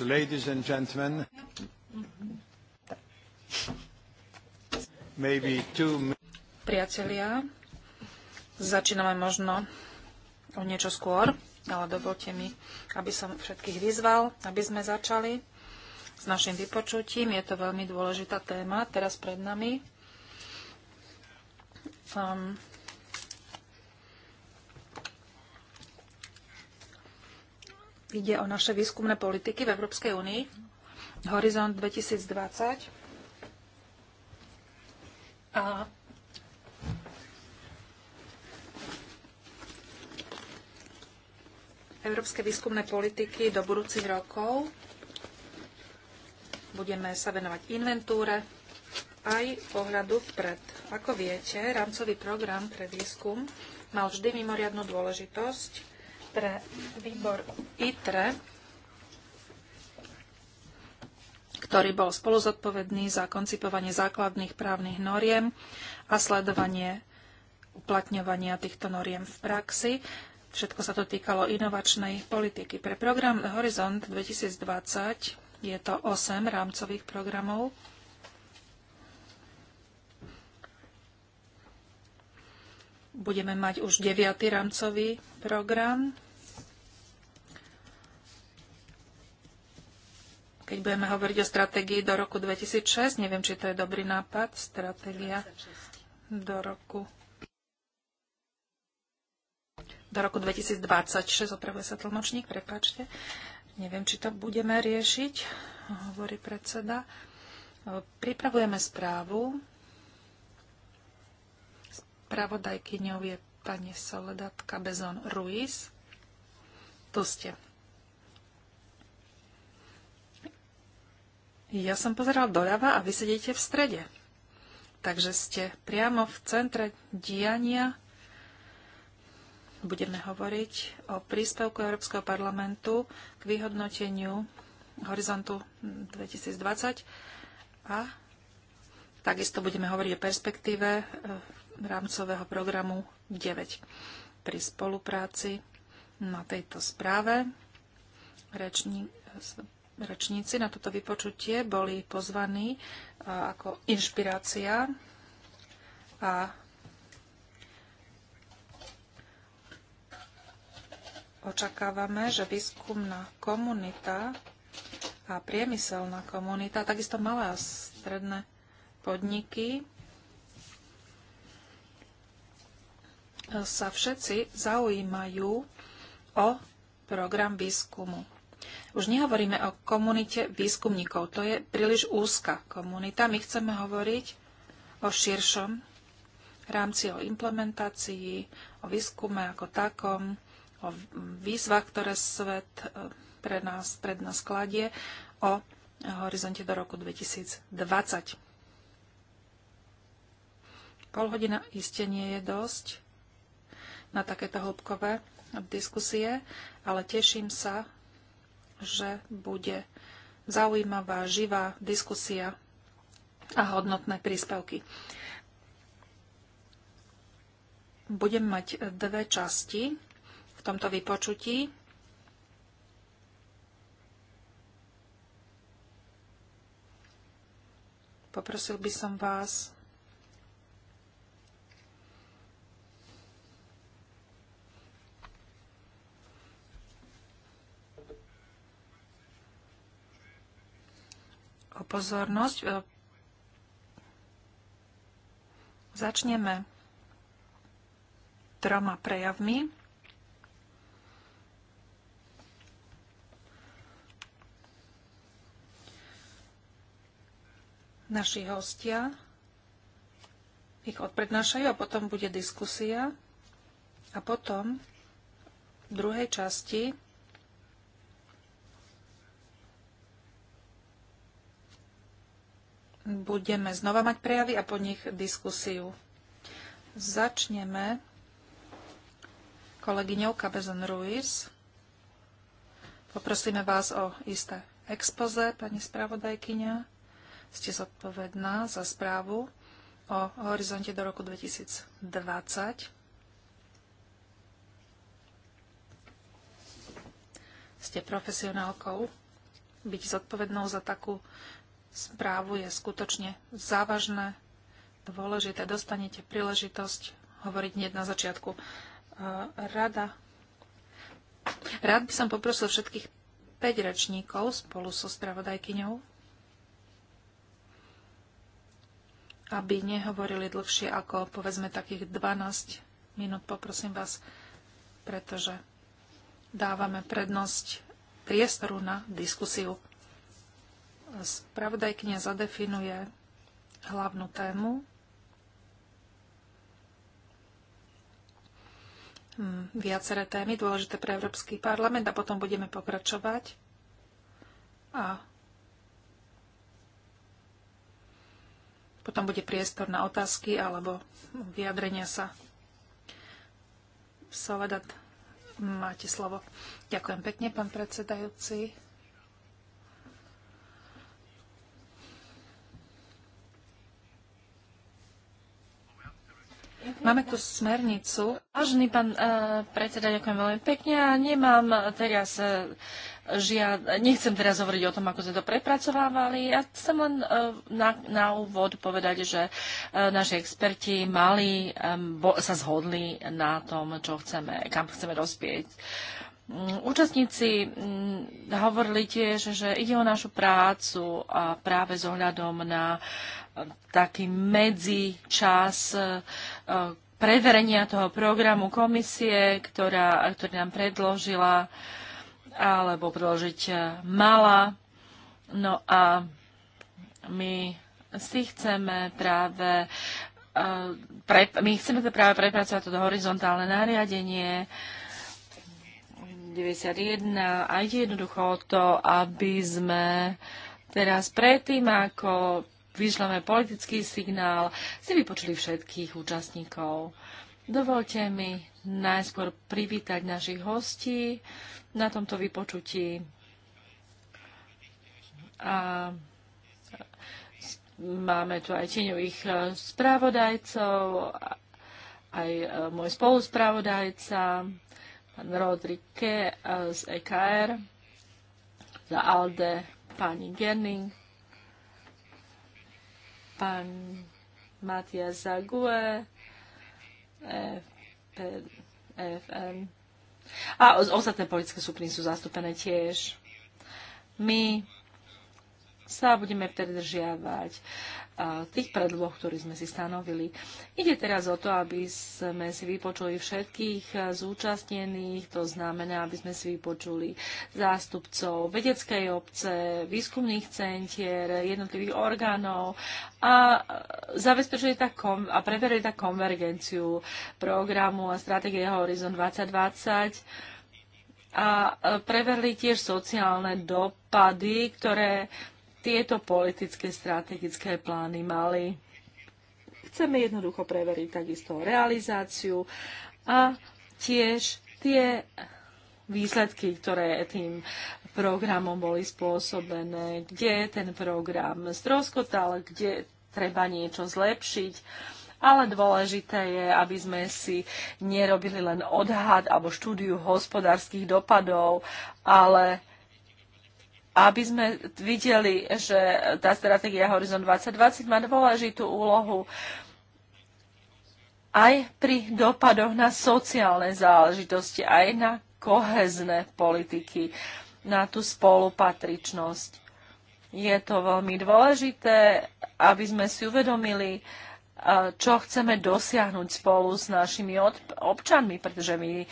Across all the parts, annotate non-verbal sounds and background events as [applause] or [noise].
Ladies and gentlemen, maybe two... Priatelia, začíname možno o niečo skôr, ale dovolte mi, aby som všetkých vyzval, aby sme začali s našim vypočutím. Je to veľmi dôležitá téma teraz pred nami. Um, ide o naše výskumné politiky v Európskej únii. Horizont 2020. A Európske výskumné politiky do budúcich rokov. Budeme sa venovať inventúre aj pohľadu vpred. Ako viete, rámcový program pre výskum mal vždy mimoriadnú dôležitosť pre výbor ITRE, ktorý bol spolu zodpovedný za koncipovanie základných právnych noriem a sledovanie uplatňovania týchto noriem v praxi. Všetko sa to týkalo inovačnej politiky. Pre program Horizont 2020 je to 8 rámcových programov budeme mať už 9. rámcový program. Keď budeme hovoriť o stratégii do roku 2006, neviem, či to je dobrý nápad, stratégia do roku do roku 2026, opravuje sa tlmočník, prepáčte. Neviem, či to budeme riešiť, hovorí predseda. Pripravujeme správu Spravodajkyňou je pani Soledad Cabezon Ruiz. Tu ste. Ja som pozeral doľava a vy sedíte v strede. Takže ste priamo v centre diania. Budeme hovoriť o príspevku Európskeho parlamentu k vyhodnoteniu horizontu 2020 a takisto budeme hovoriť o perspektíve eh, rámcového programu 9. Pri spolupráci na tejto správe reční, rečníci na toto vypočutie boli pozvaní e, ako inšpirácia a očakávame, že výskumná komunita a priemyselná komunita, takisto malé a stredné podniky sa všetci zaujímajú o program výskumu. Už nehovoríme o komunite výskumníkov, to je príliš úzka komunita. My chceme hovoriť o širšom rámci, o implementácii, o výskume ako takom, o výzvach, ktoré svet eh, pre nás, pred nás kladie, o horizonte do roku 2020. Pol hodina iste nie je dosť na takéto hĺbkové diskusie, ale teším sa, že bude zaujímavá, živá diskusia a hodnotné príspevky. Budem mať dve časti v tomto vypočutí. Poprosil by som vás o pozornosť. E, začneme troma prejavmi. Naši hostia ich odprednášajú a potom bude diskusia. A potom v druhej časti budeme znova mať prejavy a po nich diskusiu. Začneme kolegyňou Cabezon Ruiz. Poprosíme vás o isté expoze, pani spravodajkyňa. Ste zodpovedná za správu o horizonte do roku 2020. Ste profesionálkou. Byť zodpovednou za takú správu je skutočne závažné, dôležité. Dostanete príležitosť hovoriť hneď na začiatku. Rada. Rád by som poprosil všetkých 5 rečníkov spolu so spravodajkyňou, aby nehovorili dlhšie ako povedzme takých 12 minút, poprosím vás, pretože dávame prednosť priestoru na diskusiu spravodajkňa zadefinuje hlavnú tému. Hm, viaceré témy dôležité pre Európsky parlament a potom budeme pokračovať. A potom bude priestor na otázky alebo vyjadrenia sa. Soledad, máte slovo. Ďakujem pekne, pán predsedajúci. Máme tu smernicu. Vážený pán uh, predseda, ďakujem veľmi pekne nemám teraz uh, žiad... Nechcem teraz hovoriť o tom, ako sme to prepracovávali. Ja chcem len uh, na, na úvod povedať, že uh, naši experti mali, um, bo, sa zhodli na tom, čo chceme, kam chceme dospieť. Uh, Mm, účastníci mm, hovorili tiež, že ide o našu prácu a práve s ohľadom na eh, taký medzičas eh, preverenia toho programu komisie, ktorá, ktorý nám predložila alebo predložiť eh, mala. No a my si chceme práve my chceme práve prepracovať toto horizontálne nariadenie, 91 a ide jednoducho o to, aby sme teraz predtým, ako vyšleme politický signál, si vypočuli všetkých účastníkov. Dovolte mi najskôr privítať našich hostí na tomto vypočutí. A máme tu aj tieňových správodajcov, aj môj spoluspravodajca, pán Rodrike eh, z EKR, za ALDE pani Gerning, pán Matias Zague, EFN. E A ostatné politické skupiny sú zastúpené tiež. My sa budeme pridržiavať tých predloh, ktorý sme si stanovili. Ide teraz o to, aby sme si vypočuli všetkých zúčastnených, to znamená, aby sme si vypočuli zástupcov vedeckej obce, výskumných centier, jednotlivých orgánov a zabezpečili tak kom- a preverili tak konvergenciu programu a stratégie Horizon 2020 a preverili tiež sociálne dopady, ktoré tieto politické strategické plány mali. Chceme jednoducho preveriť takisto realizáciu a tiež tie výsledky, ktoré tým programom boli spôsobené, kde ten program stroskotal, kde treba niečo zlepšiť. Ale dôležité je, aby sme si nerobili len odhad alebo štúdiu hospodárskych dopadov, ale aby sme videli, že tá stratégia Horizon 2020 má dôležitú úlohu aj pri dopadoch na sociálne záležitosti, aj na kohezné politiky, na tú spolupatričnosť. Je to veľmi dôležité, aby sme si uvedomili, čo chceme dosiahnuť spolu s našimi občanmi, pretože my e,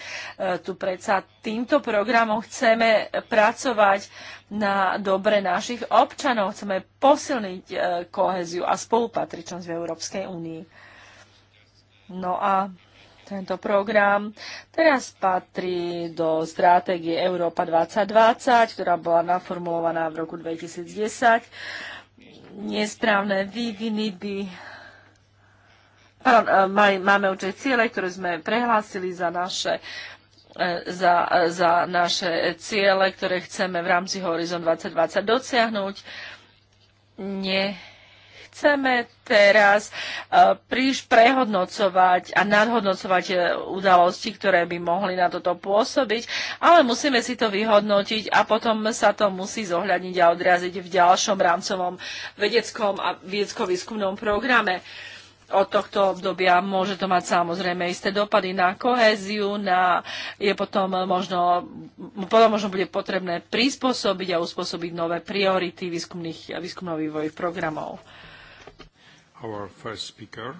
tu predsa týmto programom chceme pracovať na dobre našich občanov, chceme posilniť e, koheziu a spolupatričnosť v Európskej únii. No a tento program. Teraz patrí do stratégie Európa 2020, ktorá bola naformulovaná v roku 2010. Nesprávne výviny by E, máme určite ciele, ktoré sme prehlásili za naše e, za, e, za naše ciele, ktoré chceme v rámci Horizon 2020 dosiahnuť. Nie, chceme teraz príliš prehodnocovať a nadhodnocovať udalosti, ktoré by mohli na toto pôsobiť, ale musíme si to vyhodnotiť a potom sa to musí zohľadniť a odraziť v ďalšom rámcovom vedeckom a vedecko-výskumnom programe. Uh, od tohto obdobia. Môže to mať samozrejme isté dopady na kohéziu, na, je potom možno, potom možno bude potrebné prispôsobiť a uspôsobiť nové priority výskumných a výskumno-vývojových programov. Our first speaker.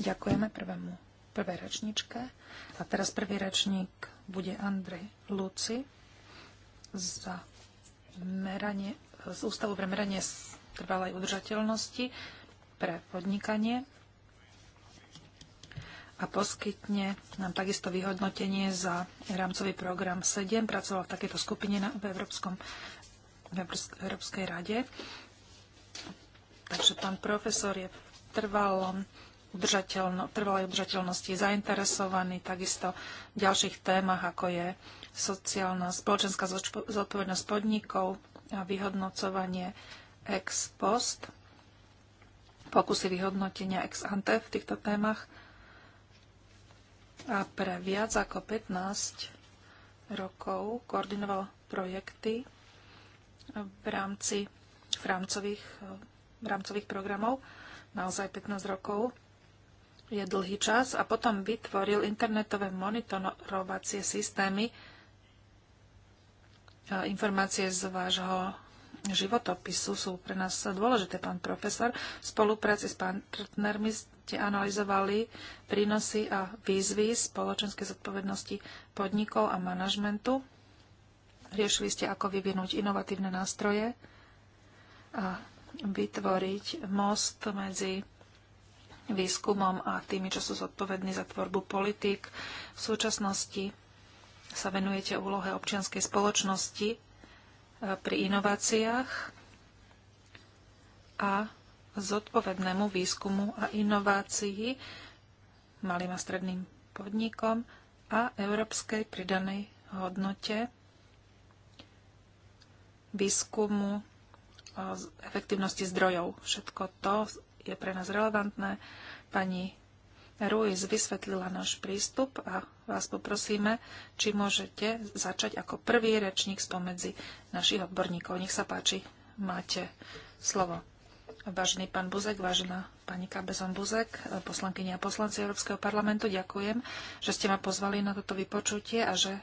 Ďakujeme prvému, prvé ročníčke. A teraz prvý ročník bude Andrej Luci za meranie, z Ústavu pre meranie trvalej udržateľnosti pre podnikanie a poskytne nám takisto vyhodnotenie za rámcový program 7. pracoval v takejto skupine na, v, Európskom, v Európskej rade. Takže pán profesor je v udržateľno, trvalej udržateľnosti zainteresovaný takisto v ďalších témach, ako je sociálna, spoločenská zodpovednosť podnikov a vyhodnocovanie ex post pokusy vyhodnotenia ex ante v týchto témach. A pre viac ako 15 rokov koordinoval projekty v rámci v rámcových, v rámcových programov. Naozaj 15 rokov je dlhý čas. A potom vytvoril internetové monitorovacie systémy e, informácie z vášho životopisu sú pre nás dôležité, pán profesor. V spolupráci s partnermi ste analyzovali prínosy a výzvy spoločenskej zodpovednosti podnikov a manažmentu. Riešili ste, ako vyvinúť inovatívne nástroje a vytvoriť most medzi výskumom a tými, čo sú zodpovední za tvorbu politik. V súčasnosti sa venujete úlohe občianskej spoločnosti pri inováciách a zodpovednému výskumu a inovácií malým a stredným podnikom a európskej pridanej hodnote výskumu efektivnosti zdrojov. Všetko to je pre nás relevantné. Pani Ruiz vysvetlila náš prístup a vás poprosíme, či môžete začať ako prvý rečník spomedzi našich odborníkov. Nech sa páči, máte slovo. Vážený pán Buzek, vážená pani Kabezon Buzek, poslankyni a poslanci Európskeho parlamentu, ďakujem, že ste ma pozvali na toto vypočutie a že e,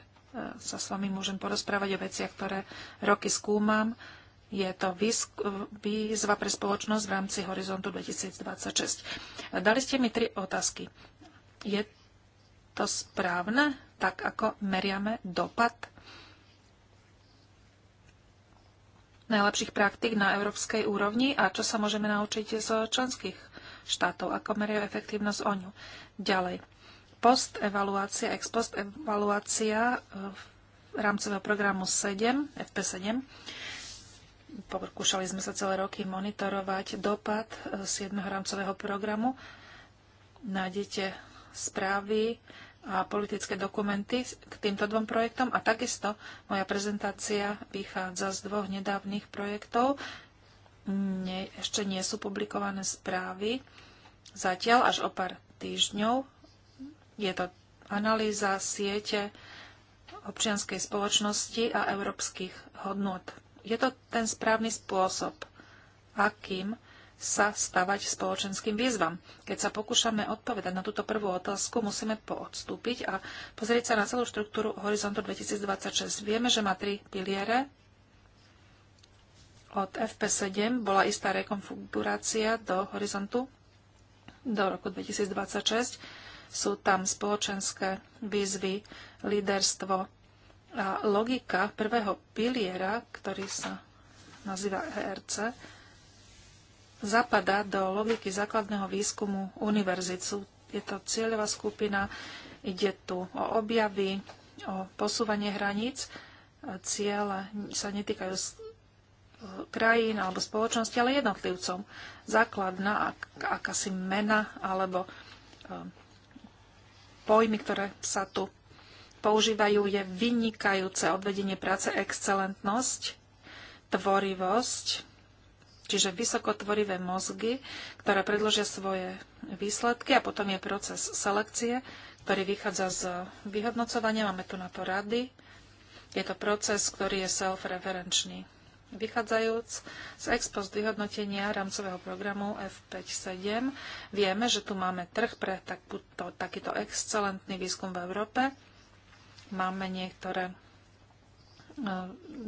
sa s vami môžem porozprávať o veciach, ktoré roky skúmam. Je to výzva pre spoločnosť v rámci Horizontu 2026. Dali ste mi tri otázky. Je to správne, tak ako meriame dopad najlepších praktik na európskej úrovni a čo sa môžeme naučiť z členských štátov, ako meria efektívnosť o ňu. Ďalej. Post-evaluácia, ex post-evaluácia eh, rámcového programu 7, FP7. Pokúšali sme sa celé roky monitorovať dopad 7. Eh, rámcového programu. Nájdete správy a politické dokumenty k týmto dvom projektom a takisto moja prezentácia vychádza z dvoch nedávnych projektov. Nie, ešte nie sú publikované správy. Zatiaľ až o pár týždňov je to analýza siete občianskej spoločnosti a európskych hodnot. Je to ten správny spôsob, akým sa stavať spoločenským výzvam. Keď sa pokúšame odpovedať na túto prvú otázku, musíme poodstúpiť a pozrieť sa na celú štruktúru Horizontu 2026. Vieme, že má tri piliere. Od FP7 bola istá rekonfigurácia do Horizontu do roku 2026. Sú tam spoločenské výzvy, líderstvo a logika prvého piliera, ktorý sa nazýva ERC, zapadá do logiky základného výskumu univerzit. Je to cieľová skupina, ide tu o objavy, o posúvanie hraníc. Ciele sa netýkajú krajín alebo spoločnosti, ale jednotlivcom. Základná, ak, akási mena alebo eh, pojmy, ktoré sa tu používajú, je vynikajúce odvedenie práce, excelentnosť, tvorivosť, čiže vysokotvorivé mozgy, ktoré predložia svoje výsledky a potom je proces selekcie, ktorý vychádza z vyhodnocovania. Máme tu na to rady. Je to proces, ktorý je self-referenčný. Vychádzajúc z post vyhodnotenia rámcového programu F57, vieme, že tu máme trh pre takúto, takýto excelentný výskum v Európe. Máme niektoré e,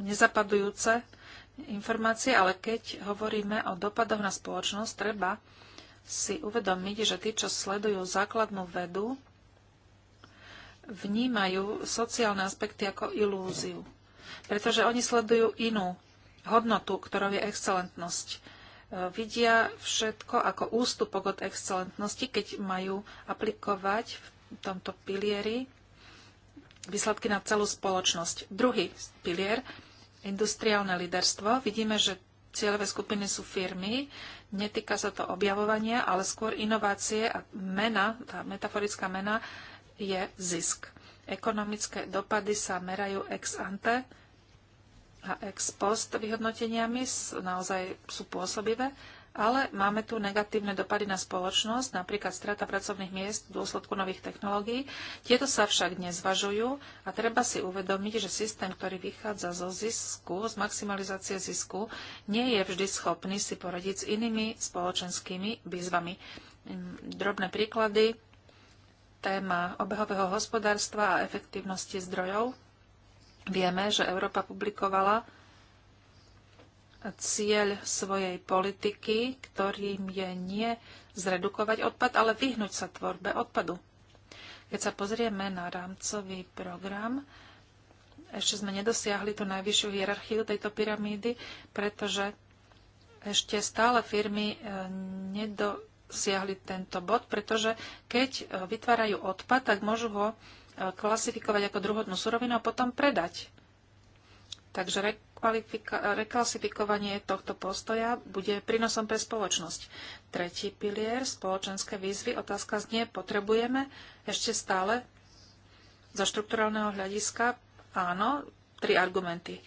nezapadujúce informácie, ale keď hovoríme o dopadoch na spoločnosť, treba si uvedomiť, že tí, čo sledujú základnú vedu, vnímajú sociálne aspekty ako ilúziu. Pretože oni sledujú inú hodnotu, ktorou je excelentnosť. E, vidia všetko ako ústupok od excelentnosti, keď majú aplikovať v tomto pilieri výsledky na celú spoločnosť. Druhý pilier industriálne líderstvo. Vidíme, že cieľové skupiny sú firmy. Netýka sa to objavovania, ale skôr inovácie a mena, tá metaforická mena je zisk. Ekonomické dopady sa merajú ex ante a ex post vyhodnoteniami, naozaj sú pôsobivé ale máme tu negatívne dopady na spoločnosť, napríklad strata pracovných miest v dôsledku nových technológií. Tieto sa však nezvažujú a treba si uvedomiť, že systém, ktorý vychádza zo zisku, z maximalizácie zisku, nie je vždy schopný si poradiť s inými spoločenskými výzvami. Hm, drobné príklady. Téma obehového hospodárstva a efektívnosti zdrojov. Vieme, že Európa publikovala cieľ svojej politiky, ktorým je nie zredukovať odpad, ale vyhnúť sa tvorbe odpadu. Keď sa pozrieme na rámcový program, ešte sme nedosiahli tú najvyššiu hierarchiu tejto pyramídy, pretože ešte stále firmy e, nedosiahli tento bod, pretože keď e, vytvárajú odpad, tak môžu ho e, klasifikovať ako druhotnú surovinu a potom predať. Takže reklasifikovanie tohto postoja bude prínosom pre spoločnosť. Tretí pilier, spoločenské výzvy, otázka znie, potrebujeme ešte stále zo štrukturálneho hľadiska, áno, tri argumenty.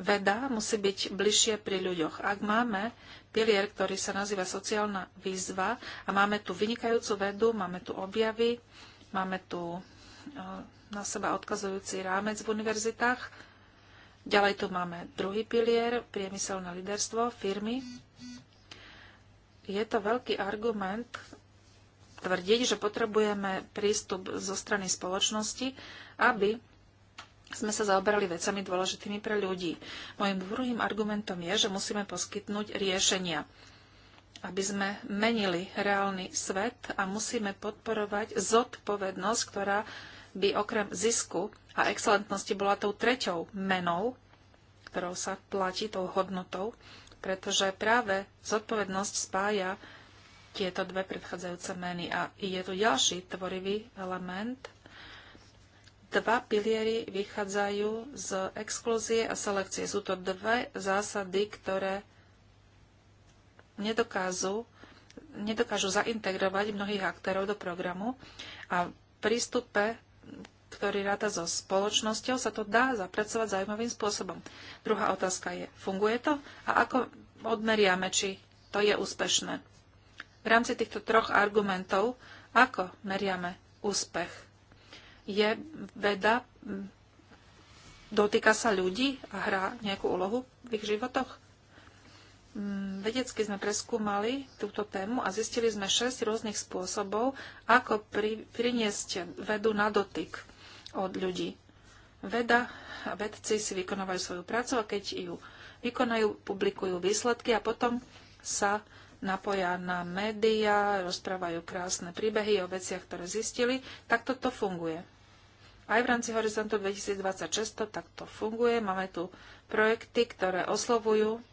Veda musí byť bližšie pri ľuďoch. Ak máme pilier, ktorý sa nazýva sociálna výzva a máme tu vynikajúcu vedu, máme tu objavy, máme tu e, na seba odkazujúci rámec v univerzitách, Ďalej tu máme druhý pilier, priemyselné liderstvo, firmy. Je to veľký argument tvrdiť, že potrebujeme prístup zo strany spoločnosti, aby sme sa zaoberali vecami dôležitými pre ľudí. Mojím druhým argumentom je, že musíme poskytnúť riešenia, aby sme menili reálny svet a musíme podporovať zodpovednosť, ktorá by okrem zisku a excelentnosti bola tou treťou menou, ktorou sa platí tou hodnotou, pretože práve zodpovednosť spája tieto dve predchádzajúce meny. A je tu ďalší tvorivý element. Dva piliery vychádzajú z exkluzie a selekcie. Sú to dve zásady, ktoré nedokážu, nedokážu zaintegrovať mnohých aktérov do programu a v prístupe ktorý ráta so spoločnosťou, sa to dá zapracovať zaujímavým spôsobom. Druhá otázka je, funguje to a ako odmeriame, či to je úspešné. V rámci týchto troch argumentov, ako meriame úspech? Je veda, dotýka sa ľudí a hrá nejakú úlohu v ich životoch? Mm, vedecky sme preskúmali túto tému a zistili sme 6 rôznych spôsobov, ako pri, priniesť vedu na dotyk od ľudí. Veda a vedci si vykonávajú svoju prácu a keď ju vykonajú, publikujú výsledky a potom sa napoja na médiá, rozprávajú krásne príbehy o veciach, ktoré zistili. tak toto funguje. Aj v rámci Horizontu 2026 takto funguje. Máme tu projekty, ktoré oslovujú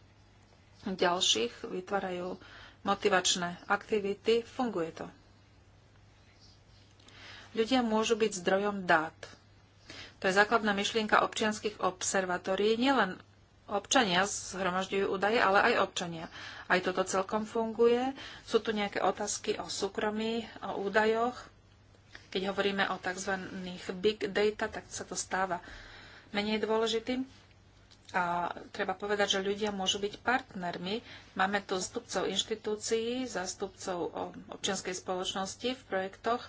ďalších, vytvárajú motivačné aktivity, funguje to. Ľudia môžu byť zdrojom dát. To je základná myšlienka občianských observatórií. Nielen občania zhromažďujú údaje, ale aj občania. Aj toto celkom funguje. Sú tu nejaké otázky o súkromí, o údajoch. Keď hovoríme o tzv. big data, tak sa to stáva menej dôležitým a treba povedať, že ľudia môžu byť partnermi. Máme tu zastupcov inštitúcií, zastupcov občianskej spoločnosti v projektoch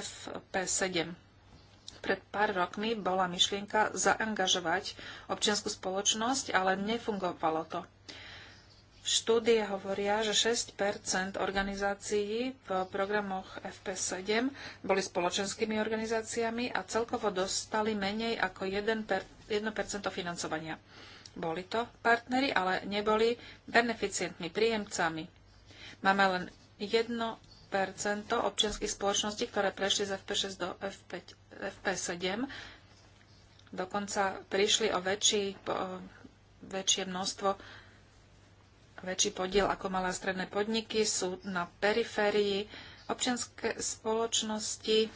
FP7. Pred pár rokmi bola myšlienka zaangažovať občianskú spoločnosť, ale nefungovalo to. Štúdie hovoria, že 6 organizácií v programoch FP7 boli spoločenskými organizáciami a celkovo dostali menej ako 1 1% financovania. Boli to partnery, ale neboli beneficientmi, príjemcami. Máme len 1% občianských spoločností, ktoré prešli z FP6 do FP, FP7. Dokonca prišli o väčší, väčšie množstvo väčší podiel ako malé a stredné podniky, sú na periférii. Občianské spoločnosti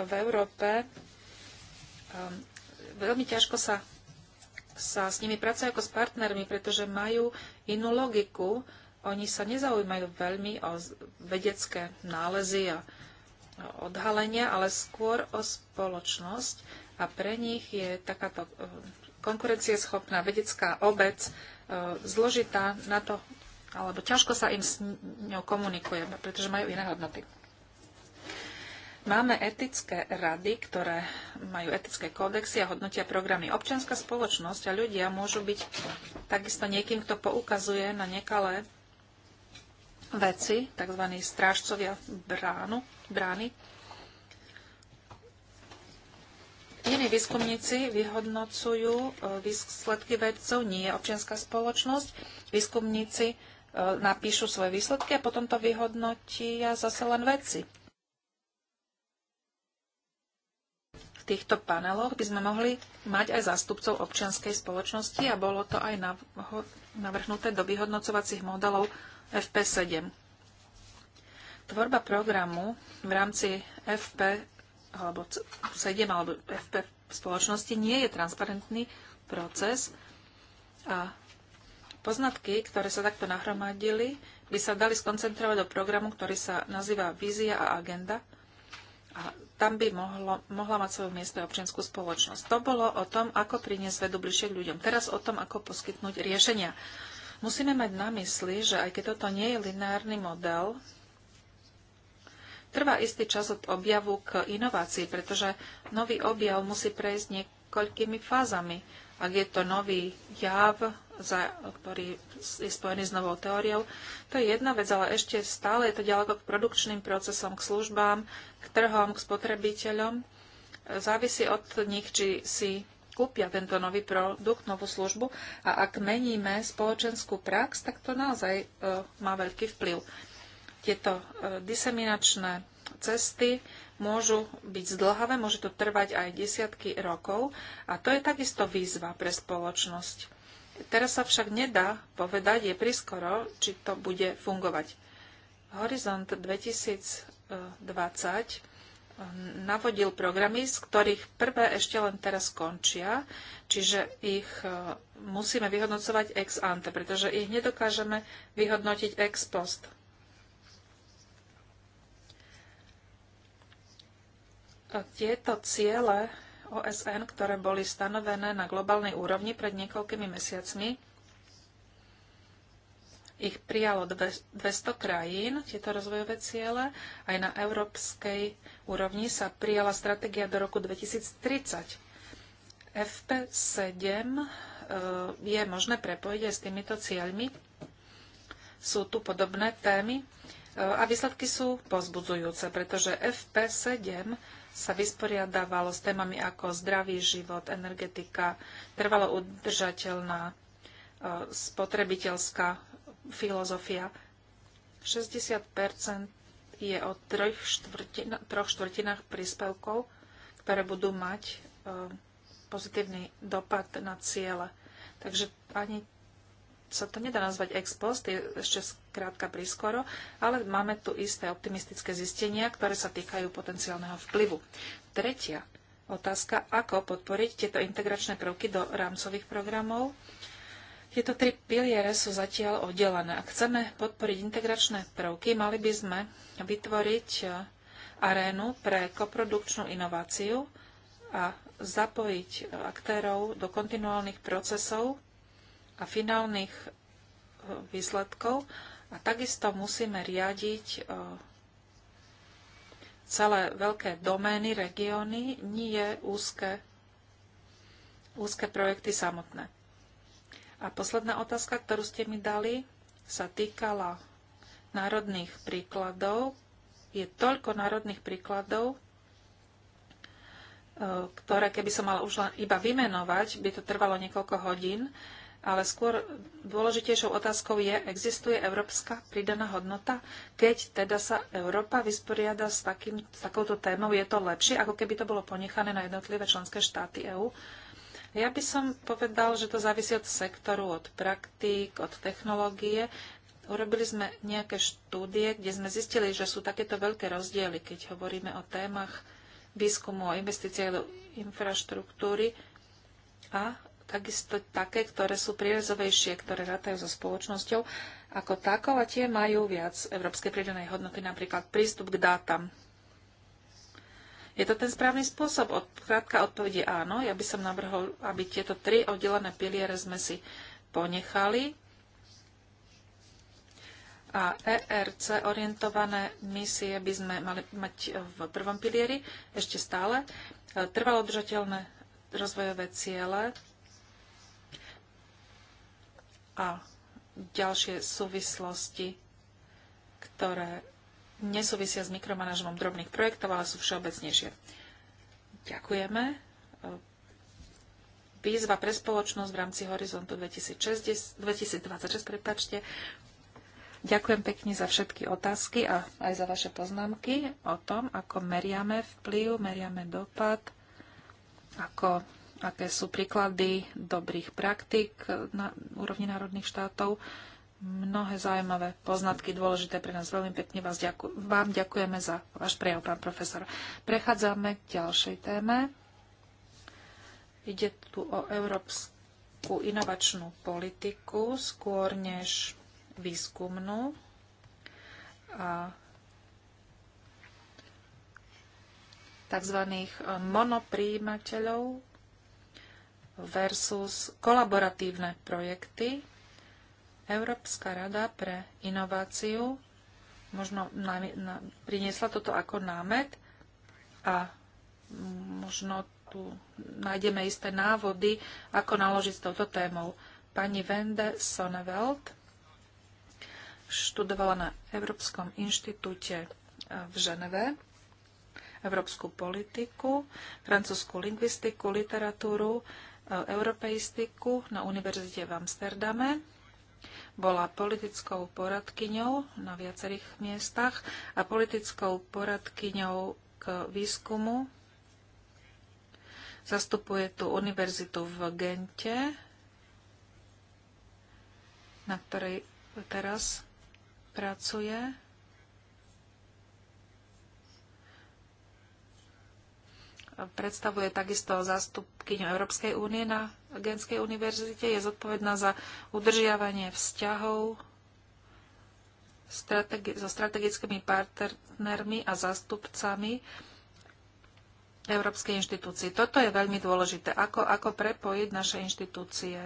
v Európe um, veľmi ťažko sa, sa s nimi pracuje ako s partnermi, pretože majú inú logiku. Oni sa nezaujímajú veľmi o vedecké nálezy a odhalenia, ale skôr o spoločnosť. A pre nich je takáto eh, konkurencieschopná vedecká obec eh, zložitá na to, alebo ťažko sa im s ňou komunikuje, pretože majú iné hodnoty. Máme etické rady, ktoré majú etické kódexy a hodnotia programy. Občianská spoločnosť a ľudia môžu byť takisto niekým, kto poukazuje na nekalé veci, tzv. strážcovia bránu, brány. Iní výskumníci vyhodnocujú e, výsledky vedcov, nie občianská spoločnosť. Výskumníci e, napíšu svoje výsledky a potom to vyhodnotia zase len vedci. týchto paneloch by sme mohli mať aj zástupcov občianskej spoločnosti a bolo to aj navrhnuté do vyhodnocovacích modelov FP7. Tvorba programu v rámci FP alebo 7 alebo FP spoločnosti nie je transparentný proces a poznatky, ktoré sa takto nahromadili, by sa dali skoncentrovať do programu, ktorý sa nazýva Vízia a agenda – a tam by mohlo, mohla mať svoje miesto občianskú spoločnosť. To bolo o tom, ako priniesť vedu bližšie k ľuďom. Teraz o tom, ako poskytnúť riešenia. Musíme mať na mysli, že aj keď toto nie je lineárny model, trvá istý čas od objavu k inovácii, pretože nový objav musí prejsť niekoľkými fázami. Ak je to nový jav, za, ktorý je spojený s novou teóriou. To je jedna vec, ale ešte stále je to ďaleko k produkčným procesom, k službám, k trhom, k spotrebiteľom. Závisí od nich, či si kúpia tento nový produkt, novú službu a ak meníme spoločenskú prax, tak to naozaj e, má veľký vplyv. Tieto e, diseminačné cesty môžu byť zdlhavé, môže to trvať aj desiatky rokov a to je takisto výzva pre spoločnosť. Teraz sa však nedá povedať, je priskoro, či to bude fungovať. Horizont 2020 eh, navodil programy, z ktorých prvé ešte len teraz končia, čiže ich eh, musíme vyhodnocovať ex ante, pretože ich nedokážeme vyhodnotiť ex post. Tieto ciele OSN, ktoré boli stanovené na globálnej úrovni pred niekoľkými mesiacmi. Ich prijalo 200 krajín, tieto rozvojové ciele. Aj na európskej úrovni sa prijala stratégia do roku 2030. FP7 e, je možné prepojiť aj s týmito cieľmi. Sú tu podobné témy e, a výsledky sú pozbudzujúce, pretože FP7 sa vysporiadávalo s témami ako zdravý život, energetika, trvalo udržateľná e, spotrebiteľská filozofia. 60 je o troch, štvrtin, no, troch štvrtinách príspevkov, ktoré budú mať e, pozitívny dopad na ciele. Takže ani sa to nedá nazvať ex post, je ešte skrátka prískoro, ale máme tu isté optimistické zistenia, ktoré sa týkajú potenciálneho vplyvu. Tretia otázka, ako podporiť tieto integračné prvky do rámcových programov. Tieto tri piliere sú zatiaľ oddelené. Ak chceme podporiť integračné prvky, mali by sme vytvoriť e, arénu pre koprodukčnú inováciu a zapojiť e, aktérov do kontinuálnych procesov a finálnych e, výsledkov a takisto musíme riadiť e, celé veľké domény, regióny, nie úzke, úzke projekty samotné. A posledná otázka, ktorú ste mi dali, sa týkala národných príkladov. Je toľko národných príkladov, e, ktoré keby som mala už len iba vymenovať, by to trvalo niekoľko hodín ale skôr dôležitejšou otázkou je, existuje európska pridaná hodnota? Keď teda sa Európa vysporiada s, takým, s takouto témou, je to lepšie, ako keby to bolo ponechané na jednotlivé členské štáty EÚ? Ja by som povedal, že to závisí od sektoru, od praktík, od technológie. Urobili sme nejaké štúdie, kde sme zistili, že sú takéto veľké rozdiely, keď hovoríme o témach výskumu, o investíciách do infraštruktúry a takisto také, ktoré sú prírezovejšie, ktoré rátajú so spoločnosťou ako takou a tie majú viac európskej pridanej hodnoty, napríklad prístup k dátam. Je to ten správny spôsob? Od, krátka odpovede áno. Ja by som navrhol, aby tieto tri oddelené piliere sme si ponechali. A ERC orientované misie by sme mali mať v prvom pilieri ešte stále. E, trvalo držateľné rozvojové ciele a ďalšie súvislosti, ktoré nesúvisia s mikromanažmom drobných projektov, ale sú všeobecnejšie. Ďakujeme. Výzva pre spoločnosť v rámci Horizontu 2026. Prepáčte. Ďakujem pekne za všetky otázky a aj za vaše poznámky o tom, ako meriame vplyv, meriame dopad, ako aké sú príklady dobrých praktik na úrovni národných štátov. Mnohé zaujímavé poznatky, dôležité pre nás. Veľmi pekne vás ďaku- vám ďakujeme za váš prejav, pán profesor. Prechádzame k ďalšej téme. Ide tu o európsku inovačnú politiku, skôr než výskumnú. A tzv. monopríjimateľov versus kolaboratívne projekty. Európska rada pre inováciu možno na, na, priniesla toto ako námet a možno tu nájdeme isté návody, ako naložiť s touto témou. Pani Wende Sonneveld študovala na Európskom inštitúte eh, v Ženeve európsku politiku, francúzsku lingvistiku, literatúru, europeistiku na univerzite v Amsterdame. Bola politickou poradkyňou na viacerých miestach a politickou poradkyňou k výskumu. Zastupuje tu univerzitu v Gente, na ktorej teraz pracuje predstavuje takisto zástupkyňu Európskej únie na Genskej univerzite, je zodpovedná za udržiavanie vzťahov strategi- so strategickými partnermi a zástupcami Európskej inštitúcii. Toto je veľmi dôležité. Ako, ako prepojiť naše inštitúcie?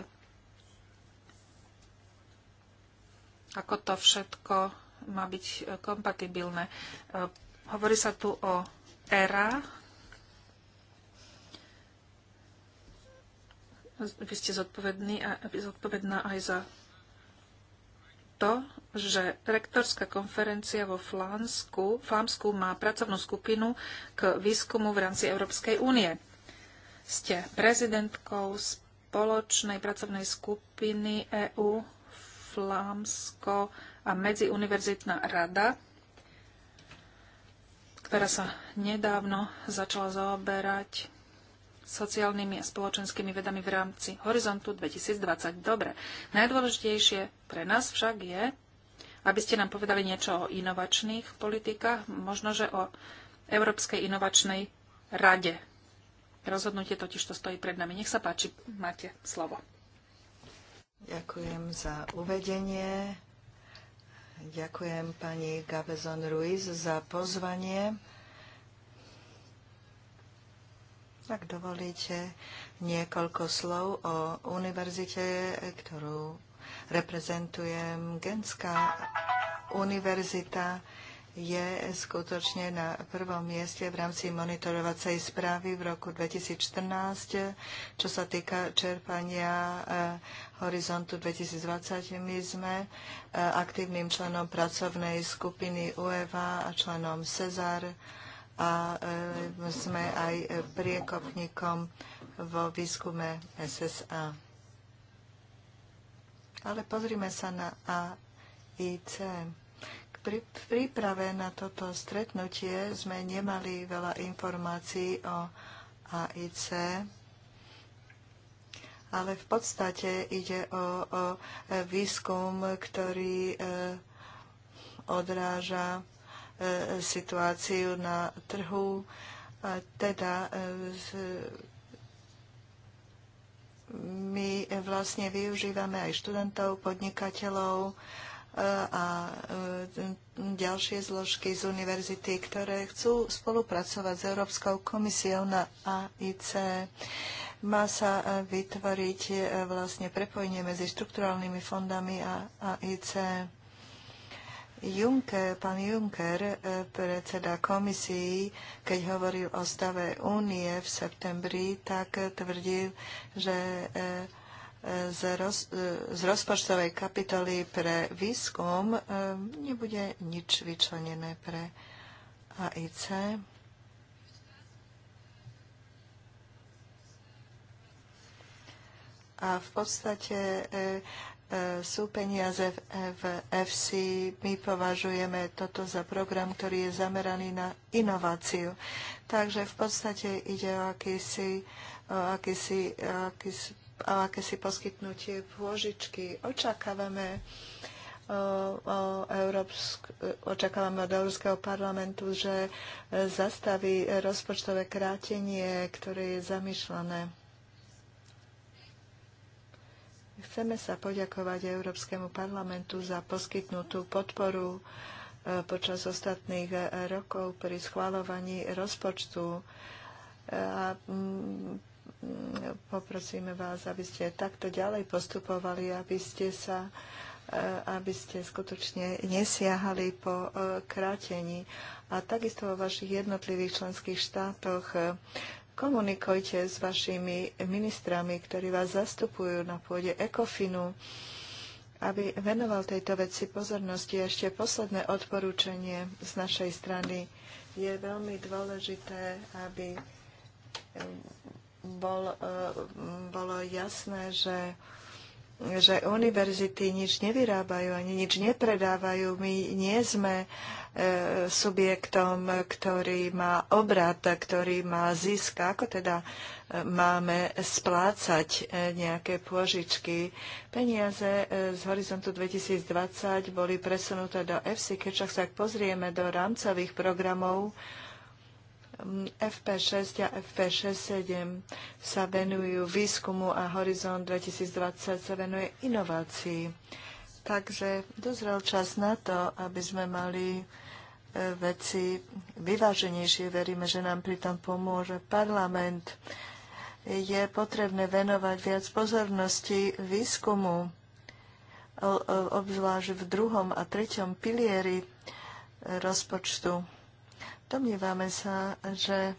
Ako to všetko má byť eh, kompatibilné? Eh, hovorí sa tu o ERA, Vy ste zodpovední a zodpovedná aj za to, že rektorská konferencia vo Flámsku, Flámsku má pracovnú skupinu k výskumu v rámci Európskej únie. Ste prezidentkou spoločnej pracovnej skupiny EU Flámsko a Medziuniverzitná rada, ktorá sa nedávno začala zaoberať sociálnymi a spoločenskými vedami v rámci Horizontu 2020. Dobre. Najdôležitejšie pre nás však je, aby ste nám povedali niečo o inovačných politikách, možno, že o Európskej inovačnej rade. Rozhodnutie totiž to stojí pred nami. Nech sa páči, máte slovo. Ďakujem za uvedenie. Ďakujem pani Gabezon Ruiz za pozvanie Tak dovolíte niekoľko slov o univerzite, ktorú reprezentujem, Genská univerzita je skutočne na prvom mieste v rámci monitorovacej správy v roku 2014, čo sa týka čerpania eh, Horizontu 2020. My sme eh, aktívnym členom pracovnej skupiny UEFA a členom CESAR a e, sme aj priekopníkom vo výskume SSA. Ale pozrime sa na AIC. Pri príprave na toto stretnutie sme nemali veľa informácií o AIC, ale v podstate ide o, o výskum, ktorý e, odráža E, situáciu na trhu. teda teda my vlastne využívame aj študentov, podnikateľov e, a e, ďalšie zložky z univerzity, ktoré chcú spolupracovať s Európskou komisiou na AIC. Má sa vytvoriť vlastne prepojenie medzi štrukturálnymi fondami a AIC. Juncker, pán Juncker, eh, predseda komisii, keď hovoril o stave únie v septembri, tak tvrdil, že eh, eh, z, roz, z rozpočtovej kapitoly pre výskum nebude nič vyčlenené pre AIC. A v podstate sú peniaze v FC. My považujeme toto za program, ktorý je zameraný na inováciu. Takže v podstate ide o akýsi, o akýsi, o akýsi, o poskytnutie pôžičky. Očakávame O, o Európsk, očakávame od Európskeho parlamentu, že zastaví rozpočtové krátenie, ktoré je zamýšľané Chceme sa poďakovať Európskemu parlamentu za poskytnutú podporu e, počas ostatných e, rokov pri schváľovaní rozpočtu e, a mm, poprosíme vás, aby ste takto ďalej postupovali, aby ste sa aby ste skutočne nesiahali po krátení. A takisto vo vašich jednotlivých členských štátoch Komunikujte s vašimi ministrami, ktorí vás zastupujú na pôde ECOFINu, aby venoval tejto veci pozornosti. Ešte posledné odporúčanie z našej strany je veľmi dôležité, aby um, bol, uh, bolo jasné, že že univerzity nič nevyrábajú ani nič nepredávajú. My nie sme E, subjektom, ktorý má obrat, ktorý má zisk, ako teda e, máme splácať e, nejaké pôžičky. Peniaze z horizontu 2020 boli presunuté do EFSI, keď však sa pozrieme do rámcových programov, FP6 a FP67 sa venujú výskumu a Horizont 2020 sa venuje inovácii. Takže dozrel čas na to, aby sme mali veci vyváženejšie. Veríme, že nám pritom pomôže parlament. Je potrebné venovať viac pozornosti výskumu, obzvlášť v druhom a treťom pilieri rozpočtu. Domnívame sa, že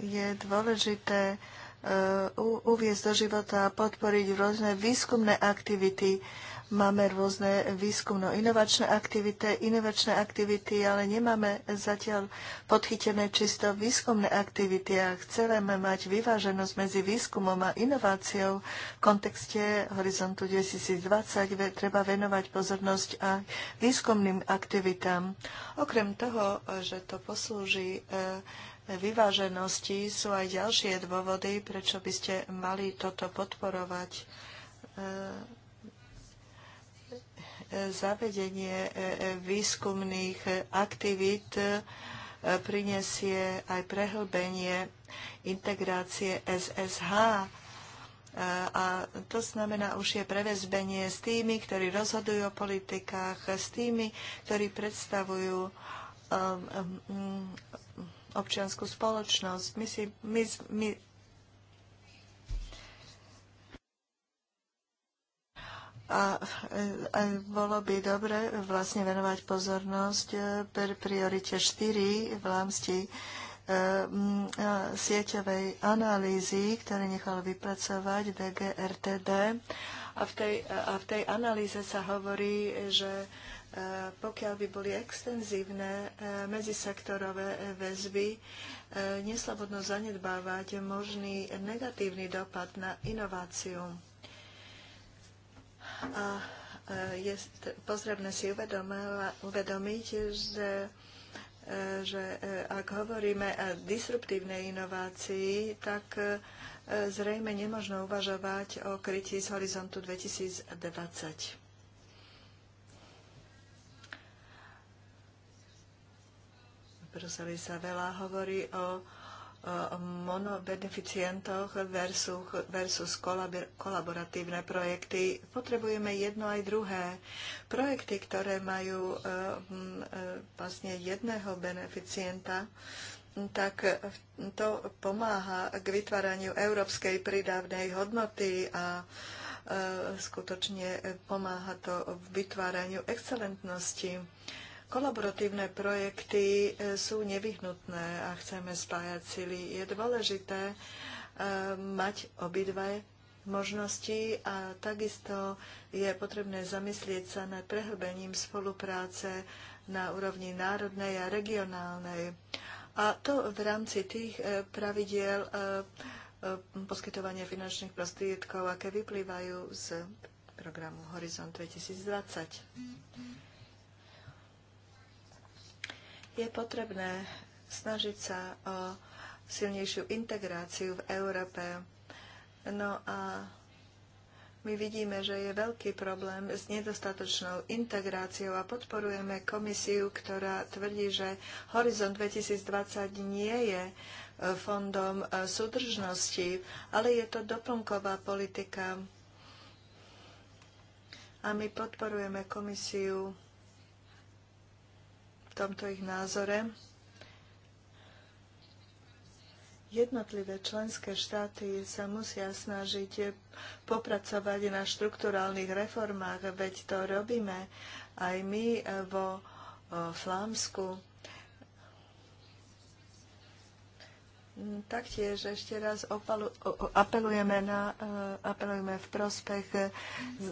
je dôležité e, uviezť do života a podporiť rôzne výskumné aktivity, Máme rôzne výskumno-inovačné aktivity, inovačné aktivity, ale nemáme zatiaľ podchytené čisto výskumné aktivity a chceme mať vyváženosť medzi výskumom a inováciou. V kontexte Horizontu 2020 treba venovať pozornosť aj výskumným aktivitám. Okrem toho, že to poslúži e, vyváženosti sú aj ďalšie dôvody, prečo by ste mali toto podporovať. E, zavedenie e, e, výskumných aktivít e, prinesie aj prehlbenie integrácie SSH a to znamená už je prevezbenie s tými, ktorí rozhodujú o politikách, s tými, ktorí predstavujú občianskú spoločnosť. My, si, my, my A, a e, e, bolo by dobre vlastne venovať pozornosť e, per priorite 4 v rámci sieťovej analýzy, ktoré nechal vypracovať DGRTD. A v tej, a v tej analýze sa hovorí, že pokiaľ by boli extenzívne medzisektorové väzby, neslobodno zanedbávať možný negatívny dopad na inováciu a e, je potrebné si uvedomiť, že e, že e, ak hovoríme o disruptívnej inovácii, tak zrejme nemožno uvažovať o krytí z horizontu 2020. V sa veľa hovorí o monobeneficientoch versus, versus kolaboratívne projekty. Potrebujeme jedno aj druhé. Projekty, ktoré majú eh, eh, vlastne jedného beneficienta, tak to pomáha k vytváraniu európskej pridávnej hodnoty a eh, skutočne pomáha to vytváraniu excelentnosti Kolaboratívne projekty e, sú nevyhnutné a chceme spájať sily. Je dôležité e, mať obidve možnosti a takisto je potrebné zamyslieť sa nad prehlbením spolupráce na úrovni národnej a regionálnej. A to v rámci tých e, pravidiel poskytovania finančných prostriedkov, aké vyplývajú z programu Horizont 2020 je potrebné snažiť sa o silnejšiu integráciu v Európe. No a my vidíme, že je veľký problém s nedostatočnou integráciou a podporujeme komisiu, ktorá tvrdí, že Horizont 2020 nie je e, fondom e, súdržnosti, ale je to doplnková politika. A my podporujeme komisiu tomto ich názore. Jednotlivé členské štáty sa musia snažiť popracovať na štrukturálnych reformách, veď to robíme aj my eh, vo eh, Flámsku. Taktiež ešte raz opalu, apelujeme, na, eh, apelujeme v prospech z, z,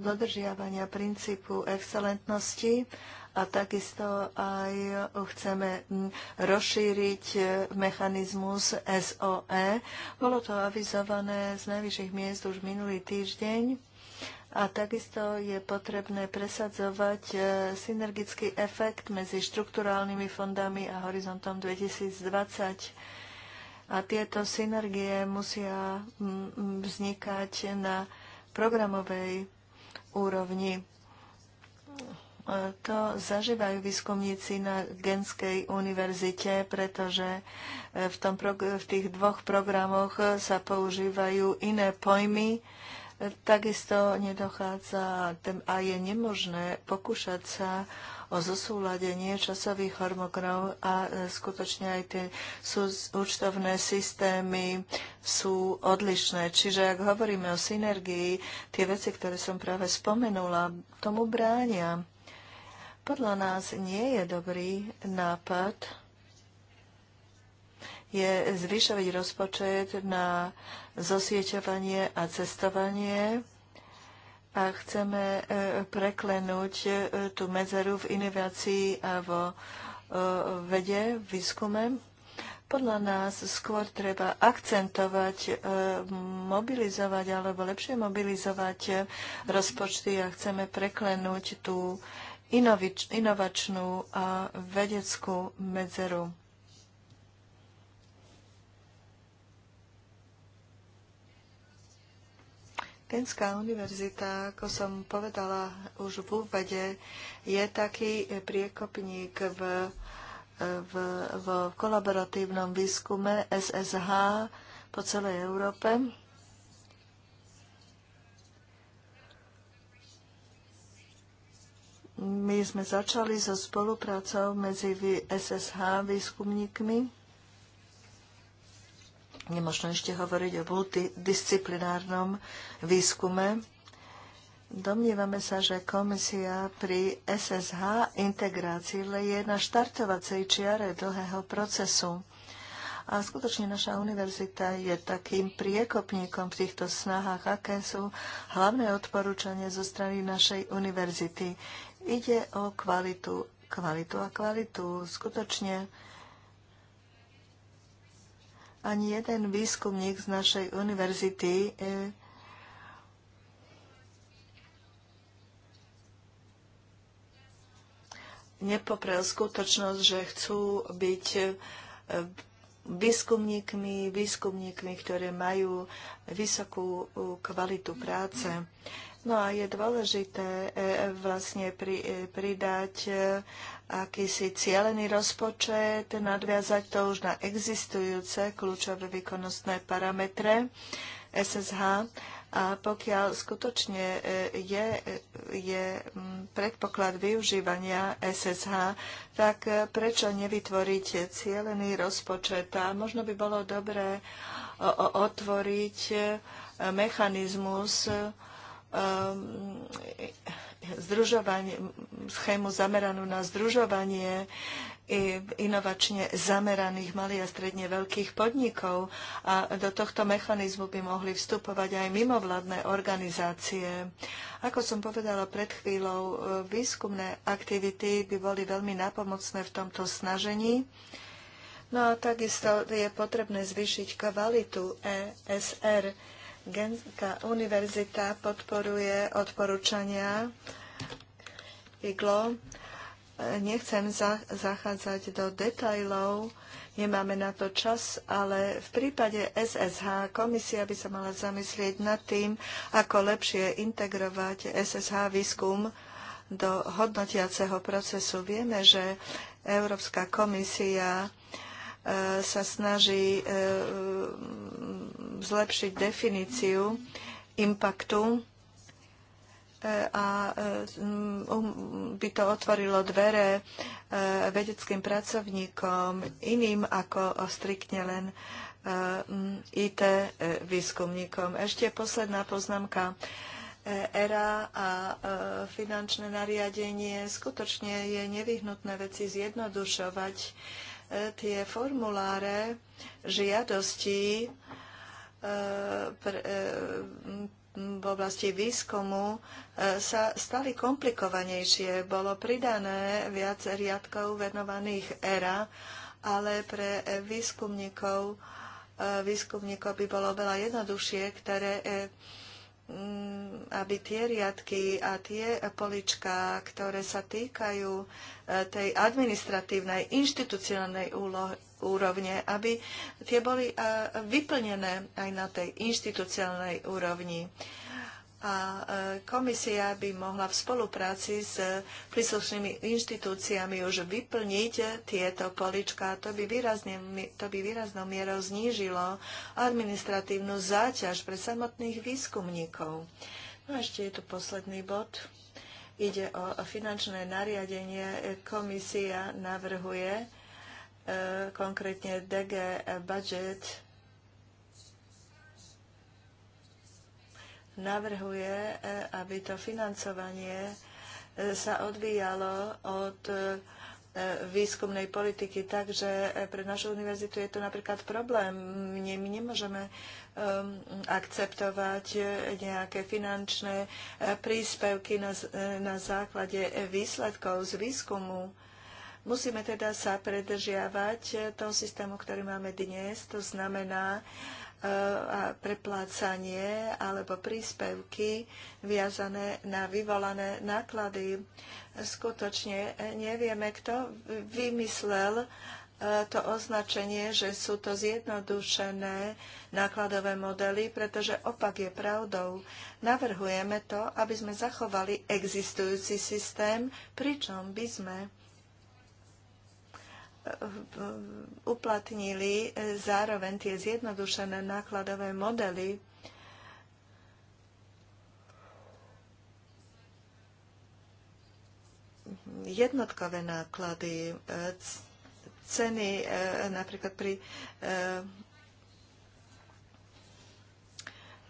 dodržiavania princípu excelentnosti a takisto aj chceme rozšíriť mechanizmus SOE. Bolo to avizované z najvyšších miest už minulý týždeň a takisto je potrebné presadzovať e, synergický efekt medzi štrukturálnymi fondami a horizontom 2020 a tieto synergie musia vznikať na programovej úrovni to zažívajú výskumníci na Genskej univerzite, pretože eh, v, tom, v tých dvoch programoch sa používajú iné pojmy. Takisto nedochádza a je nemožné pokúšať sa o zosúladenie časových hormokrov a eh, skutočne aj tie sú účtovné systémy sú odlišné. Čiže ak hovoríme o synergii, tie veci, ktoré som práve spomenula, tomu bránia. Podľa nás nie je dobrý nápad je zvyšovať rozpočet na zosieťovanie a cestovanie a chceme e, preklenúť e, tú medzeru v inovácii a vo e, vede, výskume. Podľa nás skôr treba akcentovať, mobilizovať alebo lepšie mobilizovať rozpočty a chceme preklenúť tú inovič, inovačnú a vedeckú medzeru. Kenská univerzita, ako som povedala už v úvode, je taký priekopník v, v, v kolaboratívnom výskume SSH po celej Európe. My sme začali so spoluprácou medzi SSH výskumníkmi. nemôžno ešte hovoriť o multidisciplinárnom výskume. Domnívame sa, že komisia pri SSH integrácii je na štartovacej čiare dlhého procesu. A skutočne naša univerzita je takým priekopníkom v týchto snahách, aké sú hlavné odporúčania zo strany našej univerzity. Ide o kvalitu, kvalitu a kvalitu. Skutočne ani jeden výskumník z našej univerzity e, nepoprel skutočnosť, že chcú byť e, výskumníkmi, výskumníkmi, ktoré majú vysokú e, kvalitu práce. Mm. No a je dôležité e, vlastne pri, e, pridať e, akýsi cieľený rozpočet, nadviazať to už na existujúce kľúčové výkonnostné parametre SSH. A pokiaľ skutočne je, je predpoklad využívania SSH, tak prečo nevytvoriť cieľený rozpočet? A možno by bolo dobré otvoriť mechanizmus, Um, združovanie, schému zameranú na združovanie inovačne zameraných malých a stredne veľkých podnikov a do tohto mechanizmu by mohli vstupovať aj mimovládne organizácie. Ako som povedala pred chvíľou, e, výskumné aktivity by boli veľmi napomocné v tomto snažení. No a takisto je potrebné zvýšiť kvalitu ESR Genská univerzita podporuje odporúčania IGLO. Nechcem zachádzať do detajlov, nemáme na to čas, ale v prípade SSH komisia by sa mala zamyslieť nad tým, ako lepšie integrovať SSH výskum do hodnotiaceho procesu. Vieme, že Európska komisia sa snaží e, mm, zlepšiť definíciu impaktu e, a e, mm, um, by to otvorilo dvere vedeckým pracovníkom iným ako striktne len mm, IT výskumníkom. Ešte posledná poznámka. ERA a finančné nariadenie skutočne je nevyhnutné veci zjednodušovať E, tie formuláre žiadosti e, e, v oblasti výskumu sa stali komplikovanejšie. Bolo pridané viac riadkov venovaných ERA, ale pre výskumníkov, výskumníkov by bolo veľa jednoduchšie, ktoré Mm, aby tie riadky a tie polička, ktoré sa týkajú e, tej administratívnej, inštitucionálnej úlohy, úrovne, aby tie boli e, vyplnené aj na tej inštitucionálnej úrovni a e, komisia by mohla v spolupráci s príslušnými inštitúciami už vyplniť tieto polička. To by, výrazne, to by výraznou mierou znížilo administratívnu záťaž pre samotných výskumníkov. No a ešte je tu posledný bod. Ide o finančné nariadenie. Komisia navrhuje e, konkrétne DG budget navrhuje, e, aby to financovanie e, sa odvíjalo od e, výskumnej politiky. Takže pre našu univerzitu je to napríklad problém. My nemôžeme akceptovať nejaké finančné príspevky na, základe výsledkov z výskumu. Musíme teda sa predržiavať toho systému, ktorý máme dnes. To znamená, že a preplácanie alebo príspevky viazané na vyvolané náklady. Skutočne e, nevieme, kto vymyslel e, to označenie, že sú to zjednodušené nákladové modely, pretože opak je pravdou. Navrhujeme to, aby sme zachovali existujúci systém, pričom by sme uplatnili zároveň tie zjednodušené nákladové modely. Jednotkové náklady, ceny e, napríklad pri e,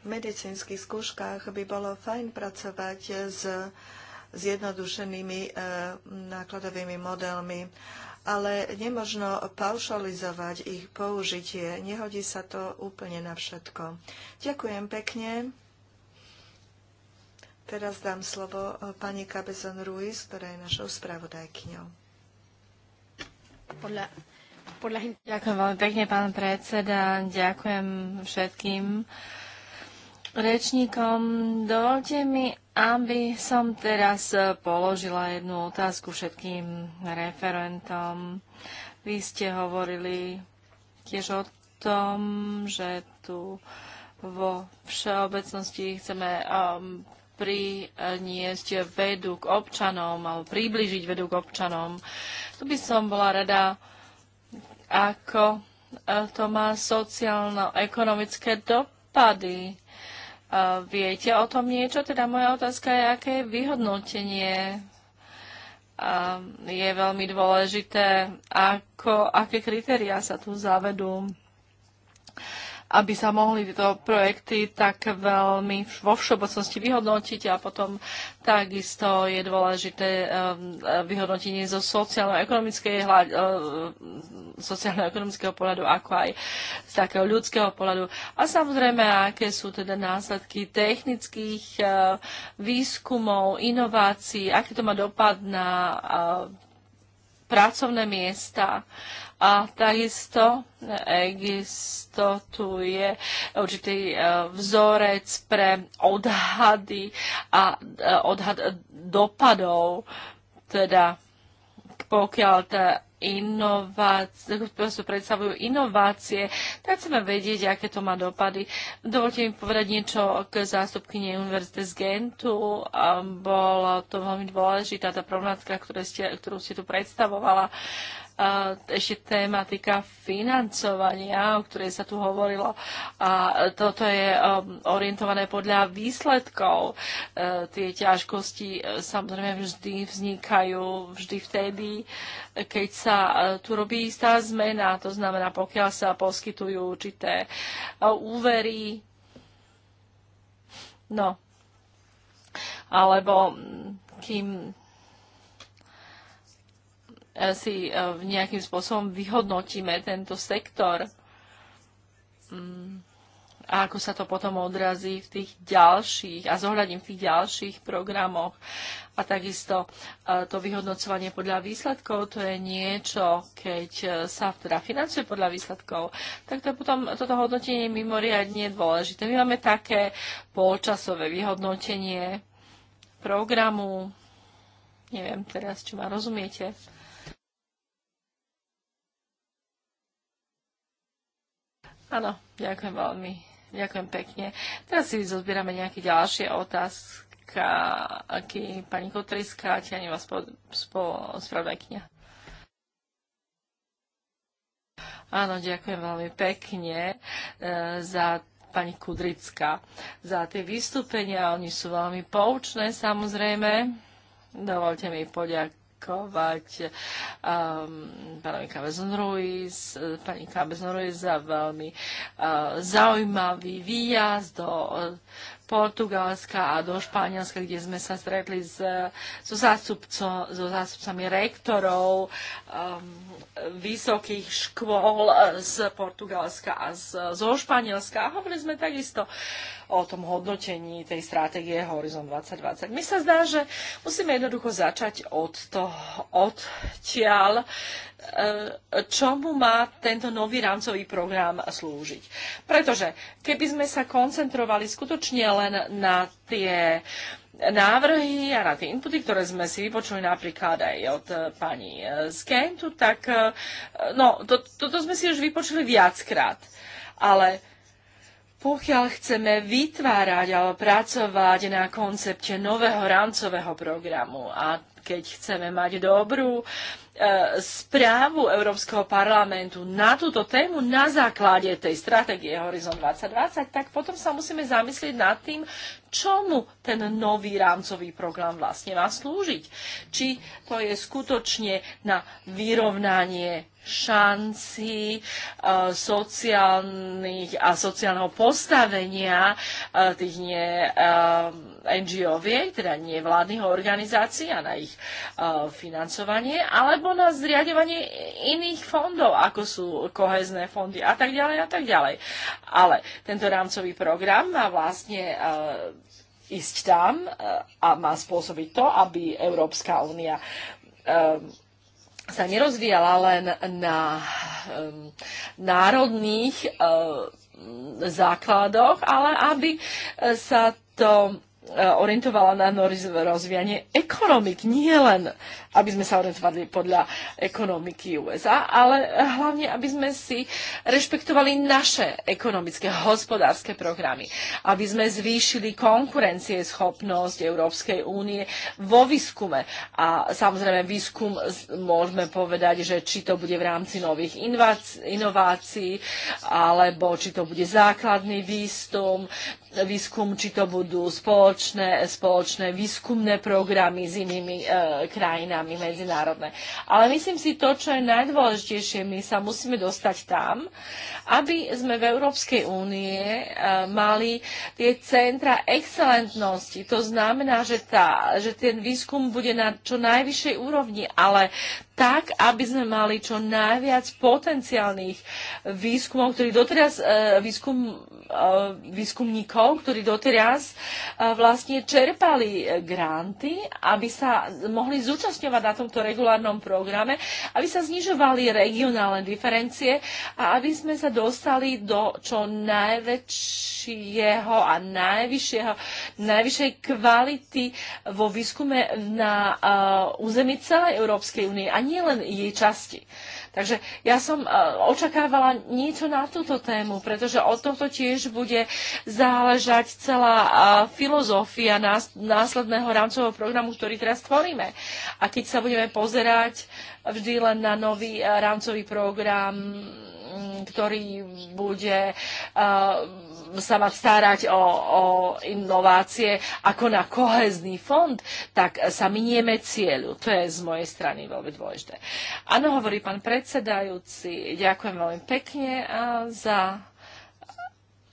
medicínskych skúškach by bolo fajn pracovať s zjednodušenými e, nákladovými modelmi ale nemožno paušalizovať ich použitie. Nehodí sa to úplne na všetko. Ďakujem pekne. Teraz dám slovo eh, pani Cabezon Ruiz, ktorá je našou spravodajkyňou. Podľa, podľa... Ďakujem veľmi pekne, pán predseda. Ďakujem všetkým rečníkom. Dovolte mi, aby som teraz eh, položila jednu otázku všetkým referentom. Vy ste hovorili tiež o tom, že tu vo všeobecnosti chceme um, priniesť vedu k občanom alebo približiť vedu k občanom. Tu by som bola rada, ako eh, to má sociálno-ekonomické dopady. Viete o tom niečo? Teda moja otázka je, aké vyhodnotenie je veľmi dôležité, ako, aké kritériá sa tu zavedú aby sa mohli tieto projekty tak veľmi vo všeobecnosti vyhodnotiť a potom takisto je dôležité um, vyhodnotenie zo uh, sociálno-ekonomického pohľadu, ako aj z takého ľudského pohľadu. A samozrejme, aké sú teda následky technických uh, výskumov, inovácií, aký to má dopad na uh, pracovné miesta a takisto existuje určitý e, vzorec pre odhady a e, odhad dopadov, teda pokiaľ tá inovácie, predstavujú inovácie, tak chceme vedieť, aké to má dopady. Dovolte mi povedať niečo k zástupkyni Univerzity z Gentu. Bola to veľmi dôležitá tá problematika, ktorú ste, ktorú ste tu predstavovala. Uh, ešte tématika financovania, o ktorej sa tu hovorilo. A toto je um, orientované podľa výsledkov. E, tie ťažkosti e, samozrejme vždy vznikajú, vždy vtedy, keď sa e, tu robí istá zmena. To znamená, pokiaľ sa poskytujú určité úvery, no, alebo kým E, si e, nejakým spôsobom vyhodnotíme tento sektor mm. a ako sa to potom odrazí v tých ďalších a zohľadím v tých ďalších programoch. A takisto e, to vyhodnocovanie podľa výsledkov, to je niečo, keď sa teda financuje podľa výsledkov, tak to je potom toto hodnotenie je mimoriadne dôležité. My máme také polčasové vyhodnotenie programu, neviem teraz, či ma rozumiete, Áno, ďakujem veľmi. Ďakujem pekne. Teraz si zozbierame nejaké ďalšie otázka. Aký pani Kotriska, ani vás po, po spravodajkňa. Áno, ďakujem veľmi pekne e, za pani Kudrická, za tie vystúpenia. Oni sú veľmi poučné, samozrejme. Dovolte mi poďak poďakovať um, pánovi Cabezon-Ruiz, eh, pani Cabezon-Ruiz za veľmi uh, zaujímavý výjazd do uh, Portugalska a do Španielska, kde sme sa stretli s, so, zástupco, so zástupcami rektorov um, vysokých škôl eh, z Portugalska a z, zo Španielska. A hovorili sme takisto o tom hodnotení tej stratégie Horizon 2020. Mi sa zdá, že musíme jednoducho začať od toho, odtiaľ, E, čomu má tento nový rámcový program slúžiť. Pretože keby sme sa koncentrovali skutočne len na tie návrhy a na tie inputy, ktoré sme si vypočuli napríklad aj od pani z Kentu, tak e, no, to, toto sme si už vypočuli viackrát. Ale pokiaľ chceme vytvárať alebo pracovať na koncepte nového rámcového programu a keď chceme mať dobrú uh, Eh, správu Európskeho parlamentu na túto tému na základe tej stratégie Horizon 2020, tak potom sa musíme zamyslieť nad tým, čomu ten nový rámcový program vlastne má slúžiť. Či to je skutočne na vyrovnanie šanci e, sociálnych a sociálneho postavenia e, tých nie e, ngo teda nevládnych organizácií a na ich e, financovanie, alebo na zriadovanie iných fondov, ako sú kohezné fondy a tak ďalej a tak ďalej. Ale tento rámcový program má vlastne e, ísť tam e, a má spôsobiť to, aby Európska únia e, sa nerozvíjala len na e, národných základoch, ale aby sa to Eh, orientovala na rozvíjanie ekonomik. Nie len, aby sme sa orientovali podľa ekonomiky USA, ale hlavne, aby sme si rešpektovali naše ekonomické, hospodárske programy. Aby sme zvýšili schopnosť Európskej únie vo výskume. A samozrejme, výskum môžeme povedať, že či to bude v rámci nových inovácií, alebo či to bude základný výstum, výskum, či to budú spoločnosti, spoločné, spoločné výskumné programy s inými e, krajinami medzinárodné. Ale myslím si to, čo je najdôležitejšie, my sa musíme dostať tam, aby sme v Európskej únie e, mali tie centra excelentnosti. To znamená, že, tá, že ten výskum bude na čo najvyššej úrovni, ale tak, aby sme mali čo najviac potenciálnych výskumov, ktorí doteraz, e, výskum, e, výskumníkov, ktorí doteraz e, vlastne čerpali granty, aby sa mohli zúčastňovať na tomto regulárnom programe, aby sa znižovali regionálne diferencie a aby sme sa dostali do čo najväčšieho a najvyššieho, najvyššej kvality vo výskume na území celej Európskej únie a nie len jej časti. Takže ja som e, očakávala niečo na túto tému, pretože od tohto tiež bude záležať celá e, filozofia následného rámcového programu, ktorý teraz tvoríme. A keď sa budeme pozerať vždy len na nový e, rámcový program ktorý bude eh, sa mať starať o, o inovácie ako na kohezný fond, tak sa minieme cieľu. To je z mojej strany veľmi dôležité. Áno, hovorí pán predsedajúci, ďakujem veľmi pekne eh, za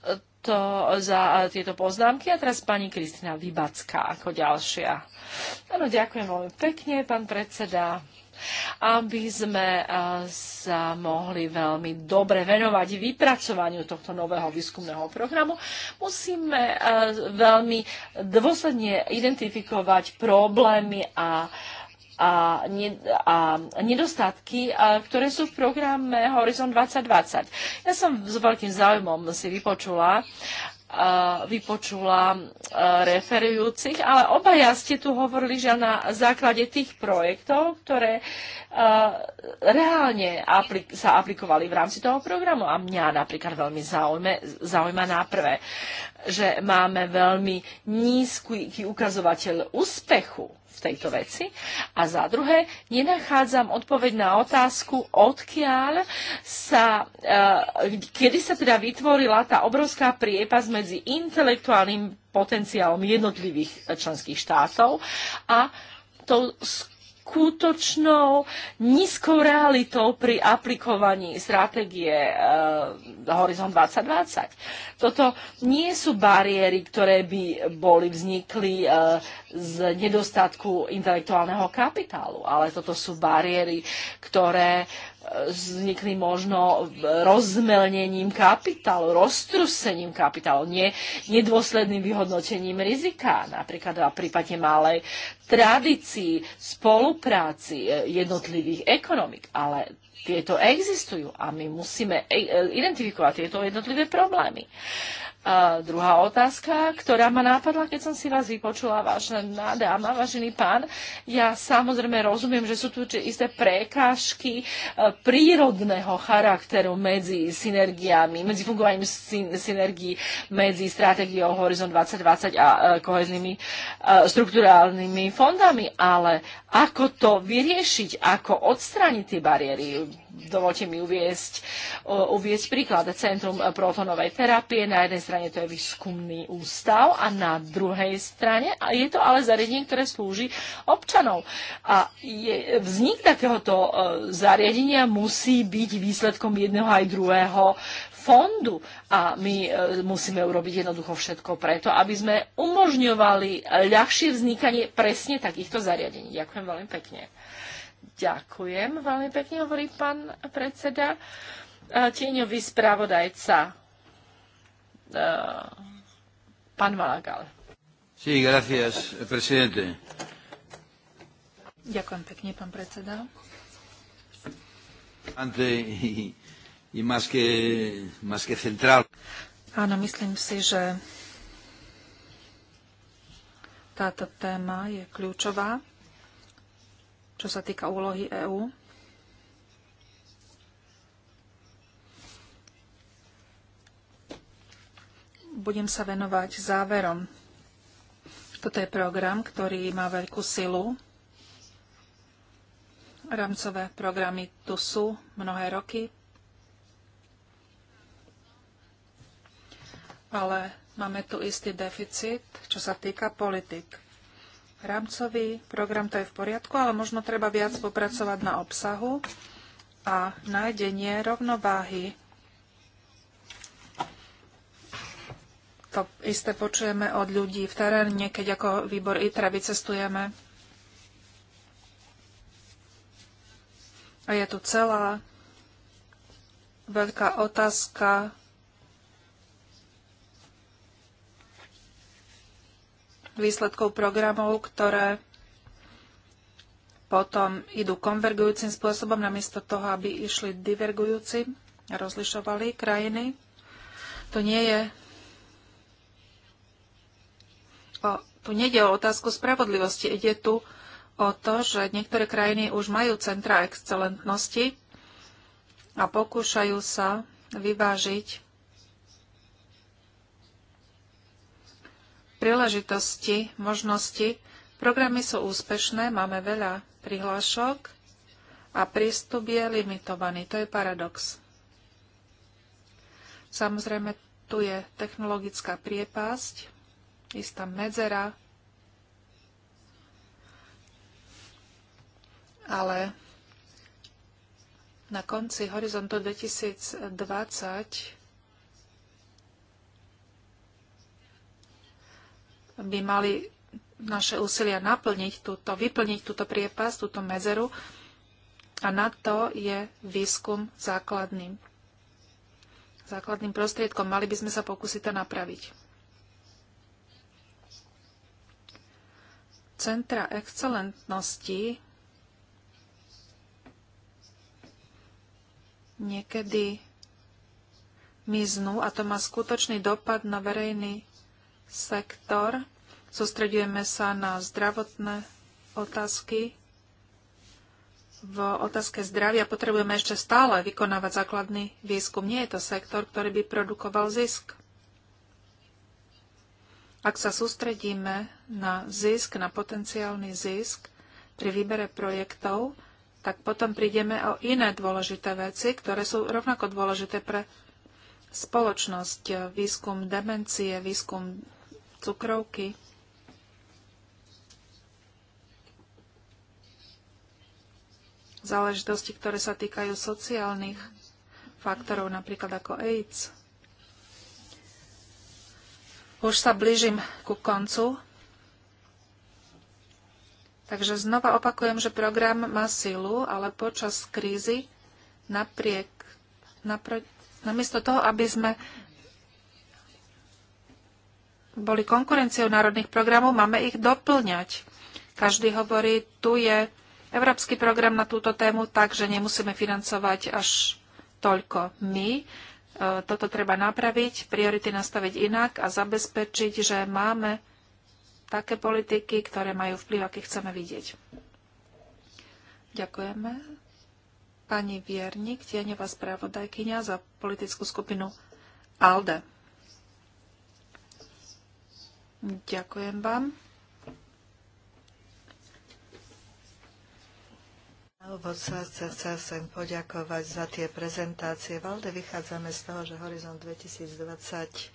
eh, to, za tieto poznámky. A teraz pani Kristina Vybacká ako ďalšia. Áno, ďakujem veľmi pekne, pán predseda aby sme eh, sa mohli veľmi dobre venovať vypracovaniu tohto nového výskumného programu, musíme eh, veľmi dôsledne identifikovať problémy a a, nedostatky, eh, ktoré sú v programe Horizon 2020. Ja som s veľkým záujmom si vypočula Eh, vypočula eh, referujúcich, ale obaja ste tu hovorili, že na základe tých projektov, ktoré eh, reálne aplik- sa aplikovali v rámci toho programu. A mňa napríklad veľmi zaujme, zaujíma prvé, že máme veľmi nízky ukazovateľ úspechu v tejto veci. A za druhé, nenachádzam odpoveď na otázku, odkiaľ sa, e, kedy sa teda vytvorila tá obrovská priepas medzi intelektuálnym potenciálom jednotlivých členských štátov a tou skutočnou nízkou realitou pri aplikovaní stratégie eh, Horizon 2020. Toto nie sú bariéry, ktoré by boli vznikli eh, z nedostatku intelektuálneho kapitálu, ale toto sú bariéry, ktoré vznikli možno rozmelnením kapitálu, roztrusením kapitálu, nie, nedôsledným vyhodnotením rizika, napríklad v prípade malej tradícii, spolupráci e, jednotlivých ekonomik, ale tieto existujú a my musíme e, e, identifikovať tieto jednotlivé problémy. A druhá otázka, ktorá ma nápadla, keď som si vás vypočula, vážená dáma, vážený pán. Ja samozrejme rozumiem, že sú tu isté prekážky e, prírodného charakteru medzi synergiami, medzi fungovaním synergií, medzi stratégiou Horizon 2020 a e, koheznými strukturálnymi e, fondami, ale ako to vyriešiť, ako odstrániť tie bariéry, dovolte mi uviesť, uviesť príklad. Centrum protonovej terapie, na jednej strane to je výskumný ústav a na druhej strane je to ale zariadenie, ktoré slúži občanov. A je, vznik takéhoto e, zariadenia musí byť výsledkom jedného aj druhého fondu a my e, musíme urobiť jednoducho všetko preto, aby sme umožňovali ľahšie vznikanie presne takýchto zariadení. Ďakujem veľmi pekne. Ďakujem veľmi pekne, hovorí pán predseda. Tieňový správodajca, e, pán Malagal. Sí, gracias, presidente. Ďakujem pekne, pán predseda. Ante y, y más que, más que central. Áno, myslím si, že táto téma je kľúčová čo sa týka úlohy EÚ. Budem sa venovať záverom. Toto je program, ktorý má veľkú silu. Rámcové programy tu sú mnohé roky, ale máme tu istý deficit, čo sa týka politik rámcový program, to je v poriadku, ale možno treba viac popracovať na obsahu a nájdenie rovnováhy. To isté počujeme od ľudí v teréne, keď ako výbor ITRA vycestujeme. A je tu celá veľká otázka výsledkov programov, ktoré potom idú konvergujúcim spôsobom, namiesto toho, aby išli divergujúci a rozlišovali krajiny. To nie je o, tu nejde o otázku spravodlivosti, ide tu o to, že niektoré krajiny už majú centra excelentnosti a pokúšajú sa vyvážiť príležitosti, možnosti. Programy sú úspešné, máme veľa prihlášok a prístup je limitovaný. To je paradox. Samozrejme, tu je technologická priepasť, istá medzera, ale na konci horizontu 2020 by mali naše úsilia naplniť túto, vyplniť túto priepas, túto medzeru a na to je výskum základným základným prostriedkom. Mali by sme sa pokúsiť to napraviť. Centra excelentnosti niekedy miznú a to má skutočný dopad na verejný sektor. Sústredujeme sa na zdravotné otázky. V otázke zdravia potrebujeme ešte stále vykonávať základný výskum. Nie je to sektor, ktorý by produkoval zisk. Ak sa sústredíme na zisk, na potenciálny zisk pri výbere projektov, tak potom prídeme o iné dôležité veci, ktoré sú rovnako dôležité pre spoločnosť. Výskum demencie, výskum cukrovky. Záležitosti, ktoré sa týkajú sociálnych faktorov, napríklad ako AIDS. Už sa blížim ku koncu. Takže znova opakujem, že program má silu, ale počas krízy napriek, napriek namiesto toho, aby sme boli konkurenciou národných programov, máme ich doplňať. Každý hovorí, tu je európsky program na túto tému, takže nemusíme financovať až toľko my. E, toto treba napraviť, priority nastaviť inak a zabezpečiť, že máme také politiky, ktoré majú vplyv, aký chceme vidieť. Ďakujeme. Pani Viernik, tieňová spravodajkynia za politickú skupinu ALDE. Ďakujem vám. Alebo sa, chcem poďakovať za tie prezentácie. Valde, vychádzame z toho, že Horizont 2020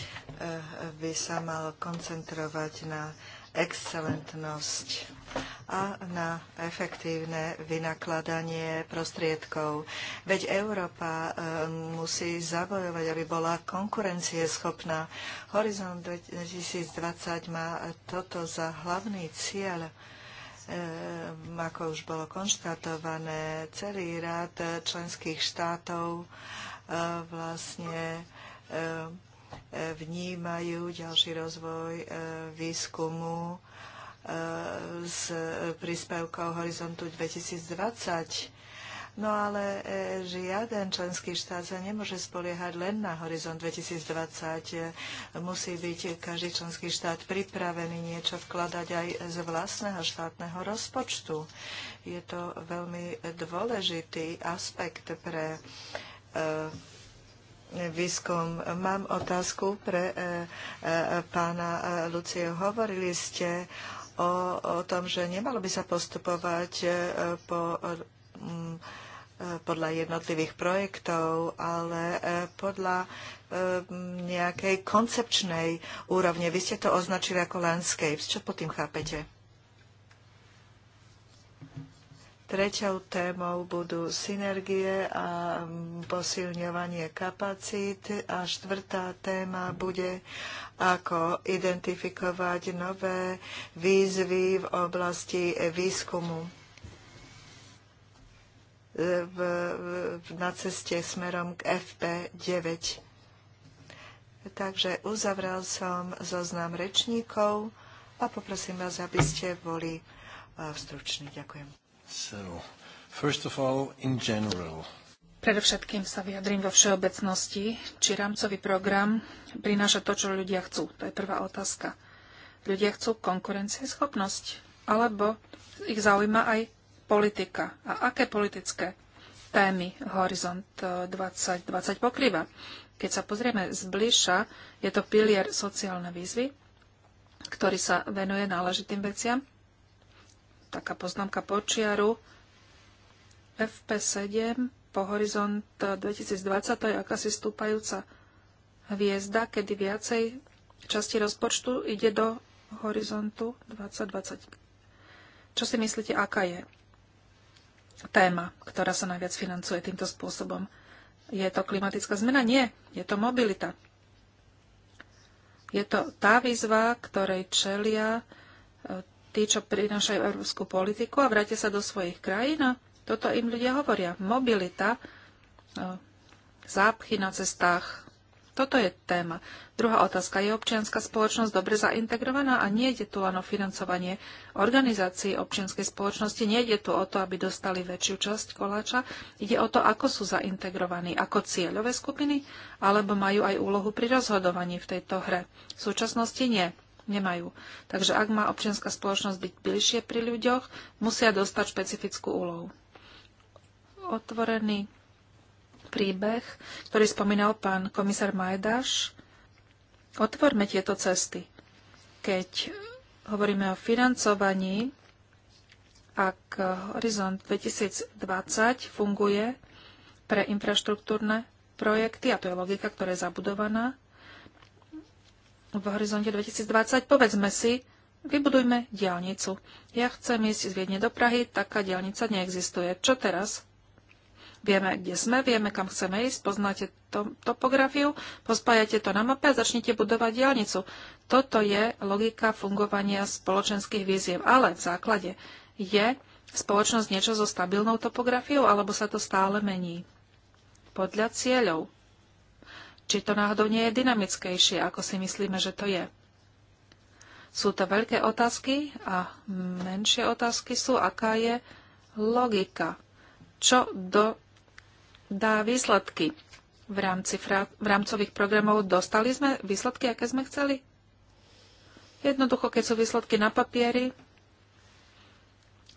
eh, by sa mal koncentrovať na excelentnosť a na efektívne vynakladanie prostriedkov. Veď Európa ehm, musí zabojovať, aby bola konkurencieschopná. Horizont 2020 má toto za hlavný cieľ ehm, ako už bolo konštatované, celý rád členských štátov ehm, vlastne vnímajú ďalší rozvoj e, výskumu s e, príspevkou Horizontu 2020. No ale e, žiaden členský štát sa nemôže spoliehať len na horizont 2020. Musí byť každý členský štát pripravený niečo vkladať aj z vlastného štátneho rozpočtu. Je to veľmi dôležitý aspekt pre výskum. Mám otázku pre e, e, pána e, Lucie. Hovorili ste o, o tom, že nemalo by sa postupovať po podľa jednotlivých projektov, ale podľa nejakej koncepčnej úrovne. Vy ste to označili ako landscapes. Čo po tým chápete? Treťou témou budú synergie a mm, posilňovanie kapacít a štvrtá téma bude, ako identifikovať nové výzvy v oblasti výskumu v, na ceste smerom k FP9. Takže uzavral som zoznam rečníkov a poprosím vás, aby ste boli e, stručný. Ďakujem. Predovšetkým sa vyjadrím vo všeobecnosti, či rámcový program prináša to, čo ľudia chcú. To je prvá otázka. Ľudia chcú konkurencieschopnosť, alebo ich zaujíma aj politika. A aké politické témy Horizont 2020 eh, pokrýva? Keď sa pozrieme zbližša, je to pilier sociálne výzvy, ktorý sa venuje náležitým veciam taká poznámka počiaru. FP7 po horizont 2020 to je akási stúpajúca hviezda, kedy viacej časti rozpočtu ide do horizontu 2020. Čo si myslíte, aká je téma, ktorá sa najviac financuje týmto spôsobom? Je to klimatická zmena? Nie. Je to mobilita. Je to tá výzva, ktorej čelia e, tí, čo prinášajú európsku politiku a vrátia sa do svojich krajín. A toto im ľudia hovoria. Mobilita, e, zápchy na cestách. Toto je téma. Druhá otázka. Je občianská spoločnosť dobre zaintegrovaná a nie ide tu len o financovanie organizácií občianskej spoločnosti, nie ide tu o to, aby dostali väčšiu časť koláča, ide o to, ako sú zaintegrovaní, ako cieľové skupiny, alebo majú aj úlohu pri rozhodovaní v tejto hre. V súčasnosti nie nemajú. Takže ak má občianská spoločnosť byť bližšie pri ľuďoch, musia dostať špecifickú úlohu. Otvorený príbeh, ktorý spomínal pán komisár Majdaš. Otvorme tieto cesty. Keď hovoríme o financovaní, ak Horizont 2020 funguje pre infraštruktúrne projekty, a to je logika, ktorá je zabudovaná, v horizonte 2020, povedzme si, vybudujme diálnicu. Ja chcem ísť z Viedne do Prahy, taká diálnica neexistuje. Čo teraz? Vieme, kde sme, vieme, kam chceme ísť, poznáte to, topografiu, pospájate to na mape a začnite budovať diálnicu. Toto je logika fungovania spoločenských víziev, ale v základe je spoločnosť niečo so stabilnou topografiou, alebo sa to stále mení? Podľa cieľov či to náhodou nie je dynamickejšie, ako si myslíme, že to je. Sú to veľké otázky a menšie otázky sú, aká je logika. Čo do, dá výsledky v, rámci fra, v rámcových programov? Dostali sme výsledky, aké sme chceli? Jednoducho, keď sú výsledky na papieri,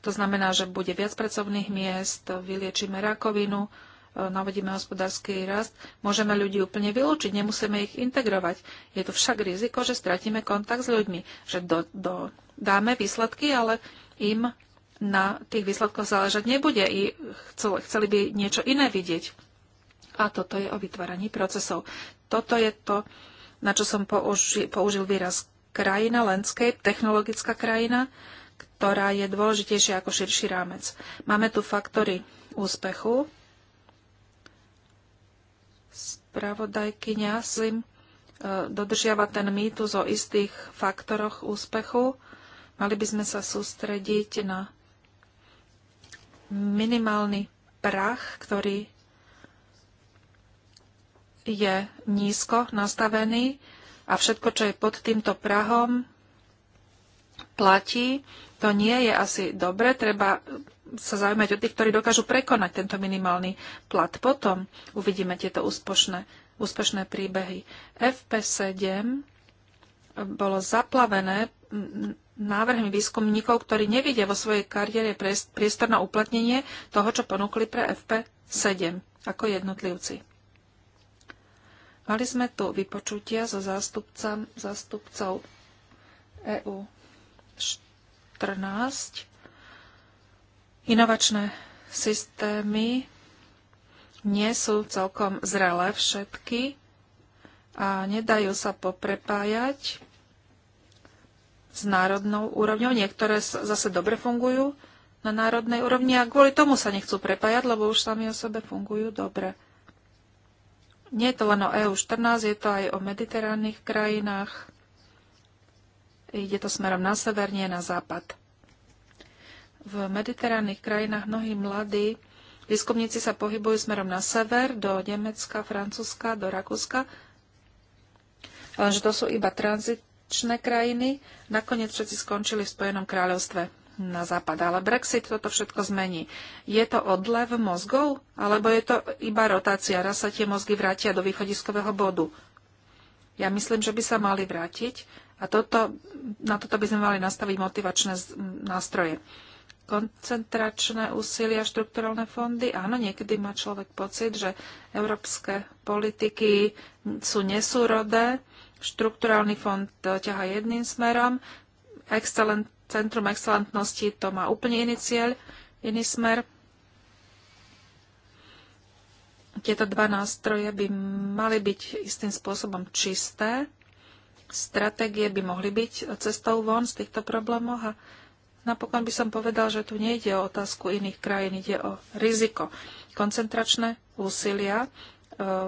to znamená, že bude viac pracovných miest, vyliečíme rakovinu, navodíme hospodársky rast, môžeme ľudí úplne vylúčiť, nemusíme ich integrovať. Je tu však riziko, že stratíme kontakt s ľuďmi, že do, do, dáme výsledky, ale im na tých výsledkoch záležať nebude. I chceli, chceli by niečo iné vidieť. A toto je o vytváraní procesov. Toto je to, na čo som použi, použil výraz krajina, landscape, technologická krajina, ktorá je dôležitejšia ako širší rámec. Máme tu faktory úspechu, Spravodajkyňa Slim e, dodržiava ten mýtus o istých faktoroch úspechu. Mali by sme sa sústrediť na minimálny prach, ktorý je nízko nastavený a všetko, čo je pod týmto prahom, platí. To nie je asi dobre, treba sa zaujímať o tých, ktorí dokážu prekonať tento minimálny plat. Potom uvidíme tieto úspešné, úspešné príbehy. FP7 bolo zaplavené návrhmi výskumníkov, ktorí nevidia vo svojej kariére priestor na uplatnenie toho, čo ponúkli pre FP7 ako jednotlivci. Mali sme tu vypočutia so zástupcom, zástupcov EU 14. Inovačné systémy nie sú celkom zrelé všetky a nedajú sa poprepájať s národnou úrovňou. Niektoré zase dobre fungujú na národnej úrovni a kvôli tomu sa nechcú prepájať, lebo už sami o sebe fungujú dobre. Nie je to len o EU14, je to aj o mediteránnych krajinách. Ide to smerom na sever, nie na západ. V mediteránnych krajinách mnohí mladí výskumníci sa pohybujú smerom na sever, do Nemecka, Francúzska, do Rakúska. Lenže to sú iba tranzičné krajiny. Nakoniec všetci skončili v Spojenom kráľovstve na západ. Ale Brexit toto všetko zmení. Je to odlev mozgov, alebo je to iba rotácia? Raz sa tie mozgy vrátia do východiskového bodu. Ja myslím, že by sa mali vrátiť a toto, na toto by sme mali nastaviť motivačné nástroje. Koncentračné úsilia, štrukturálne fondy. Áno, niekedy má človek pocit, že európske politiky sú nesúrodé. Štrukturálny fond ťaha jedným smerom. Excellent, Centrum excelentnosti to má úplne iný cieľ, iný smer tieto dva nástroje by mali byť istým spôsobom čisté stratégie by mohli byť cestou von z týchto problémov. A napokon by som povedal, že tu nejde o otázku iných krajín, ide o riziko. Koncentračné úsilia, e,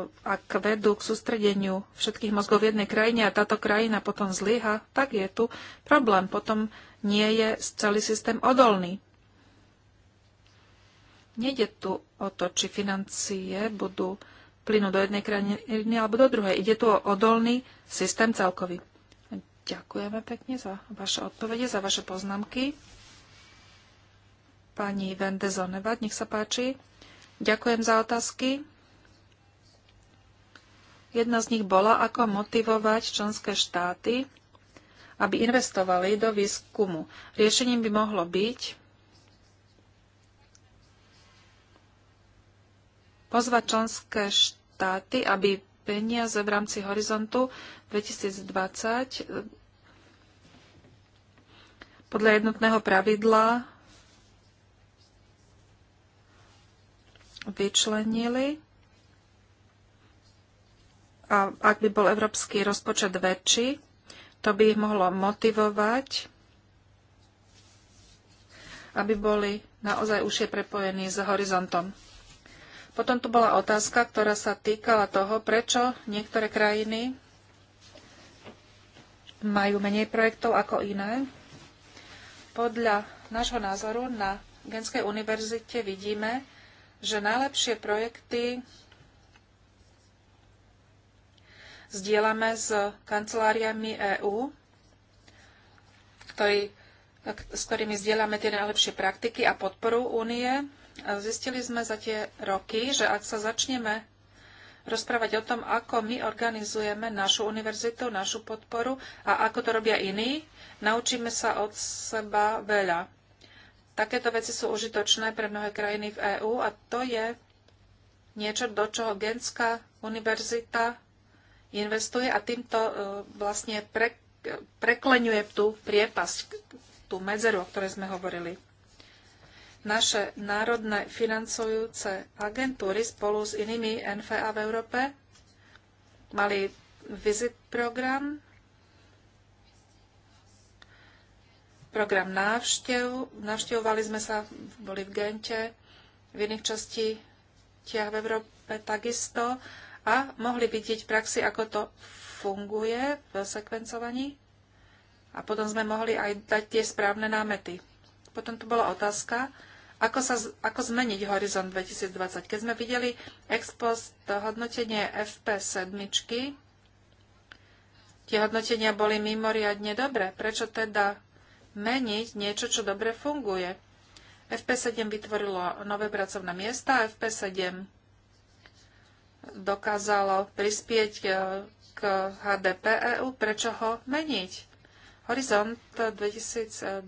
ak vedú k sústredeniu všetkých mozgov v jednej krajine a táto krajina potom zlyha, tak je tu problém. Potom nie je celý systém odolný. Nejde tu o to, či financie budú plynu do jednej krajiny alebo do druhej. Ide tu o odolný systém celkový. Ďakujeme pekne za vaše odpovede, za vaše poznámky. Pani Vende Zonevad, nech sa páči. Ďakujem za otázky. Jedna z nich bola, ako motivovať členské štáty, aby investovali do výskumu. Riešením by mohlo byť pozvať členské štáty, aby peniaze v rámci horizontu 2020 eh, podľa jednotného pravidla vyčlenili. A ak by bol európsky rozpočet väčší, to by ich mohlo motivovať, aby boli naozaj užšie prepojení s horizontom. Potom tu bola otázka, ktorá sa týkala toho, prečo niektoré krajiny majú menej projektov ako iné. Podľa nášho názoru na Genskej univerzite vidíme, že najlepšie projekty zdieľame s kanceláriami EÚ, ktorý, s ktorými zdieľame tie najlepšie praktiky a podporu únie Zistili sme za tie roky, že ak sa začneme rozprávať o tom, ako my organizujeme našu univerzitu, našu podporu a ako to robia iní, naučíme sa od seba veľa. Takéto veci sú užitočné pre mnohé krajiny v EÚ a to je niečo, do čoho Genská univerzita investuje a týmto e, vlastne pre, e, prekleňuje tú priepasť, tú medzeru, o ktorej sme hovorili naše národné financujúce agentúry spolu s inými NFA v Európe mali visit program, program návštev. Navštevovali sme sa, boli v Gente, v iných časti tiah v Európe takisto a mohli vidieť v praxi, ako to funguje v sekvencovaní. A potom sme mohli aj dať tie správne námety. Potom tu bola otázka, ako, sa, ako zmeniť horizont 2020? Keď sme videli ex post hodnotenie FP7, tie hodnotenia boli mimoriadne dobré. Prečo teda meniť niečo, čo dobre funguje? FP7 vytvorilo nové pracovné miesta a FP7 dokázalo prispieť e, k HDP EU. Prečo ho meniť? Horizont 2020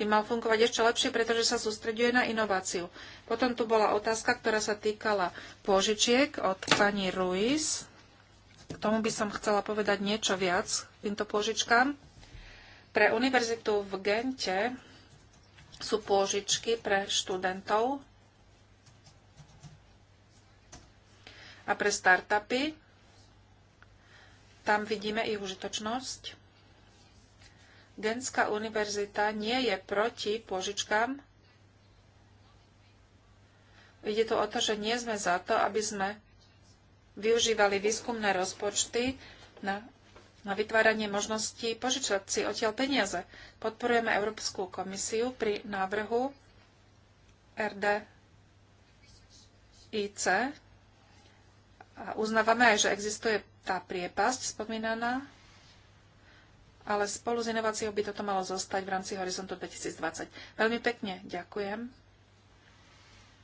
by mal fungovať ešte lepšie, pretože sa sústreďuje na inováciu. Potom tu bola otázka, ktorá sa týkala pôžičiek od pani Ruiz. K tomu by som chcela povedať niečo viac k týmto pôžičkám. Pre univerzitu v Gente sú pôžičky pre študentov a pre startupy. Tam vidíme ich užitočnosť. Denská univerzita nie je proti požičkám. Ide to o to, že nie sme za to, aby sme využívali výskumné rozpočty na, na vytváranie možností požičať si odtiaľ peniaze. Podporujeme Európsku komisiu pri návrhu RDIC a uznávame aj, že existuje tá priepasť spomínaná ale spolu s inováciou by toto malo zostať v rámci Horizontu 2020. Veľmi pekne ďakujem.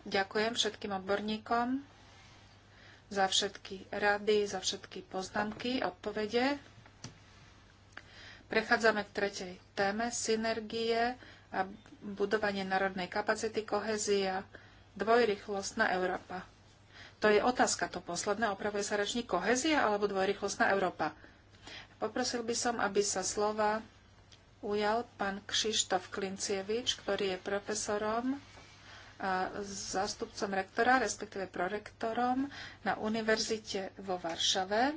Ďakujem všetkým odborníkom za všetky rady, za všetky poznámky, odpovede. Prechádzame k tretej téme synergie a budovanie národnej kapacity, kohezia, dvojrychlostná Európa. To je otázka, to posledné, opravuje sa rečník kohezia alebo dvojrychlostná Európa. Poprosil by som, aby sa slova ujal pán Kšištof Klincievič, ktorý je profesorom a zástupcom rektora, respektíve prorektorom na univerzite vo Varšave.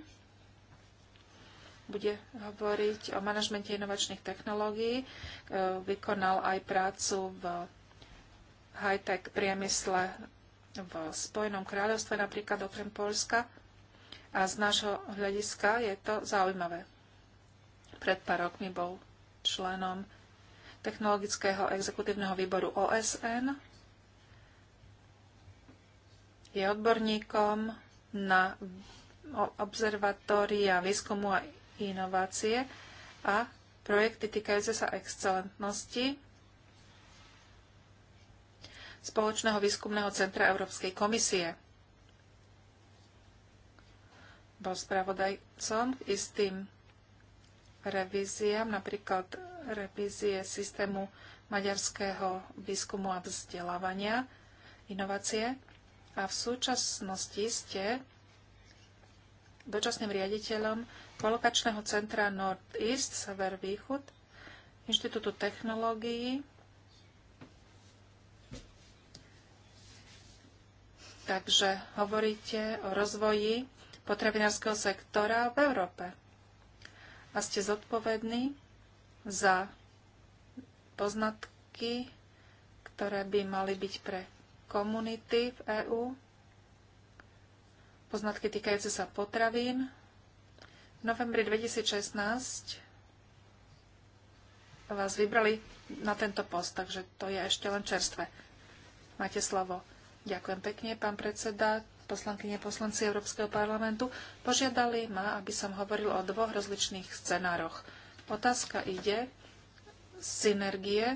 Bude hovoriť o manažmente inovačných technológií. E, vykonal aj prácu v high-tech priemysle v Spojenom kráľovstve, napríklad okrem Polska. A z nášho hľadiska je to zaujímavé. Pred pár rokmi bol členom Technologického exekutívneho výboru OSN. Je odborníkom na observatória výskumu a inovácie a projekty týkajúce sa excelentnosti Spoločného výskumného centra Európskej komisie bol spravodajcom istým revíziám, napríklad revízie systému maďarského výskumu a vzdelávania, inovácie. A v súčasnosti ste dočasným riaditeľom Kolokačného centra Nord-East, Sever-Východ, Inštitútu technológií. Takže hovoríte o rozvoji potravinárskeho sektora v Európe. A ste zodpovední za poznatky, ktoré by mali byť pre komunity v EÚ, poznatky týkajúce sa potravín. V novembri 2016 vás vybrali na tento post, takže to je ešte len čerstvé. Máte slovo. Ďakujem pekne, pán predseda poslankyne poslanci Európskeho parlamentu požiadali ma, aby som hovoril o dvoch rozličných scenároch. Otázka ide synergie,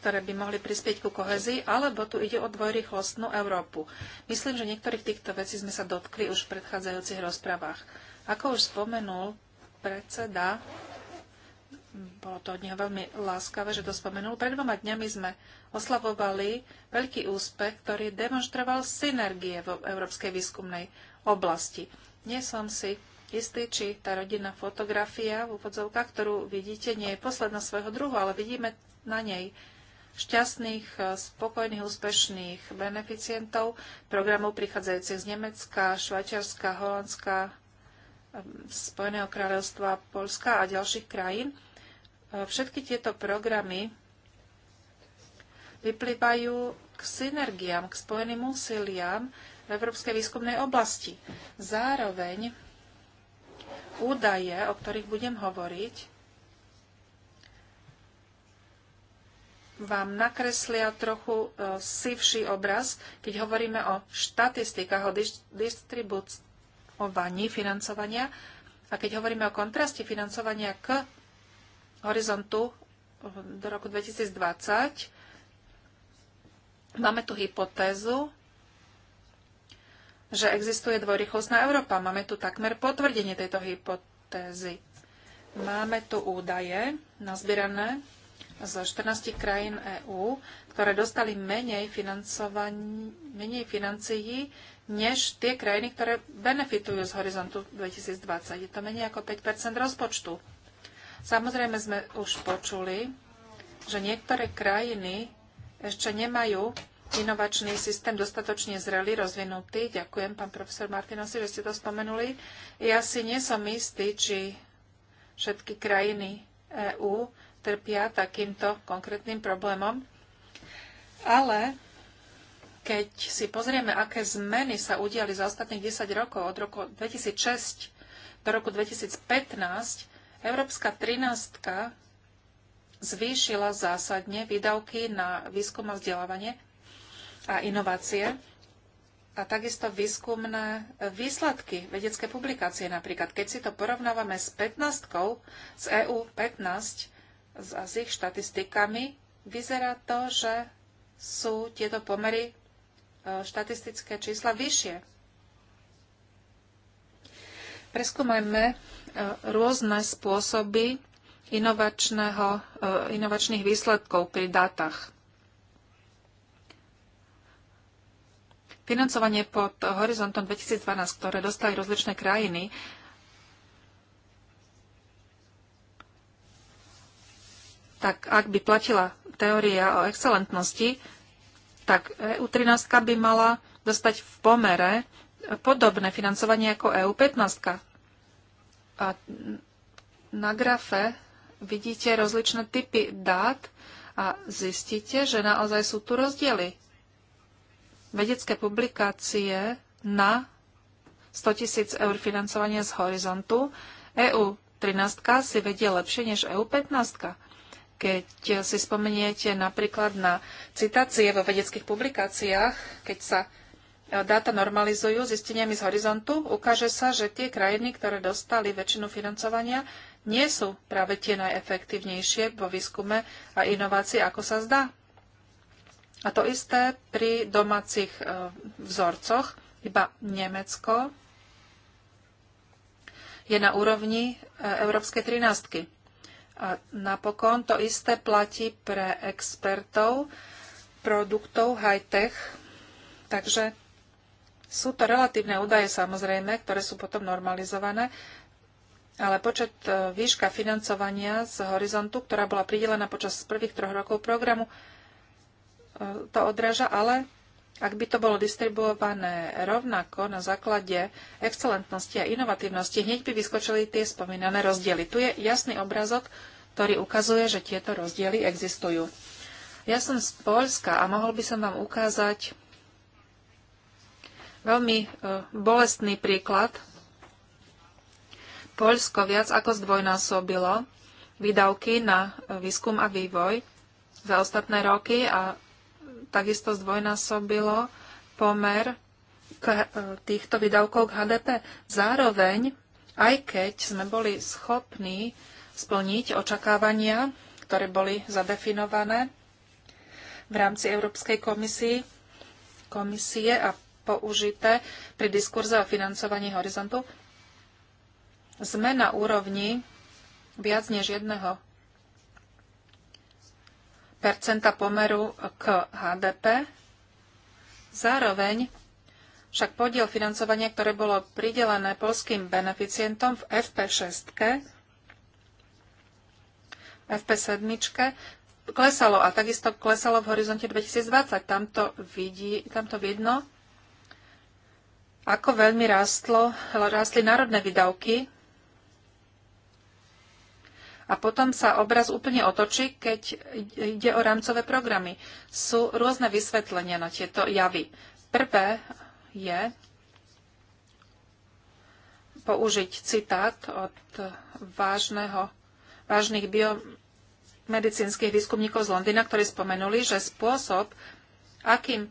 ktoré by mohli prispieť ku kohezii, alebo tu ide o dvojrychlostnú Európu. Myslím, že niektorých týchto vecí sme sa dotkli už v predchádzajúcich rozprávach. Ako už spomenul predseda, bolo to od neho veľmi láskavé, že to spomenul. Pred dvoma dňami sme oslavovali veľký úspech, ktorý demonstroval synergie v európskej výskumnej oblasti. Nie som si istý, či tá rodinná fotografia v úvodzovkách, ktorú vidíte, nie je posledná svojho druhu, ale vidíme na nej šťastných, spokojných, úspešných beneficientov programov prichádzajúcich z Nemecka, Švajčiarska, Holandska, Spojeného kráľovstva, Polska a ďalších krajín E, všetky tieto programy vyplývajú k synergiám, k spojeným úsiliam v Európskej výskumnej oblasti. Zároveň údaje, o ktorých budem hovoriť, vám nakreslia trochu e, sivší obraz, keď hovoríme o štatistikách, o distribúcovaní financovania a keď hovoríme o kontraste financovania k horizontu eh, do roku 2020. Máme tu hypotézu, že existuje dvojrychlostná Európa. Máme tu takmer potvrdenie tejto hypotézy. Máme tu údaje nazbierané zo 14 krajín EÚ, ktoré dostali menej, menej financií než tie krajiny, ktoré benefitujú z horizontu 2020. Je to menej ako 5 rozpočtu. Samozrejme sme už počuli, že niektoré krajiny ešte nemajú inovačný systém dostatočne zrelý, rozvinutý. Ďakujem, pán profesor Martinosi, že ste to spomenuli. Ja si nie som istý, či všetky krajiny EÚ trpia takýmto konkrétnym problémom. Ale keď si pozrieme, aké zmeny sa udiali za ostatných 10 rokov, od roku 2006 do roku 2015, Európska 13 zvýšila zásadne výdavky na výskum a vzdelávanie a inovácie a takisto výskumné výsledky, vedecké publikácie napríklad. Keď si to porovnávame s 15, z EU 15, a s ich štatistikami, vyzerá to, že sú tieto pomery e, štatistické čísla vyššie. Preskúmajme rôzne spôsoby eh, inovačných výsledkov pri dátach. Financovanie pod horizontom 2012, ktoré dostali rozličné krajiny, tak ak by platila teória o excelentnosti, tak EU13 by mala dostať v pomere podobné financovanie ako EU15. A na grafe vidíte rozličné typy dát a zistíte, že naozaj sú tu rozdiely. Vedecké publikácie na 100 tisíc eur financovania z horizontu EU 13 si vedie lepšie než EU 15. Keď si spomeniete napríklad na citácie vo vedeckých publikáciách, keď sa dáta normalizujú zisteniami z horizontu, ukáže sa, že tie krajiny, ktoré dostali väčšinu financovania, nie sú práve tie najefektívnejšie vo výskume a inovácii, ako sa zdá. A to isté pri domácich e, vzorcoch, iba Nemecko je na úrovni e, Európskej 13. A napokon to isté platí pre expertov produktov high-tech. Takže sú to relatívne údaje samozrejme, ktoré sú potom normalizované, ale počet e, výška financovania z horizontu, ktorá bola pridelená počas prvých troch rokov programu, e, to odráža, ale ak by to bolo distribuované rovnako na základe excelentnosti a inovatívnosti, hneď by vyskočili tie spomínané rozdiely. Tu je jasný obrazok, ktorý ukazuje, že tieto rozdiely existujú. Ja som z Polska a mohol by som vám ukázať Veľmi e, bolestný príklad. Poľsko viac ako zdvojnásobilo výdavky na e, výskum a vývoj za ostatné roky a takisto zdvojnásobilo pomer e, týchto výdavkov k HDP. Zároveň, aj keď sme boli schopní splniť očakávania, ktoré boli zadefinované v rámci Európskej komisie, komisie a použité pri diskurze o financovaní horizontu. Sme na úrovni viac než jedného percenta pomeru k HDP. Zároveň však podiel financovania, ktoré bolo pridelené polským beneficientom v FP6, FP7, klesalo a takisto klesalo v horizonte 2020. Tam to, vidí, tam to vidno ako veľmi rástlo, rástli národné výdavky a potom sa obraz úplne otočí, keď ide o rámcové programy. Sú rôzne vysvetlenia na tieto javy. Prvé je použiť citát od vážneho, vážnych biomedicínskych výskumníkov z Londýna, ktorí spomenuli, že spôsob, akým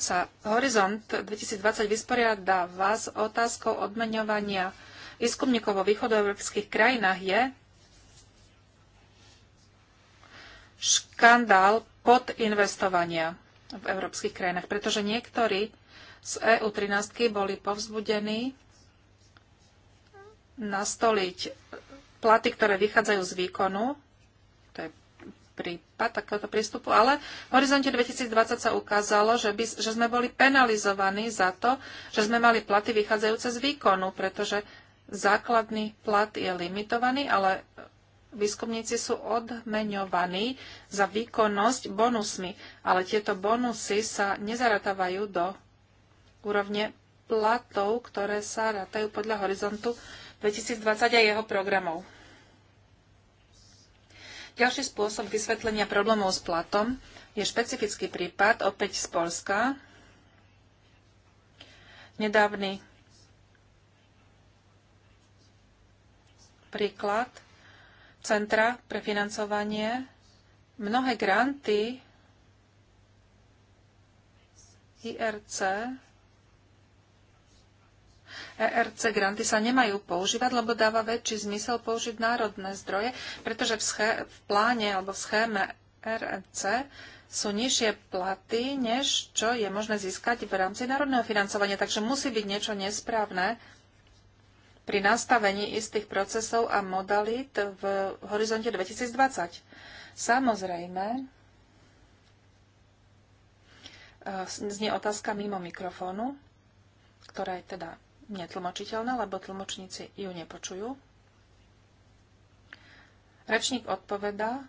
sa Horizont 2020 vysporiadáva s otázkou odmeňovania výskumníkov vo východoeurópskych krajinách, je škandál podinvestovania v európskych krajinách, pretože niektorí z EU13 boli povzbudení nastoliť platy, ktoré vychádzajú z výkonu prípad takéhoto prístupu, ale v horizonte 2020 sa ukázalo, že, by, že sme boli penalizovaní za to, že sme mali platy vychádzajúce z výkonu, pretože základný plat je limitovaný, ale výskumníci sú odmeňovaní za výkonnosť bonusmi, ale tieto bonusy sa nezaratávajú do úrovne platov, ktoré sa ratajú podľa horizontu 2020 a jeho programov. Ďalší spôsob vysvetlenia problémov s platom je špecifický prípad, opäť z Polska. Nedávny príklad Centra pre financovanie. Mnohé granty IRC ERC granty sa nemajú používať, lebo dáva väčší zmysel použiť národné zdroje, pretože v, sché- v pláne alebo v schéme ERC sú nižšie platy, než čo je možné získať v rámci národného financovania. Takže musí byť niečo nesprávne pri nastavení istých procesov a modalít v horizonte 2020. Samozrejme, e, znie otázka mimo mikrofónu, ktorá je teda netlmočiteľná, lebo tlmočníci ju nepočujú. Rečník odpovedá.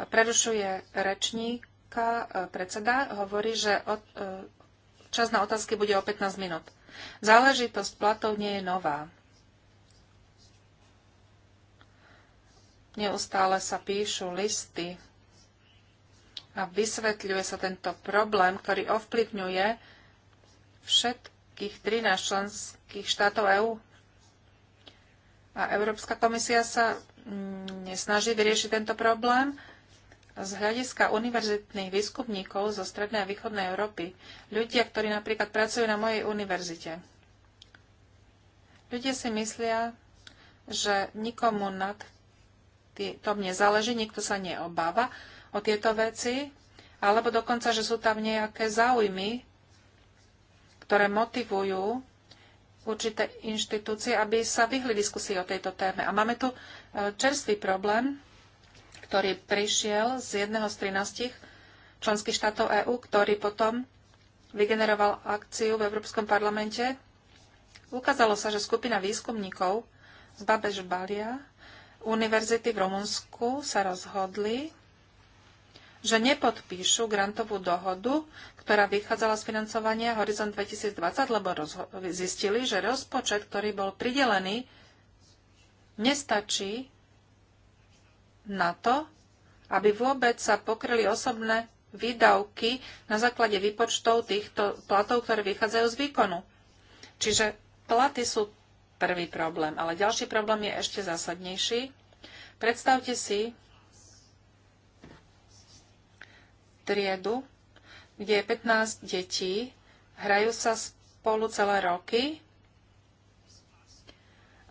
Prerušuje rečníka e, predseda, hovorí, že od, e, čas na otázky bude o 15 minút. Záležitosť platov nie je nová. Neustále sa píšu listy a vysvetľuje sa tento problém, ktorý ovplyvňuje všetkých 13 členských štátov EÚ. A Európska komisia sa mm, nesnaží vyriešiť tento problém. Z hľadiska univerzitných výskumníkov zo Strednej a Východnej Európy, ľudia, ktorí napríklad pracujú na mojej univerzite, ľudia si myslia, že nikomu nad tom nezáleží, nikto sa neobáva o tieto veci, alebo dokonca, že sú tam nejaké záujmy ktoré motivujú určité inštitúcie, aby sa vyhli diskusii o tejto téme. A máme tu e, čerstvý problém, ktorý prišiel z jedného z 13 členských štátov EÚ, ktorý potom vygeneroval akciu v Európskom parlamente. Ukázalo sa, že skupina výskumníkov z Babež Balia Univerzity v Rumunsku sa rozhodli že nepodpíšu grantovú dohodu, ktorá vychádzala z financovania Horizon 2020, lebo zistili, že rozpočet, ktorý bol pridelený, nestačí na to, aby vôbec sa pokryli osobné výdavky na základe výpočtov týchto platov, ktoré vychádzajú z výkonu. Čiže platy sú prvý problém, ale ďalší problém je ešte zásadnejší. Predstavte si, triedu, kde je 15 detí, hrajú sa spolu celé roky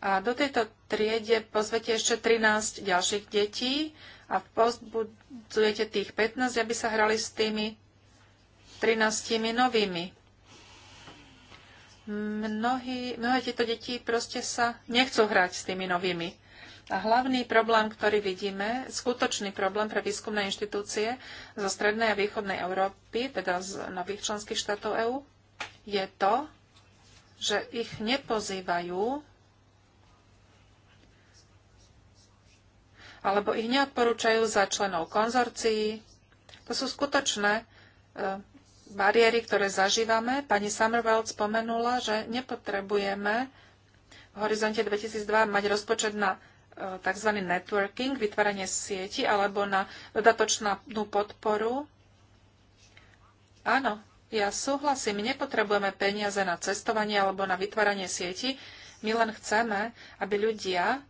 a do tejto triede pozvete ešte 13 ďalších detí a pozbudzujete tých 15, aby sa hrali s tými 13 novými. Mnohí, mnohé tieto deti proste sa nechcú hrať s tými novými. A hlavný problém, ktorý vidíme, skutočný problém pre výskumné inštitúcie zo strednej a východnej Európy, teda z nových členských štátov EÚ, je to, že ich nepozývajú alebo ich neodporúčajú za členov konzorcií. To sú skutočné e, bariéry, ktoré zažívame. Pani Summerveld spomenula, že nepotrebujeme v horizonte 2002 mať rozpočet na Eh, tzv. networking, vytváranie sieti alebo na dodatočnú podporu. Áno, ja súhlasím, nepotrebujeme peniaze na cestovanie alebo na vytváranie sieti. My len chceme, aby ľudia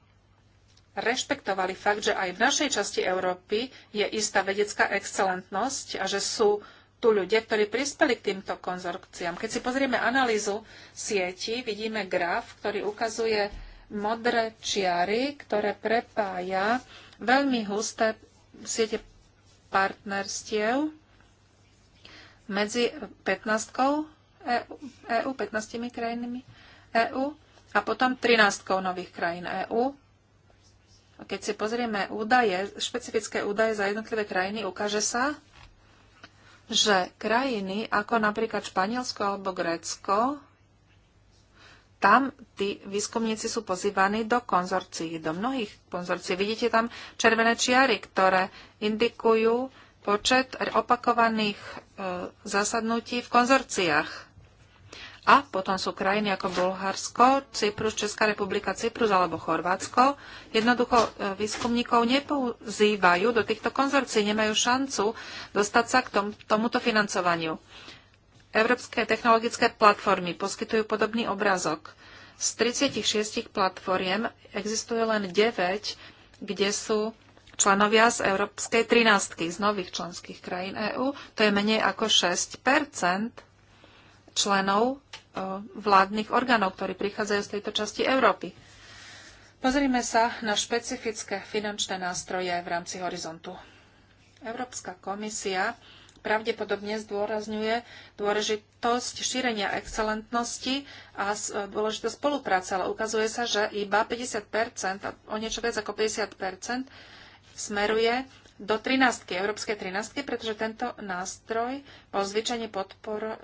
rešpektovali fakt, že aj v našej časti Európy je istá vedecká excelentnosť a že sú tu ľudia, ktorí prispeli k týmto konzorkciám. Keď si pozrieme analýzu sieti, vidíme graf, ktorý ukazuje modré čiary, ktoré prepája veľmi husté siete partnerstiev medzi 15 EU, 15 krajinami EU a potom 13 nových krajín EU. Keď si pozrieme údaje, špecifické údaje za jednotlivé krajiny, ukáže sa, že krajiny ako napríklad Španielsko alebo Grécko tam tí výskumníci sú pozývaní do konzorcií, do mnohých konzorcií. Vidíte tam červené čiary, ktoré indikujú počet opakovaných e, zasadnutí v konzorciách. A potom sú krajiny ako Bulharsko, Cyprus, Česká republika, Cyprus alebo Chorvátsko. Jednoducho e, výskumníkov nepouzývajú, do týchto konzorcií, nemajú šancu dostať sa k tom, tomuto financovaniu. Európske technologické platformy poskytujú podobný obrázok. Z 36 platformiem existuje len 9, kde sú členovia z Európskej 13 z nových členských krajín EÚ. To je menej ako 6 členov e, vládnych orgánov, ktorí prichádzajú z tejto časti Európy. Pozrime sa na špecifické finančné nástroje v rámci horizontu. Európska komisia pravdepodobne zdôrazňuje dôležitosť šírenia excelentnosti a e, dôležitosť spolupráce, ale ukazuje sa, že iba 50%, a o niečo viac ako 50%, smeruje do 13. Európskej 13. pretože tento nástroj bol zvyčajne podpor,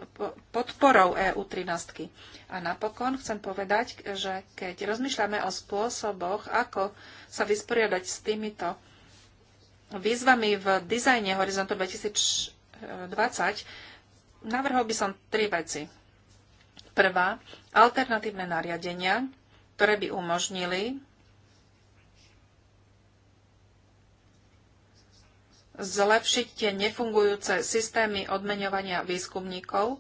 podporou EU 13. A napokon chcem povedať, že keď rozmýšľame o spôsoboch, ako sa vysporiadať s týmito výzvami v dizajne Horizontu 2020 2020, navrhol by som tri veci. Prvá, alternatívne nariadenia, ktoré by umožnili zlepšiť tie nefungujúce systémy odmeňovania výskumníkov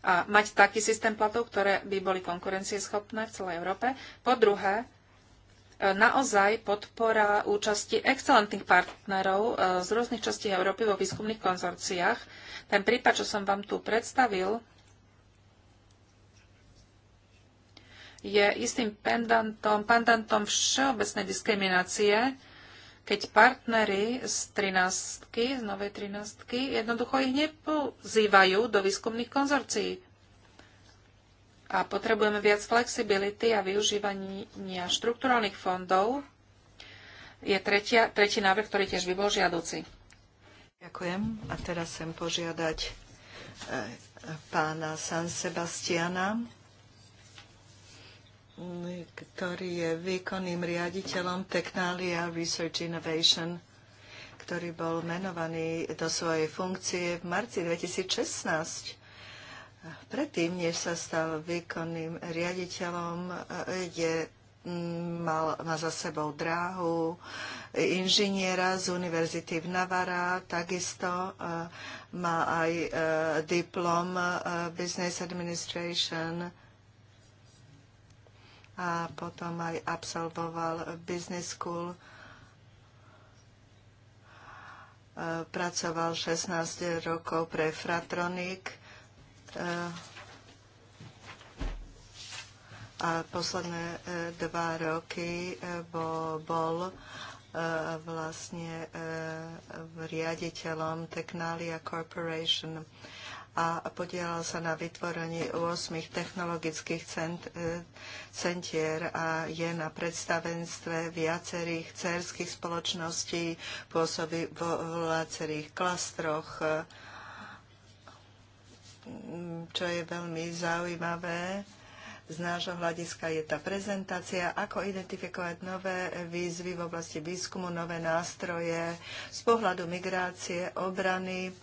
a mať taký systém platov, ktoré by boli konkurencieschopné v celej Európe. Po druhé, naozaj podpora účasti excelentných partnerov e, z rôznych častí Európy vo výskumných konzorciách. Ten prípad, čo som vám tu predstavil, je istým pendantom, pendantom všeobecnej diskriminácie, keď partnery z 13, z novej 13, jednoducho ich nepozývajú do výskumných konzorcií a potrebujeme viac flexibility a využívania štrukturálnych fondov, je tretia, tretí návrh, ktorý tiež by bol žiaduci. Ďakujem. A teraz chcem požiadať e, pána San Sebastiana, ktorý je výkonným riaditeľom Technalia Research Innovation, ktorý bol menovaný do svojej funkcie v marci 2016 Predtým, než sa stal výkonným riaditeľom, je mm, mal, má za sebou dráhu inžiniera z univerzity v Navara, takisto má aj e, diplom e, Business Administration a potom aj absolvoval Business School. E, pracoval 16 rokov pre Fratronic a posledné e, dva roky e, bol, bol e, vlastne riaditeľom Technalia Corporation a podielal sa na vytvorení 8 technologických cent, centier a je na predstavenstve viacerých cerských spoločností, pôsobí vo viacerých klastroch čo je veľmi zaujímavé z nášho hľadiska je tá prezentácia, ako identifikovať nové výzvy v oblasti výskumu, nové nástroje z pohľadu migrácie, obrany, e, e,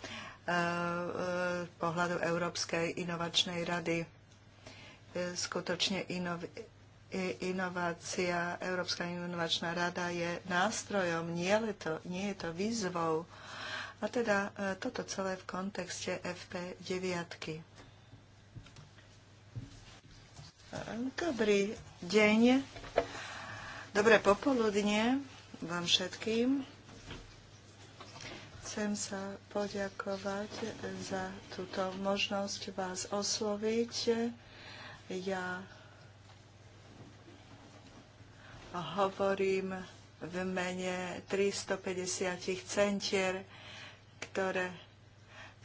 z pohľadu Európskej inovačnej rady. E, skutočne inov, inovácia, Európska inovačná rada je nástrojom, nie, to, nie je to výzvou a teda e, toto celé v kontexte FP9. Dobrý deň, dobré popoludne vám všetkým. Chcem sa poďakovať za túto možnosť vás osloviť. Ja hovorím v mene 350 centier ktoré,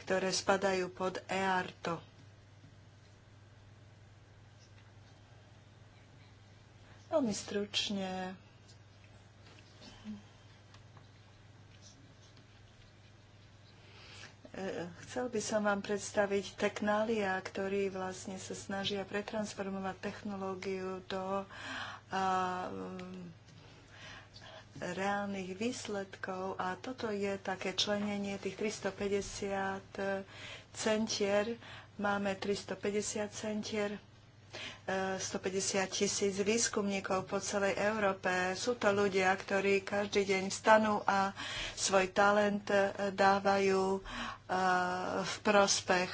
ktoré spadajú pod EARTO. Veľmi stručne. E, chcel by som vám predstaviť Technália, ktorí vlastne sa snažia pretransformovať technológiu do reálnych výsledkov a toto je také členenie tých 350 centier. Máme 350 centier 150 eh, tisíc výskumníkov po celej Európe. Sú to ľudia, ktorí každý deň vstanú a svoj talent eh, dávajú eh, v prospech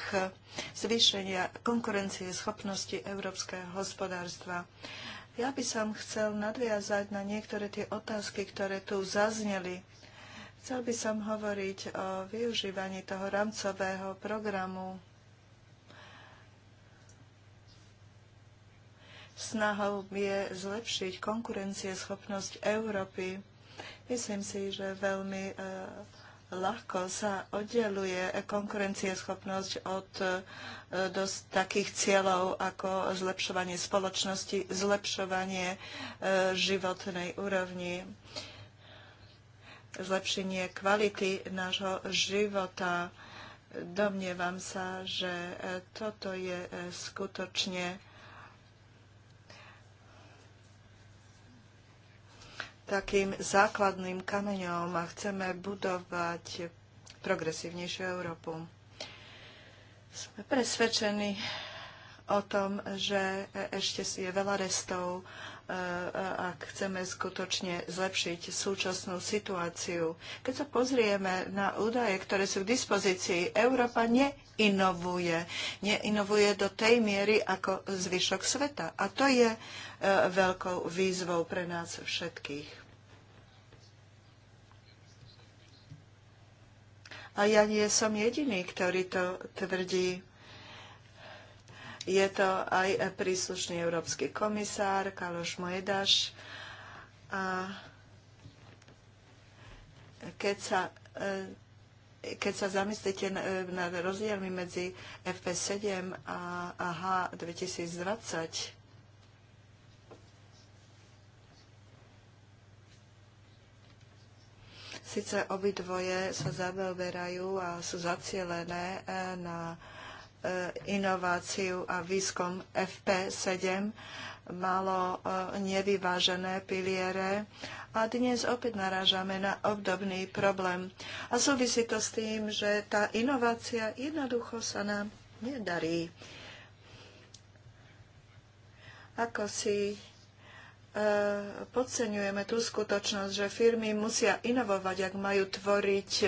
zvýšenia konkurencie schopnosti európskeho hospodárstva. Ja by som chcel nadviazať na niektoré tie otázky, ktoré tu zazneli. Chcel by som hovoriť o využívaní toho rámcového programu snahou je zlepšiť konkurencieschopnosť Európy. Myslím si, že veľmi eh, ľahko sa oddeluje konkurencieschopnosť od e, dosť takých cieľov ako zlepšovanie spoločnosti, zlepšovanie e, životnej úrovni, zlepšenie kvality nášho života. Domnievam sa, že e, toto je skutočne takým základným kameňom a chceme budovať progresívnejšiu Európu. Sme presvedčení o tom, že ešte si je veľa restov, e, e, ak chceme skutočne zlepšiť súčasnú situáciu. Keď sa pozrieme na údaje, ktoré sú k dispozícii, Európa neinovuje. Neinovuje do tej miery ako zvyšok sveta. A to je e, veľkou výzvou pre nás všetkých. A ja nie som jediný, ktorý to tvrdí. Je to aj príslušný európsky komisár Kaloš Mojedaš. A keď sa, e, keď sa zamyslíte e, nad rozdielmi medzi FP7 a H2020, Sice obidvoje sa zaoberajú a sú zacielené e, na e, inováciu a výskum FP7 malo e, nevyvážené piliere a dnes opäť narážame na obdobný problém. A súvisí to s tým, že tá inovácia jednoducho sa nám nedarí. Ako si E, podceňujeme tú skutočnosť, že firmy musia inovovať, ak majú tvoriť e,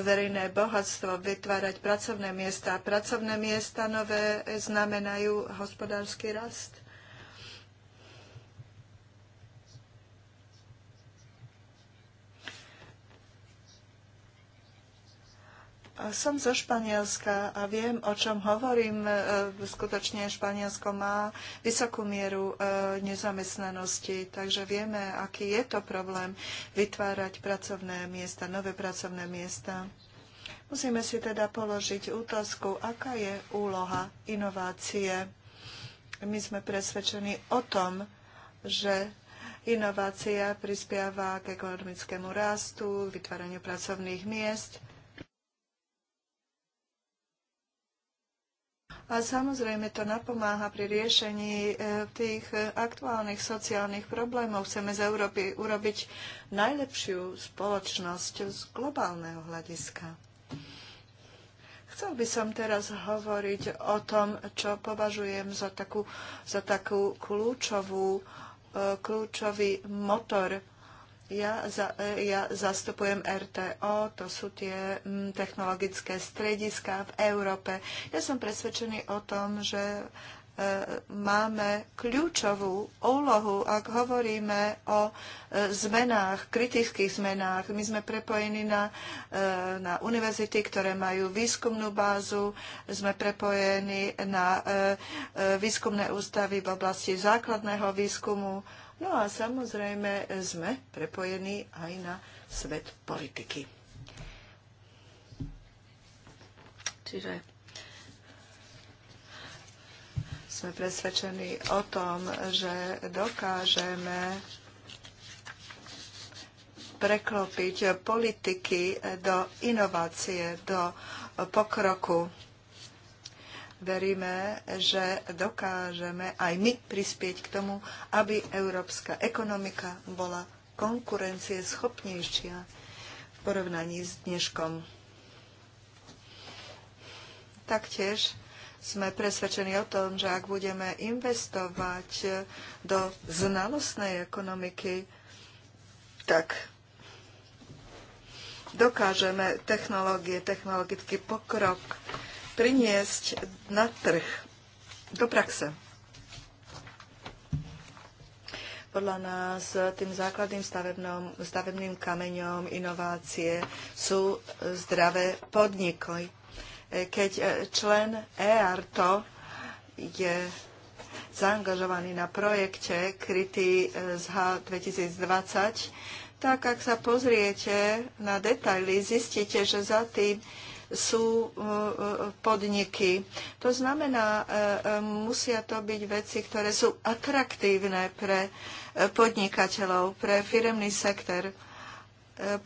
verejné bohatstvo, vytvárať pracovné miesta. Pracovné miesta nové znamenajú hospodársky rast. Som zo Španielska a viem, o čom hovorím. E, skutočne Španielsko má vysokú mieru e, nezamestnanosti, takže vieme, aký je to problém vytvárať pracovné miesta, nové pracovné miesta. Musíme si teda položiť otázku, aká je úloha inovácie. My sme presvedčení o tom, že inovácia prispieva k ekonomickému rastu, vytváraniu pracovných miest A samozrejme to napomáha pri riešení e, tých e, aktuálnych sociálnych problémov. Chceme z Európy urobiť najlepšiu spoločnosť z globálneho hľadiska. Chcel by som teraz hovoriť o tom, čo považujem za takú, za takú kľúčovú, e, kľúčový motor ja, za, e, ja zastupujem RTO, to sú tie mm, technologické strediska v Európe. Ja som presvedčený o tom, že e, máme kľúčovú úlohu, ak hovoríme o e, zmenách, kritických zmenách. My sme prepojení na, na univerzity, ktoré majú výskumnú bázu, sme prepojení na výskumné ústavy v oblasti základného výskumu, No a samozrejme sme prepojení aj na svet politiky. Čiže sme presvedčení o tom, že dokážeme preklopiť politiky do inovácie, do pokroku veríme, že dokážeme aj my prispieť k tomu, aby európska ekonomika bola konkurencie schopnejšia v porovnaní s dneškom. Taktiež sme presvedčení o tom, že ak budeme investovať do znalostnej ekonomiky, tak dokážeme technológie, technologický pokrok priniesť na trh, do praxe. Podľa nás tým základným stavebným kameňom inovácie sú zdravé podniky. Keď člen EARTO je zaangažovaný na projekte Kryty z H 2020, tak ak sa pozriete na detaily, zistíte, že za tým sú e, e, podniky. To znamená, e, musia to byť veci, ktoré sú atraktívne pre podnikateľov, pre firemný sektor.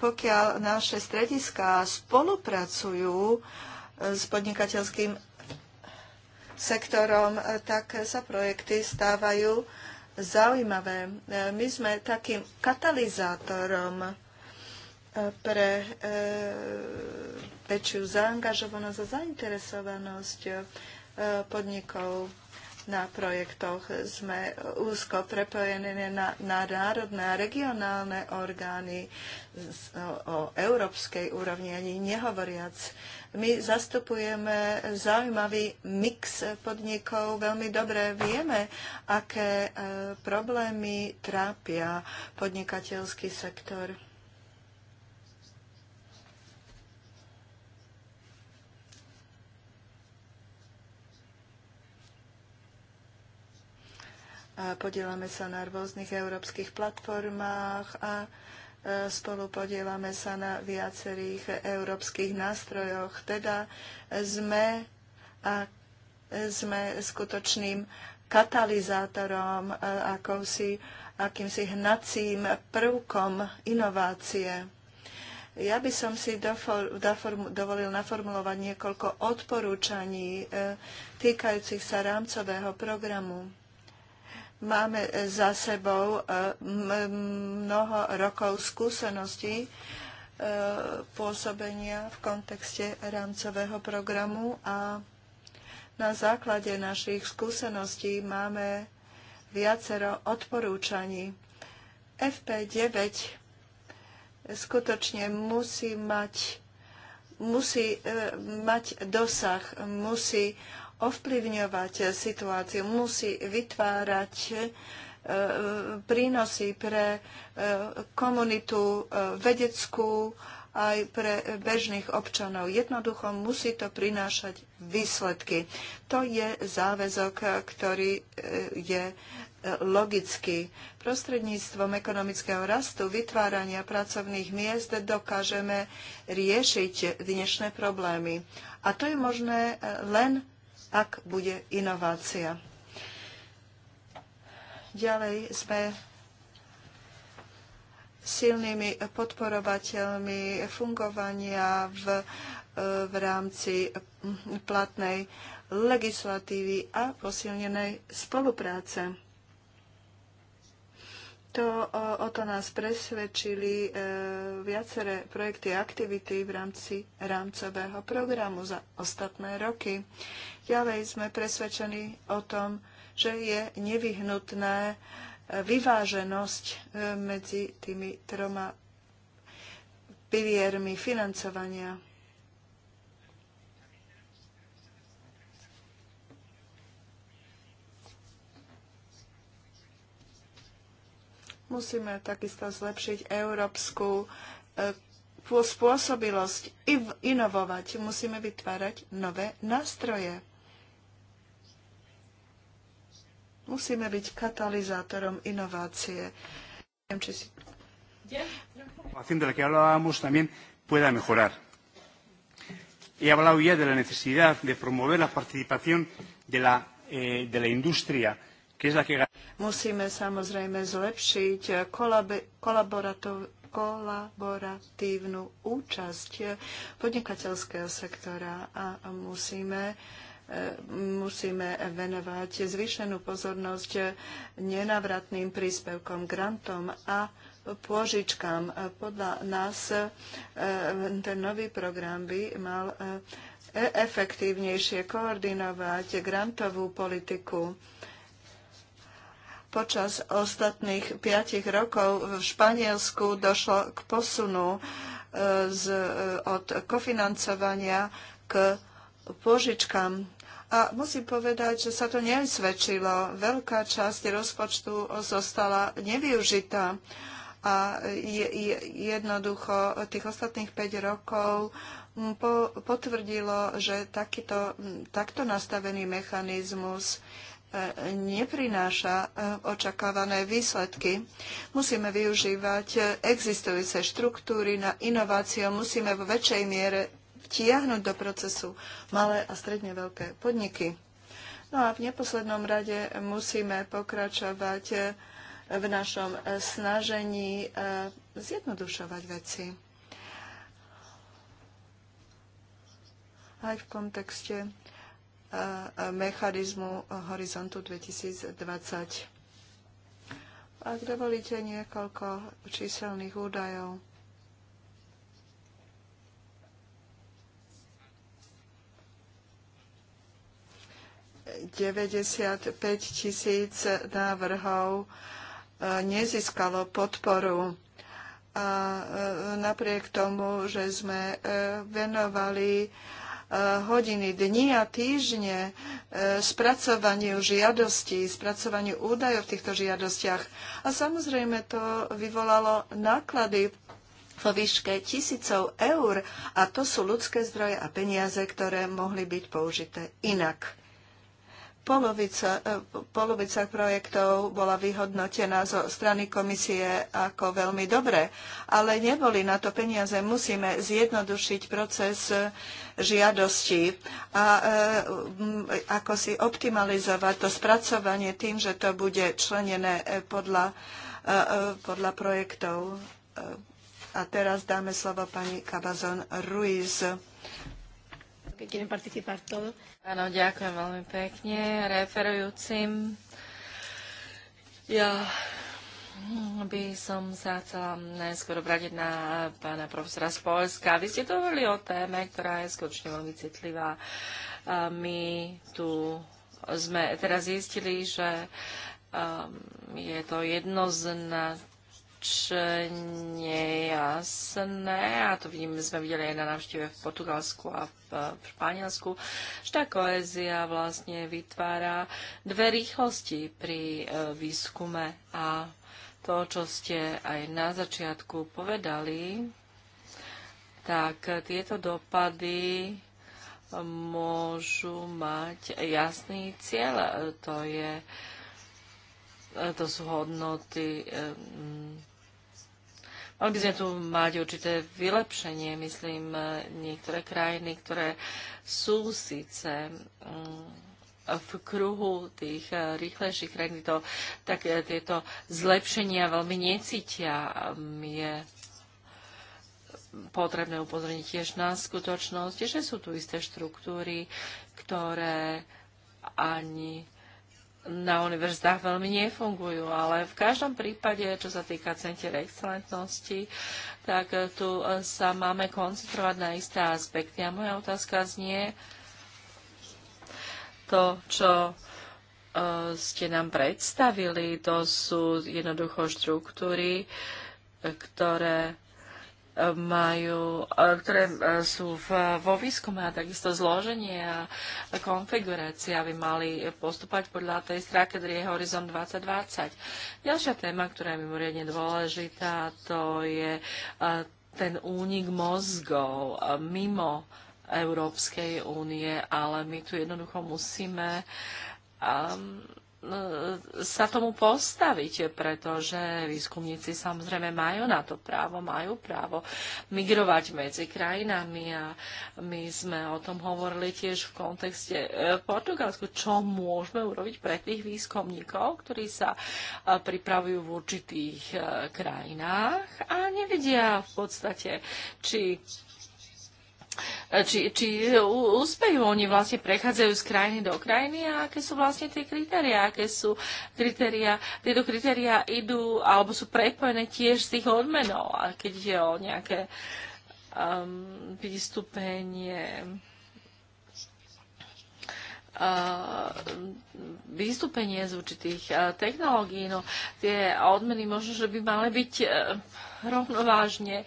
Pokiaľ naše strediská spolupracujú s podnikateľským sektorom, tak sa projekty stávajú zaujímavé. My sme takým katalizátorom pre väčšiu zaangažovanosť a zainteresovanosť e, podnikov na projektoch. Sme úzko prepojení na, na národné a regionálne orgány o európskej úrovni, ani nehovoriac. My zastupujeme zaujímavý mix podnikov. Veľmi dobre vieme, aké e, problémy trápia podnikateľský sektor podielame sa na rôznych európskych platformách a e, spolu podielame sa na viacerých európskych nástrojoch. Teda sme, a sme skutočným katalizátorom, e, akousi, akýmsi hnacím prvkom inovácie. Ja by som si dovolil naformulovať niekoľko odporúčaní e, týkajúcich sa rámcového programu Máme e, za sebou e, mnoho rokov skúseností e, pôsobenia v kontexte rámcového programu a na základe našich skúseností máme viacero odporúčaní. FP9 skutočne musí mať, musí mať dosah, musí ovplyvňovať situáciu, musí vytvárať e, prínosy pre e, komunitu e, vedeckú aj pre bežných občanov. Jednoducho musí to prinášať výsledky. To je záväzok, ktorý je logický. Prostredníctvom ekonomického rastu, vytvárania pracovných miest dokážeme riešiť dnešné problémy. A to je možné len ak bude inovácia. Ďalej sme silnými podporovateľmi fungovania v, v rámci platnej legislatívy a posilnenej spolupráce to, o to nás presvedčili e, viaceré projekty a aktivity v rámci rámcového programu za ostatné roky. Ďalej sme presvedčení o tom, že je nevyhnutné e, vyváženosť e, medzi tými troma piliermi financovania. Musíme takisto zlepšiť európsku e, spôsobilosť, i inovovať. Musíme vytvárať nové nástroje. Musíme byť katalizátorom inovácie. Neviem, či si... de la que hablábamos también pueda mejorar. He hablado ya de la necesidad de promover la participación de la, eh, de la industria, que es la que Musíme samozrejme zlepšiť kolaboratívnu účasť podnikateľského sektora a musíme e, musíme venovať zvýšenú pozornosť nenavratným príspevkom, grantom a pôžičkám. Podľa nás e, ten nový program by mal e, efektívnejšie koordinovať grantovú politiku Počas ostatných piatich rokov v Španielsku došlo k posunu e, z, e, od kofinancovania k požičkám. A musím povedať, že sa to nesvedčilo. Veľká časť rozpočtu zostala nevyužitá a jednoducho tých ostatných 5 rokov potvrdilo, že takýto, takto nastavený mechanizmus neprináša e, očakávané výsledky. Musíme využívať e, existujúce štruktúry na inováciu, musíme vo väčšej miere vtiahnuť do procesu malé a stredne veľké podniky. No a v neposlednom rade musíme pokračovať e, v našom snažení zjednodušovať veci. Aj v kontekste mechanizmu Horizontu 2020. Ak dovolíte niekoľko číselných údajov. päť tisíc návrhov e, nezískalo podporu. A e, napriek tomu, že sme e, venovali hodiny, dni a týždne spracovaniu žiadostí, spracovaniu údajov v týchto žiadostiach. A samozrejme to vyvolalo náklady vo výške tisícov eur a to sú ľudské zdroje a peniaze, ktoré mohli byť použité inak. Polovica, e, polovica projektov bola vyhodnotená zo strany komisie ako veľmi dobre, ale neboli na to peniaze. Musíme zjednodušiť proces žiadosti a e, ako si optimalizovať to spracovanie tým, že to bude členené e, podľa, podľa projektov. A teraz dáme slovo pani Kabazon Ruiz que quieren participar todos. Áno, ďakujem veľmi pekne referujúcim. Ja by som sa chcela najskôr obrátiť na pána profesora z Polska. Vy ste to hovorili o téme, ktorá je skutočne veľmi citlivá. my tu sme teraz zistili, že um, je to jedno z nás značne jasné, a to vidím, sme videli aj na návšteve v Portugalsku a v, Španělsku, Španielsku, že tá koézia vlastne vytvára dve rýchlosti pri výzkume. výskume a to, čo ste aj na začiatku povedali, tak tieto dopady môžu mať jasný cieľ. E, to, je, e, to sú hodnoty e, Mali by sme tu mať určité vylepšenie, myslím, niektoré krajiny, ktoré sú síce mm, v kruhu tých e, rýchlejších krajín, to, tak e, tieto zlepšenia veľmi necítia. Mm, je potrebné upozorniť tiež na skutočnosť, že sú tu isté štruktúry, ktoré ani na univerzitách veľmi nefungujú, ale v každom prípade, čo sa týka centier excelentnosti, tak tu e, sa máme koncentrovať na isté aspekty. A moja otázka znie to, čo e, ste nám predstavili, to sú jednoducho štruktúry, e, ktoré majú, e, ktoré e, sú v, vo výskume a takisto zloženie a konfigurácia by mali postupať podľa tej strategie Horizon 2020. Ďalšia téma, ktorá je mimoriadne dôležitá, to je e, ten únik mozgov mimo Európskej únie, ale my tu jednoducho musíme um, sa tomu postaviť, pretože výskumníci samozrejme majú na to právo, majú právo migrovať medzi krajinami a my sme o tom hovorili tiež v kontexte e, Portugalsku, čo môžeme urobiť pre tých výskumníkov, ktorí sa e, pripravujú v určitých e, krajinách a nevedia v podstate, či E, či, či úspejú oni vlastne prechádzajú z krajiny do krajiny a aké sú vlastne tie kritéria, aké sú kritéria, tieto kritéria idú alebo sú prepojené tiež z tých odmenov, a keď ide o nejaké um, vystúpenie uh, vystúpenie z určitých uh, technológií. No, tie odmeny možno, že by mali byť uh, rovnovážne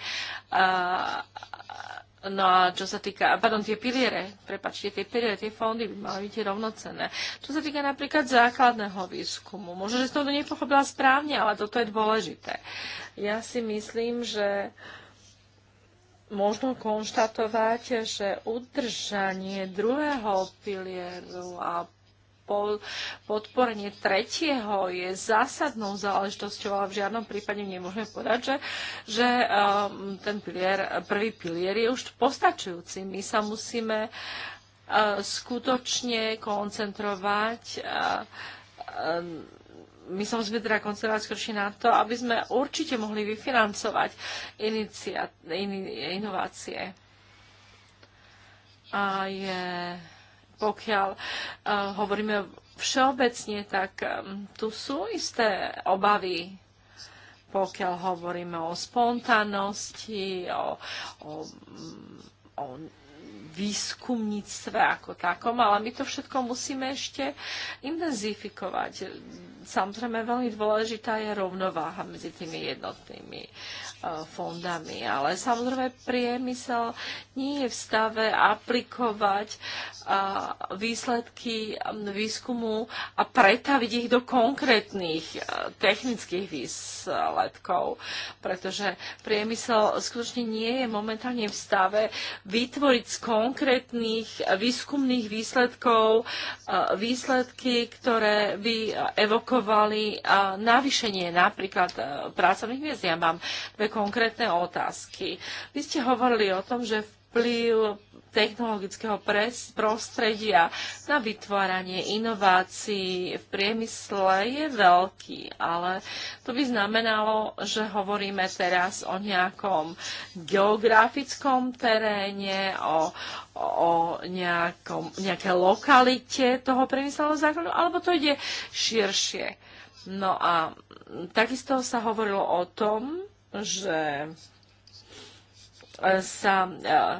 No a čo sa týka, pardon, tie piliere, prepačte, tie piliere, tie fondy by mali byť rovnocené. Čo sa týka napríklad základného výskumu, možno, že som to nepochopila správne, ale toto je dôležité. Ja si myslím, že možno konštatovať, že udržanie druhého pilieru a podporenie tretieho je zásadnou záležitosťou, ale v žiadnom prípade nemôžeme povedať, že, že um, ten pilier, prvý pilier je už postačujúci. My sa musíme uh, skutočne koncentrovať uh, um, my som musíme teda koncentrovať skutočne na to, aby sme určite mohli vyfinancovať inicia, in, inovácie. A je pokiaľ eh, hovoríme všeobecne, tak tu sú isté obavy pokiaľ hovoríme o spontánnosti, o, o, o výskumníctve ako takom, ale my to všetko musíme ešte intenzifikovať. Samozrejme, veľmi dôležitá je rovnováha medzi tými jednotnými e, fondami, ale samozrejme priemysel nie je v stave aplikovať e, výsledky výskumu a pretaviť ich do konkrétnych e, technických výsledkov, pretože priemysel skutočne nie je momentálne v stave vytvoriť skon konkrétnych výskumných výsledkov, výsledky, ktoré by evokovali navýšenie napríklad e, pracovných miest. Ja mám dve konkrétne otázky. Vy ste hovorili o tom, že v vplyv technologického prostredia na vytváranie inovácií v priemysle je veľký, ale to by znamenalo, že hovoríme teraz o nejakom geografickom teréne, o, o nejakom, nejaké lokalite toho priemyselného základu, alebo to ide širšie. No a takisto sa hovorilo o tom, že sa, eh,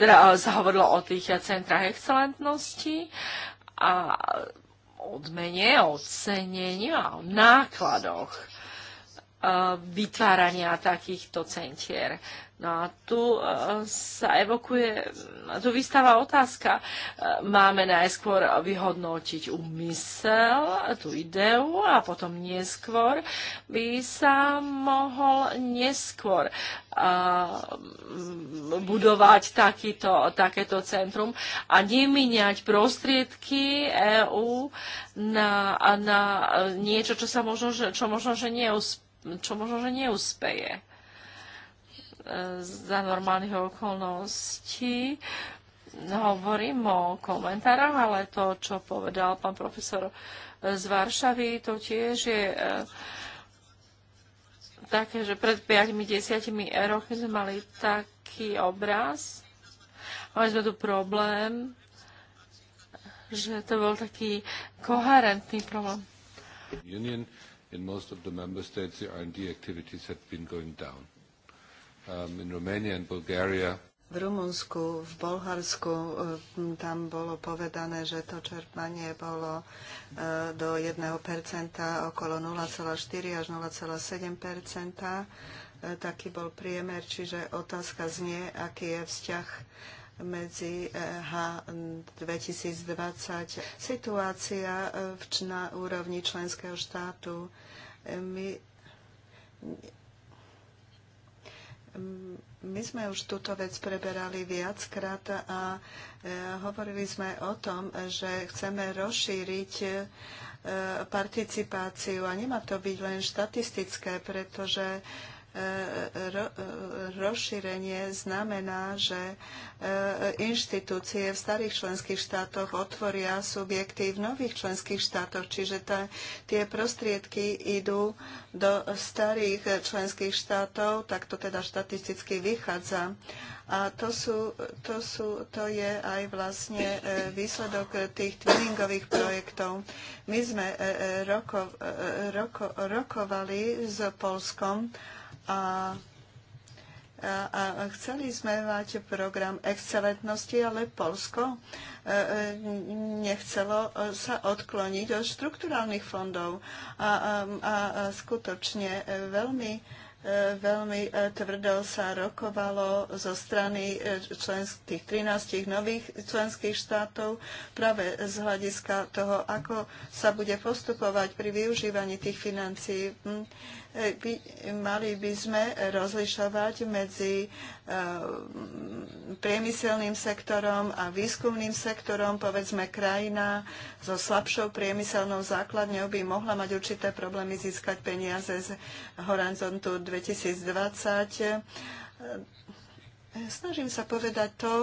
teda, eh, sa hovorilo o tých eh, centrách excelentnosti a odmene, o a o nákladoch Eh, vytvárania takýchto centier. No a tu eh, sa evokuje, tu vystáva otázka. Eh, máme najskôr vyhodnotiť úmysel, tú ideu a potom neskôr by sa mohol neskôr budovať takýto, takéto centrum a nemíňať prostriedky EÚ na, na niečo, čo sa možno, čo možno, že neúspí čo možno, že neúspeje e, za normálnych okolností. Hovorím o komentároch, ale to, čo povedal pán profesor z Varšavy, to tiež je e, také, že pred 5-10 rokmi sme mali taký obraz. Mali sme tu problém, že to bol taký koherentný problém. Union in most of the member states, the R&D activities have been going down. Um, in Romania and Bulgaria, v Rumunsku, v Bolharsku eh, tam bolo povedané, že to čerpanie bolo eh, do 1%, okolo 0,4 až 0,7%. Eh, taký bol priemer, čiže otázka znie, aký je vzťah medzi H2020. Eh, Situácia eh, na úrovni členského štátu. Eh, my, mm, my sme už túto vec preberali viackrát a hovorili sme o tom, že chceme rozšíriť participáciu a nemá to byť len štatistické, pretože rozšírenie znamená, že e, inštitúcie v starých členských štátoch otvoria subjekty v nových členských štátoch, čiže tá, tie prostriedky idú do starých členských štátov, tak to teda štatisticky vychádza. A to, sú, to, sú, to je aj vlastne e, výsledok tých twinningových projektov. My sme e, roko, roko, rokovali s Polskom, a a, a chceli sme mať program excelentnosti, ale Polsko e, e, nechcelo e, sa odkloniť od štrukturálnych fondov a, a, a skutočne veľmi veľmi tvrdo sa rokovalo zo strany členských 13 nových členských štátov práve z hľadiska toho, ako sa bude postupovať pri využívaní tých financií hm. E, by, mali by sme rozlišovať medzi e, priemyselným sektorom a výskumným sektorom. Povedzme, krajina so slabšou priemyselnou základňou by mohla mať určité problémy získať peniaze z Horizontu 2020. E, snažím sa povedať to,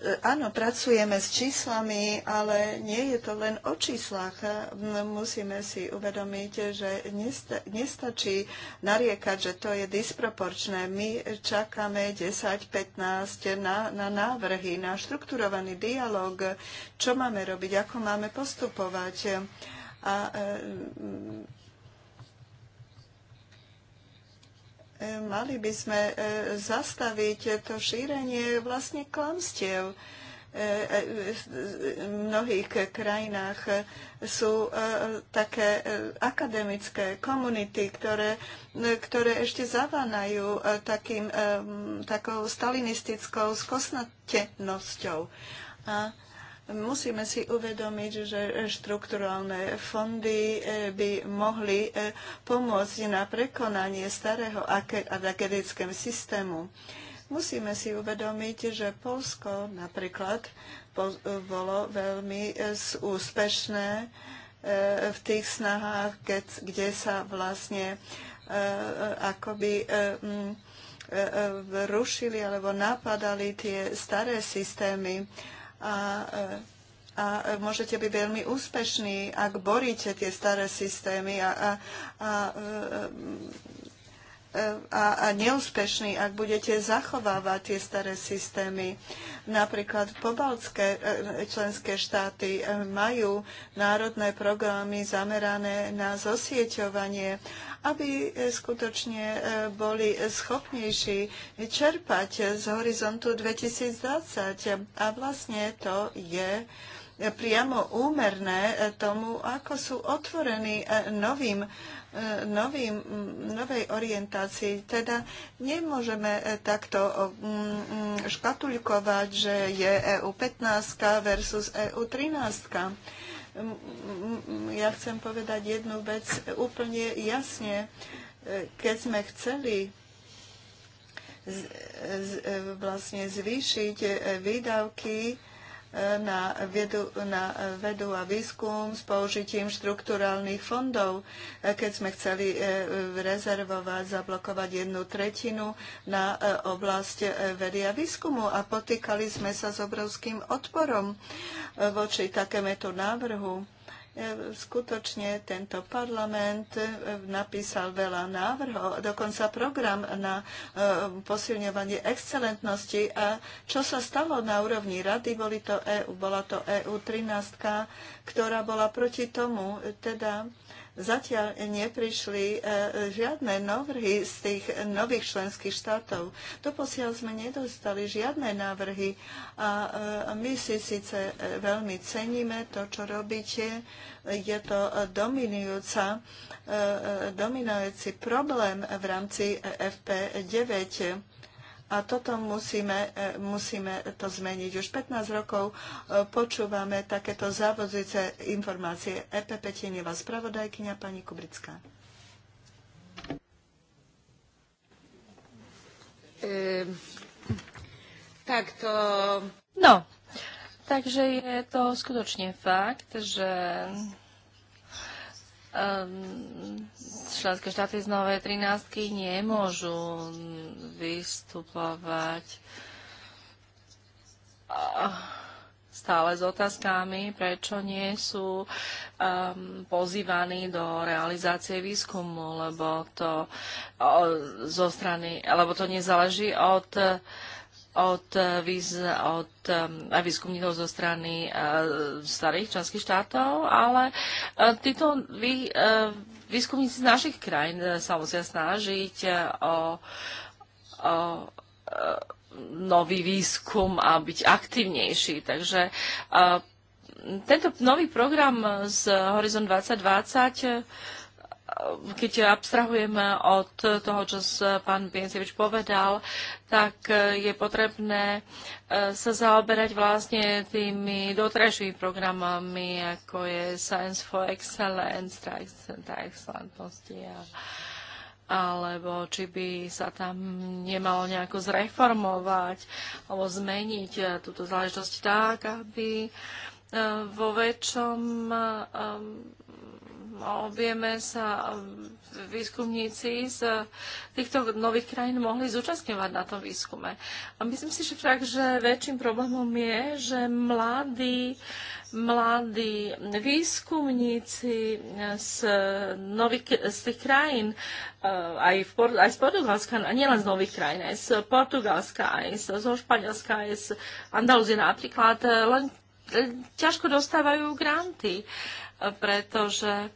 E, áno, pracujeme s číslami, ale nie je to len o číslach. E, musíme si uvedomiť, že nesta- nestačí nariekať, že to je disproporčné. My čakáme 10-15 na, na návrhy, na štrukturovaný dialog, čo máme robiť, ako máme postupovať. A e, mali by sme e, zastaviť to šírenie vlastne klamstiev e, e, v mnohých krajinách sú také akademické komunity, ktoré, ktoré ešte zavánajú takým, takou stalinistickou skosnatenosťou. A Musíme si uvedomiť, že štrukturálne fondy eh, by mohli eh, pomôcť na prekonanie starého akademického systému. Musíme si uvedomiť, že Polsko napríklad bolo veľmi eh, úspešné v tých snahách, kde sa vlastne akoby mm, rušili alebo napadali tie staré systémy a, e, a môžete byť veľmi úspešní, ak boríte tie staré systémy a, a, a, e, e, a, a neúspešní, ak budete zachovávať tie staré systémy. Napríklad pobaltské členské štáty majú národné programy zamerané na zosieťovanie aby e, skutočne e, boli schopnejší čerpať z horizontu 2020. A vlastne to je e, priamo úmerné tomu, ako sú otvorení novým, novým, novej orientácii. Teda nemôžeme takto škatulkovať, že je EU 15 versus EU 13 ja chcem povedať jednu vec úplne jasne. E, keď sme chceli z, e, z, e, vlastne zvýšiť výdavky na vedu, na vedu a výskum s použitím štrukturálnych fondov, keď sme chceli e, rezervovať, zablokovať jednu tretinu na e, oblasť e, vedy a výskumu a potýkali sme sa s obrovským odporom voči takémuto návrhu skutočne tento parlament e, napísal veľa návrhov, dokonca program na e, posilňovanie excelentnosti. A čo sa stalo na úrovni rady, boli to EU, bola to EU 13, ktorá bola proti tomu, teda Zatiaľ neprišli e, žiadne návrhy z tých nových členských štátov. Doposiaľ sme nedostali žiadne návrhy a e, my si síce e, veľmi ceníme to, čo robíte. Je to dominujúca, dominujúci problém v rámci FP9 a toto musíme, e, musíme to zmeniť. Už 15 rokov e, počúvame takéto závodzice informácie. EPP Tieneva spravodajkynia pani Kubrická. E, tak to... No, takže je to skutočne fakt, že Ehm, členské štáty z Novej 13 nemôžu vystupovať stále s otázkami, prečo nie sú um, pozývaní do realizácie výskumu, lebo to o, zo strany, lebo to nezáleží od uh, od, eh, výz, od eh, výskumníkov zo strany eh, starých členských štátov, ale títo vý, výskumníci z našich krajín sa musia snažiť o, o nový výskum a byť aktivnejší. Takže tento nový program z Horizon 2020 keď abstrahujem od toho, čo pán Piencevič povedal, tak e, je potrebné e, sa zaoberať vlastne tými dotrajšími programami, ako je Science for Excellence, Science excelentnosti alebo či by sa tam nemalo nejako zreformovať alebo zmeniť e, túto záležitosť tak, aby vo väčšom vieme sa um, výskumníci z uh, týchto nových krajín mohli zúčastňovať na tom výskume. A myslím si že však, že väčším problémom je, že mladí, mladí výskumníci uh, z, nových, z tých krajín, uh, aj, v, aj z Portugalska, a nielen z nových krajín, aj z Portugalska, aj z, zo Španielska, aj z Andalúzie napríklad, len ťažko dostávajú granty, pretože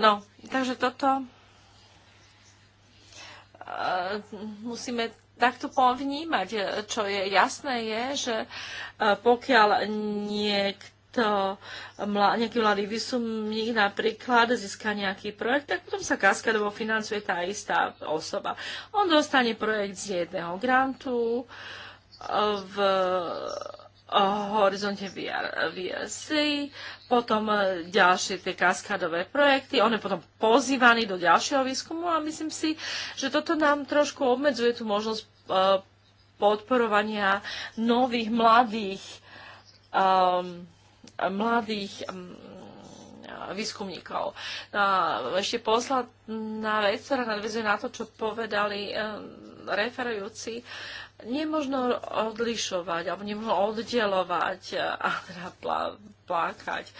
No, takže toto eh, musíme takto povnímať. Čo je jasné je, že eh, pokiaľ niekto, nejaký mladý výsumník napríklad získa nejaký projekt, tak potom sa kaskadovo financuje tá istá osoba. On dostane projekt z jedného grantu eh, v horizonte VR, VRC, potom e, ďalšie tie kaskadové projekty, on je potom pozývaný do ďalšieho výskumu a myslím si, že toto nám trošku obmedzuje tú možnosť e, podporovania nových mladých um, mladých um, výskumníkov. A ešte posledná vec, ktorá nadvezuje na to, čo povedali um, referujúci nemôžno odlišovať alebo nemôžno oddelovať a teda plákať,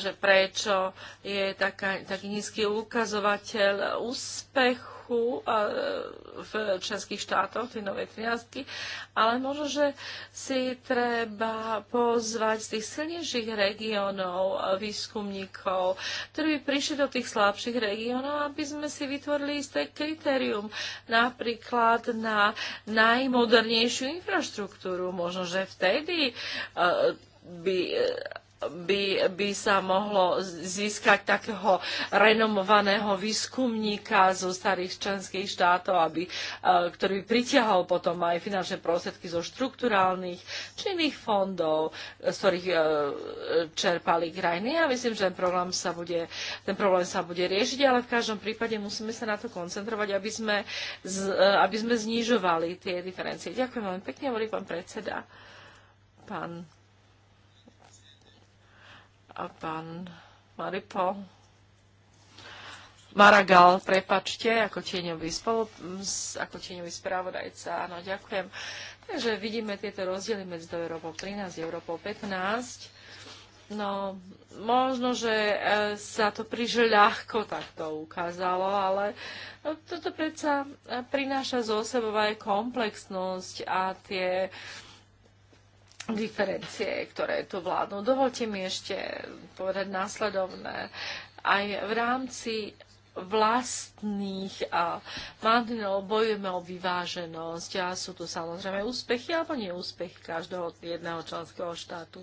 že prečo je taká, taký nízky ukazovateľ úspechu duchu e, v členských štátoch, tej novej triazky, ale možno, že si treba pozvať z tých silnejších regiónov e, výskumníkov, ktorí by prišli do tých slabších regiónov, aby sme si vytvorili isté kritérium, napríklad na najmodernejšiu infraštruktúru. Možno, že vtedy e, by by, by sa mohlo získať takého renomovaného výskumníka zo starých členských štátov, aby, e, ktorý by pritiahol potom aj finančné prostriedky zo štruktúrálnych či iných fondov, z ktorých e, čerpali krajiny. Ja myslím, že ten problém, sa bude, ten problém sa bude riešiť, ale v každom prípade musíme sa na to koncentrovať, aby sme, e, aby sme znižovali tie diferencie. Ďakujem veľmi pekne, hovorí pán predseda. Pán a pán Maripol. Maragal, prepačte, ako tieňový, spolu, ako tieňový správodajca, áno, ďakujem. Takže vidíme tieto rozdiely medzi do Európou 13 a Európou 15. No, možno, že e, sa to príliš ľahko takto ukázalo, ale e, toto predsa e, prináša zo sebou aj komplexnosť a tie diferencie, ktoré tu vládnu. Dovolte mi ešte povedať následovné. Aj v rámci vlastných a mantinov bojujeme o vyváženosť a sú tu samozrejme úspechy alebo neúspechy každého jedného členského štátu.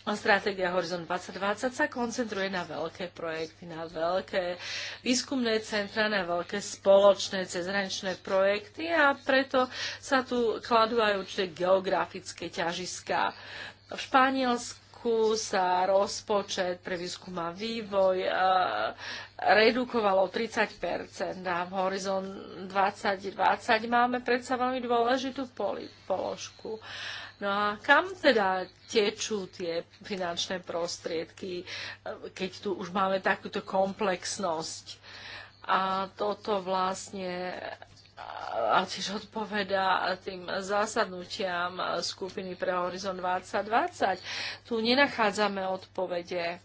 Stratégia Horizon 2020 sa koncentruje na veľké projekty, na veľké výskumné centra, na veľké spoločné cezhraničné projekty a preto sa tu kladú aj určité geografické ťažiska. V Španielsku sa rozpočet pre výskum a vývoj e, redukovalo 30 a v Horizon 2020 máme predsa veľmi dôležitú položku. No a kam teda tečú tie finančné prostriedky, keď tu už máme takúto komplexnosť? A toto vlastne a tiež odpoveda tým zásadnutiam skupiny pre Horizon 2020. Tu nenachádzame odpovede,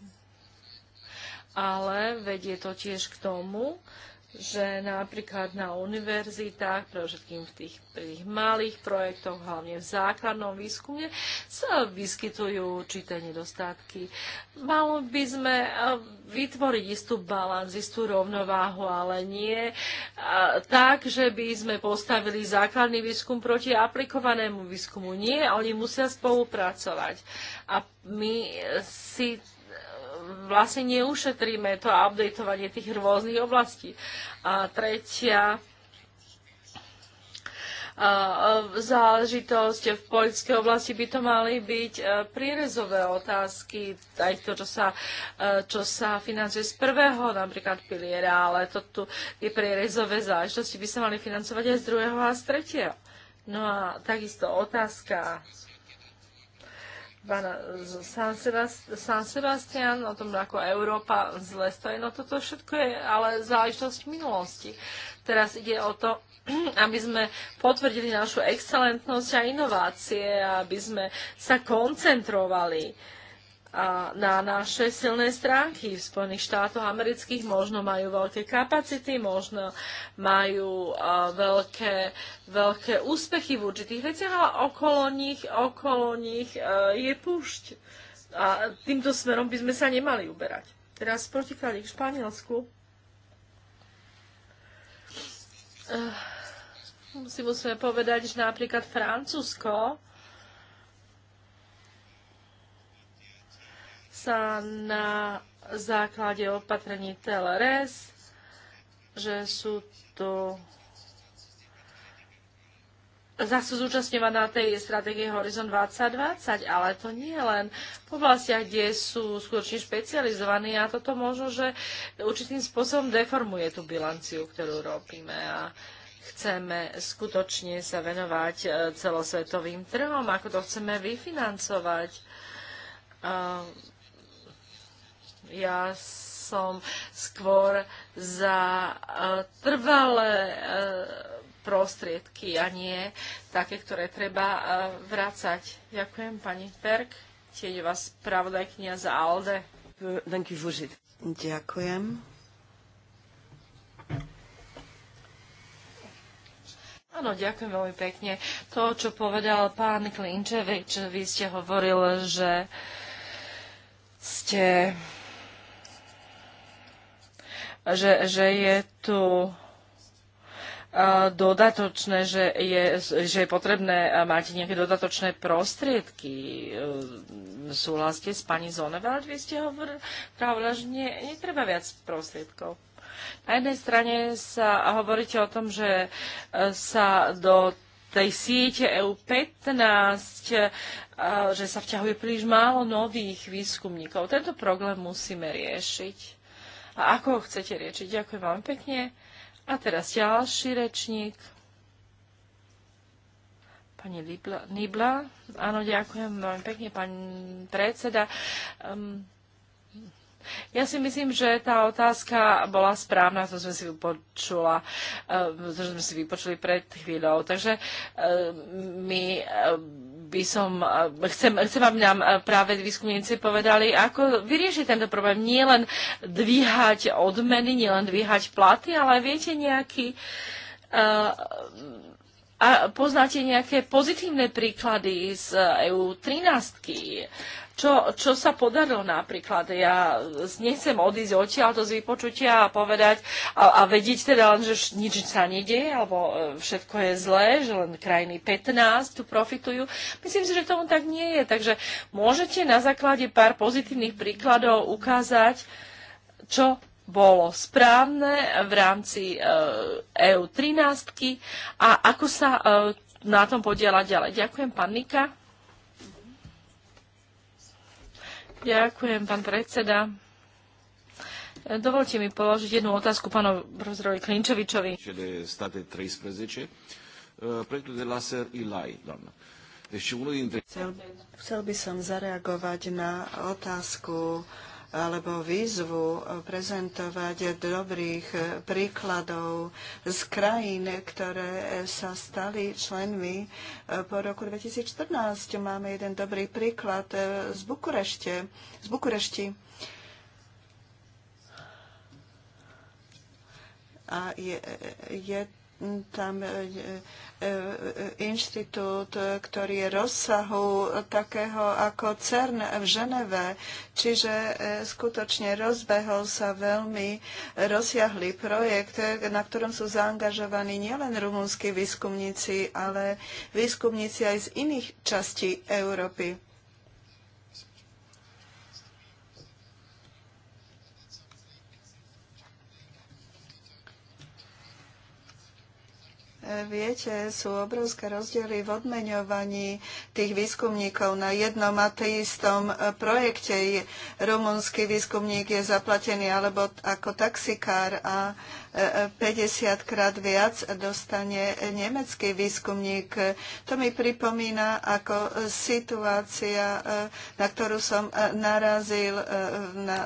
ale vedie to tiež k tomu, že napríklad na univerzitách, pre všetkým v tých, tých malých projektoch, hlavne v základnom výskume, sa vyskytujú určité nedostatky. Malo by sme eh, vytvoriť istú balans, istú rovnováhu, ale nie eh, tak, že by sme postavili základný výskum proti aplikovanému výskumu. Nie, oni musia spolupracovať. A my si vlastne neušetríme to updatovanie tých rôznych oblastí. A tretia záležitosť v poľskej oblasti by to mali byť e, prírezové otázky, aj to, čo sa, e, čo sa financuje z prvého napríklad piliera, ale to tu, je prierezové záležitosti by sa mali financovať aj z druhého a z tretieho. No a takisto otázka pána San, San Sebastian, o tom, ako Európa zle stojí. No toto všetko je ale záležitosť minulosti. Teraz ide o to, [clears throat] aby sme potvrdili našu excelentnosť a inovácie, aby sme sa koncentrovali na naše silné stránky. V Spojených štátoch amerických možno majú veľké kapacity, možno majú veľké, veľké úspechy v určitých veciach, ale okolo nich, okolo nich e, je púšť. A týmto smerom by sme sa nemali uberať. Teraz protikladí k Španielsku. Si musíme povedať, že napríklad Francúzsko sa na základe opatrení TLRS, že sú to zase zúčastňovať na tej stratégie Horizon 2020, ale to nie len v oblastiach, kde sú skutočne špecializovaní a toto možno, že určitým spôsobom deformuje tú bilanciu, ktorú robíme a chceme skutočne sa venovať e, celosvetovým trhom, ako to chceme vyfinancovať. Uh, ja som skôr za e, trvalé e, prostriedky a nie také, ktoré treba e, vrácať. Ďakujem pani Perk, je vás pravodajkňa za ALDE. Ďakujem. Áno, ďakujem veľmi pekne. To, čo povedal pán Klinčevič, vy ste hovoril, že ste že, že je tu dodatočné, že je, že je potrebné mať nejaké dodatočné prostriedky. E, Súhlaste s pani Zonevald, vy ste hovorili, že nie, netreba viac prostriedkov. Na jednej strane sa hovoríte o tom, že e, sa do tej siete EU15, e, že sa vťahuje príliš málo nových výskumníkov. Tento problém musíme riešiť a ako ho chcete riečiť. Ďakujem veľmi pekne. A teraz ďalší rečník. Pani Nibla. Áno, ďakujem veľmi pekne, pani predseda. Um, ja si myslím, že tá otázka bola správna, to sme si vypočula, eh, to sme si vypočuli pred chvíľou. Takže eh, my eh, by som, chcem, chcem aby nám práve výskumníci povedali, ako vyriešiť tento problém. Nie len dvíhať odmeny, nie len dvíhať platy, ale viete nejaký a poznáte nejaké pozitívne príklady z EU e 13 čo, čo sa podarilo napríklad. Ja nechcem odísť odtiaľ to z vypočutia a povedať a, a vedieť teda len, že nič sa nedieje, alebo e, všetko je zlé, že len krajiny 15 tu profitujú. Myslím si, že tomu tak nie je. Takže môžete na základe pár pozitívnych príkladov ukázať, čo bolo správne v rámci EU e 13 a ako sa e, na tom podiela ďalej. Ďakujem, pán Nika. Ďakujem, pán predseda. Dovolte mi položiť jednu otázku pánu profesorovi Klinčovičovi. Eh, chcel by som zareagovať na otázku uh, alebo výzvu prezentovať dobrých príkladov z krajín, ktoré sa stali členmi po roku 2014. Máme jeden dobrý príklad z, Bukurešte, z Bukurešti. A je, je tam e, e, e, inštitút, ktorý je rozsahu takého ako CERN v Ženeve. Čiže skutočne rozbehol sa veľmi rozsiahlý projekt, na ktorom sú zaangažovaní nielen rumúnsky výskumníci, ale výskumníci aj z iných častí Európy. Viete, sú obrovské rozdiely v odmeňovaní tých výskumníkov na jednom a istom e, projekte. Rumunský výskumník je zaplatený alebo ako taxikár a 50 e, e, krát viac dostane nemecký výskumník. To mi pripomína ako situácia, na ktorú som narazil,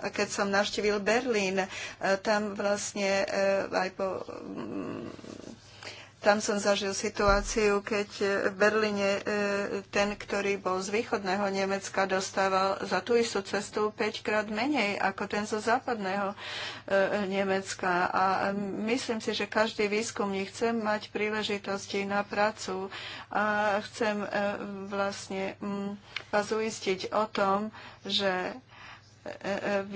keď som navštívil Berlín. Tam vlastne aj po tam som zažil situáciu, keď v Berlíne e, ten, ktorý bol z východného Nemecka, dostával za tú istú cestu 5 krát menej ako ten zo západného e, Nemecka. A myslím si, že každý výskumník chce mať príležitosti na prácu a chcem e, vlastne mm, vás uistiť o tom, že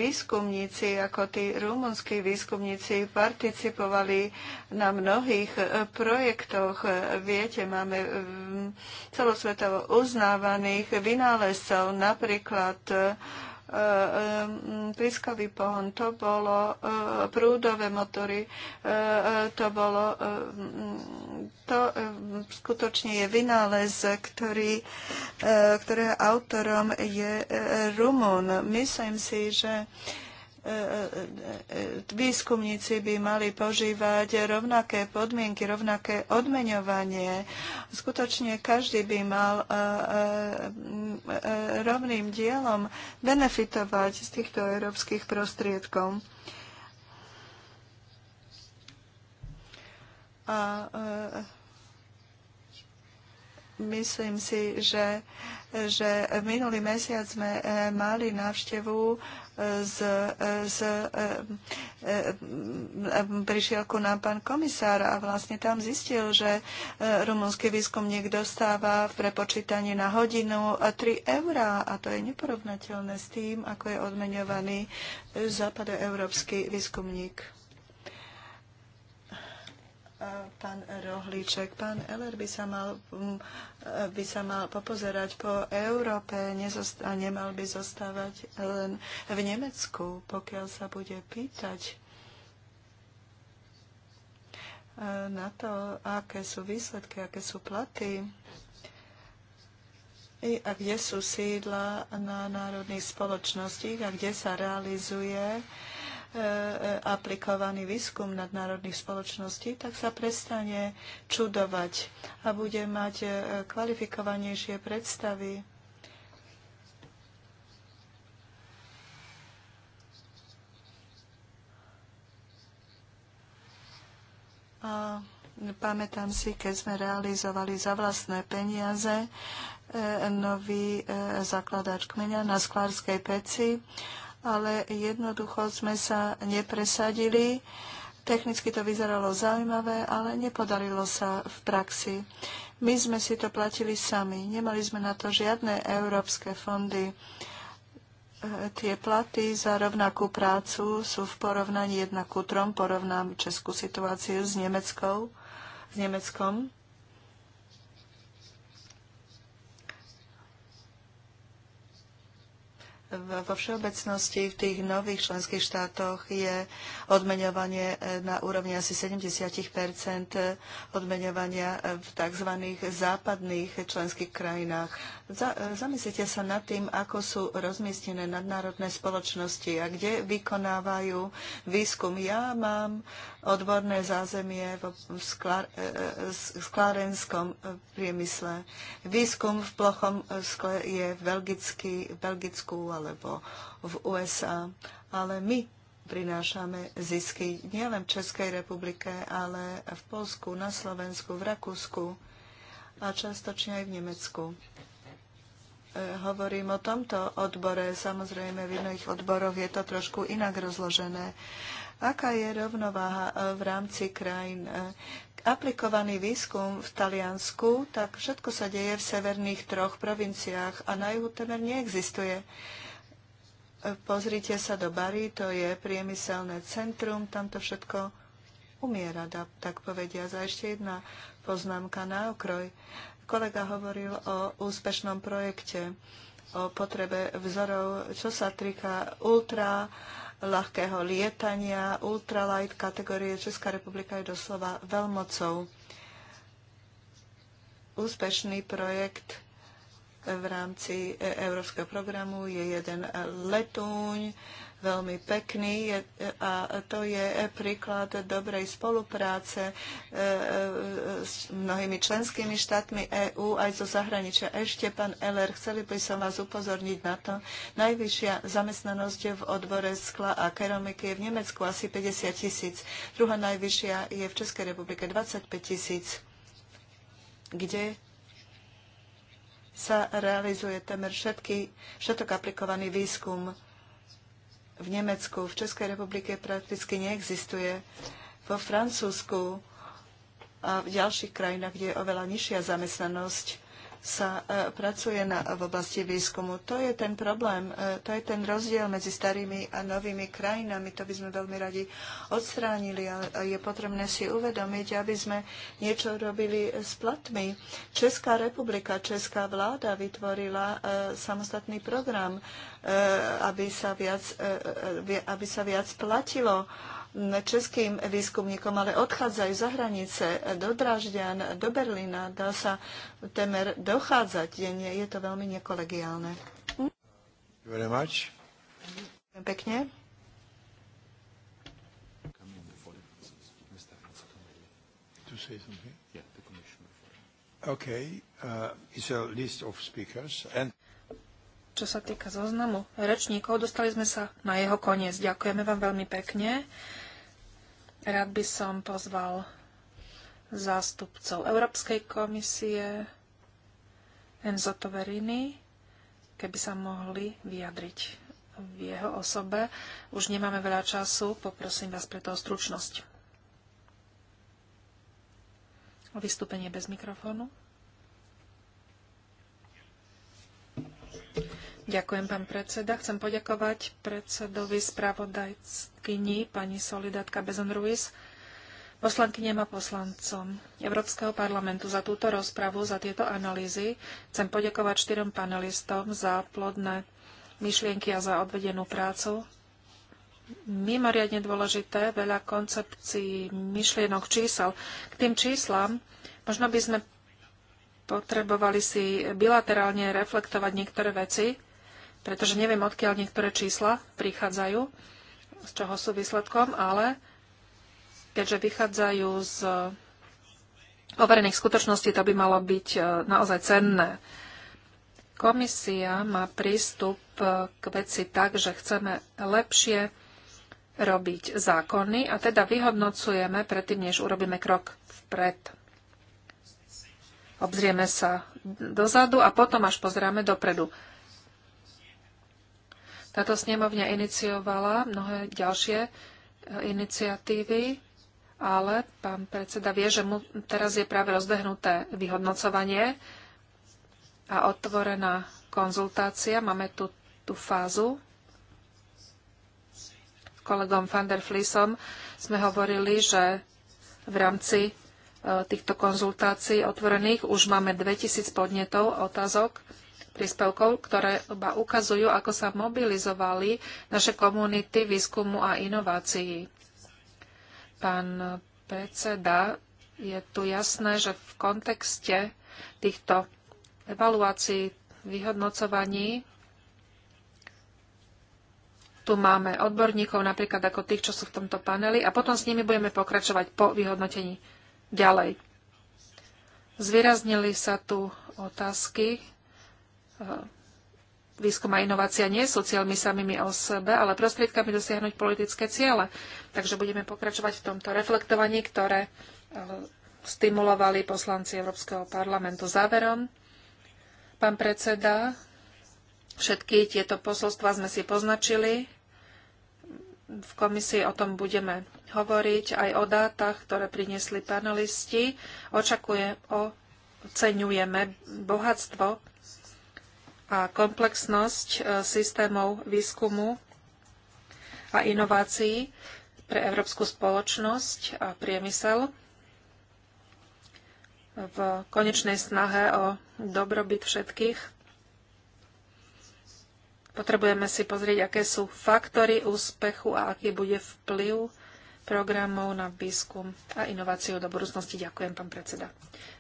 výskumníci, ako tí rumunskí výskumníci, participovali na mnohých e, projektoch. Viete, máme mm, celosvetovo uznávaných vynálezcov, napríklad e, pliskový e, e, pohon, to bolo e, prúdové motory, to bolo to skutočne je vynález, ktorý, ktorého autorom je Rumún. Myslím si, že výskumníci by mali požívať rovnaké podmienky, rovnaké odmeňovanie. Skutočne každý by mal eh, eh, eh, rovným dielom benefitovať z týchto európskych prostriedkov. A Myslím si, že, že minulý mesiac sme eh, mali návštevu eh, z, eh, z, mm, prišiel ku nám pán komisár a vlastne tam zistil, že rumunský výskumník dostáva v prepočítaní na hodinu 3 eurá a to je neporovnateľné s tým, ako je odmeňovaný západoeurópsky výskumník pán Rohlíček. Pán Eller by sa mal, mm, by sa mal popozerať po Európe, a nemal by zostávať len v Nemecku, pokiaľ sa bude pýtať e, na to, aké sú výsledky, aké sú platy a kde sú sídla na národných spoločnostiach a kde sa realizuje uh, E, e, aplikovaný výskum nadnárodných spoločností, tak sa prestane čudovať a bude mať e, kvalifikovanejšie predstavy. A pamätám si, keď sme realizovali za vlastné peniaze nový zakladač kmeňa na Sklárskej peci ale jednoducho sme sa nepresadili. Technicky to vyzeralo zaujímavé, ale nepodarilo sa v praxi. My sme si to platili sami. Nemali sme na to žiadne európske fondy. E, tie platy za rovnakú prácu sú v porovnaní 1 ku Porovnám českú situáciu s, Nemeckou, s Nemeckom vo všeobecnosti v tých nových členských štátoch je odmeňovanie e, na úrovni asi 70 odmeňovania v tzv. západných členských krajinách. Za, e, zamyslite sa nad tým, ako sú rozmiestnené nadnárodné spoločnosti a kde vykonávajú výskum. Ja mám odborné zázemie v v e, e, sklárenskom priemysle. Výskum v plochom skle je v, Belgicky, v Belgicku alebo v USA, ale my prinášame zisky nielen v Českej republike, ale v Polsku, na Slovensku, v Rakúsku a častočne aj v Nemecku. E, hovorím o tomto odbore. Samozrejme, v iných odboroch je to trošku inak rozložené. Aká je rovnováha e, v rámci krajín? E, aplikovaný výskum v Taliansku, tak všetko sa deje v severných troch provinciách a na juhu temer neexistuje. Pozrite sa do Bari, to je priemyselné centrum, tam to všetko umiera, tak povedia. A ešte jedna poznámka na okroj. Kolega hovoril o úspešnom projekte, o potrebe vzorov, čo sa týka ultra ľahkého lietania, ultralight kategórie. Česká republika je doslova veľmocou. Úspešný projekt v rámci e- Európskeho programu je jeden letúň, veľmi pekný a to je príklad dobrej spolupráce e, e, s mnohými členskými štátmi EÚ aj zo zahraničia. Ešte, pán Eller, chceli by som vás upozorniť na to. Najvyššia zamestnanosť v odbore skla a keramiky je v Nemecku asi 50 tisíc. Druhá najvyššia je v Českej republike 25 tisíc kde sa realizuje temer všetky, všetok aplikovaný výskum v Nemecku, v Českej republike prakticky neexistuje. Vo Francúzsku a v ďalších krajinách, kde je oveľa nižšia zamestnanosť, sa e, pracuje na, v oblasti výskumu. To je ten problém, e, to je ten rozdiel medzi starými a novými krajinami. To by sme veľmi radi odstránili, ale je potrebné si uvedomiť, aby sme niečo robili s platmi. Česká republika, česká vláda vytvorila e, samostatný program, aby sa viac, aby sa viac platilo českým výskumníkom, ale odchádzajú za hranice do Dražďan, do Berlína. Dá sa temer dochádzať denne. Je to veľmi nekolegiálne. Ďakujem Pekne. Uh, čo sa týka zoznamu rečníkov, dostali sme sa na jeho koniec. Ďakujeme vám veľmi pekne. Rád by som pozval zástupcov Európskej komisie Enzo Toverini, keby sa mohli vyjadriť v jeho osobe. Už nemáme veľa času, poprosím vás preto o stručnosť. O vystúpenie bez mikrofónu. Ďakujem, pán predseda. Chcem poďakovať predsedovi spravodajkyni pani Solidatka Bezon Ruiz, poslankyniam a poslancom Európskeho parlamentu za túto rozpravu, za tieto analýzy. Chcem poďakovať štyrom panelistom za plodné myšlienky a za odvedenú prácu. Mimoriadne dôležité, veľa koncepcií, myšlienok, čísel. K tým číslam možno by sme potrebovali si bilaterálne reflektovať niektoré veci pretože neviem, odkiaľ niektoré čísla prichádzajú, z čoho sú výsledkom, ale keďže vychádzajú z overených skutočností, to by malo byť e, naozaj cenné. Komisia má prístup e, k veci tak, že chceme lepšie robiť zákony a teda vyhodnocujeme predtým, než urobíme krok vpred. Obzrieme sa dozadu a potom až pozrieme dopredu. Táto snemovňa iniciovala mnohé ďalšie e, iniciatívy, ale pán predseda vie, že mu teraz je práve rozbehnuté vyhodnocovanie a otvorená konzultácia. Máme tu tú fázu. S kolegom van der Flisom sme hovorili, že v rámci e, týchto konzultácií otvorených už máme 2000 podnetov, otázok príspevkov, ktoré iba ukazujú, ako sa mobilizovali naše komunity výskumu a inovácií. Pán predseda, je tu jasné, že v kontexte týchto evaluácií, vyhodnocovaní tu máme odborníkov, napríklad ako tých, čo sú v tomto paneli, a potom s nimi budeme pokračovať po vyhodnotení ďalej. Zvýraznili sa tu otázky, výskum a inovácia nie sú cieľmi samými o sebe, ale prostriedkami dosiahnuť politické ciele. Takže budeme pokračovať v tomto reflektovaní, ktoré eh, stimulovali poslanci Európskeho parlamentu. Záverom, pán predseda, všetky tieto posolstva sme si poznačili. V komisii o tom budeme hovoriť aj o dátach, ktoré priniesli panelisti. Očakuje, oceňujeme bohatstvo a komplexnosť e, systémov výskumu a inovácií pre európsku spoločnosť a priemysel v konečnej snahe o dobrobyt všetkých. Potrebujeme si pozrieť, aké sú faktory úspechu a aký bude vplyv programov na výskum a inováciu do budúcnosti. Ďakujem, pán predseda.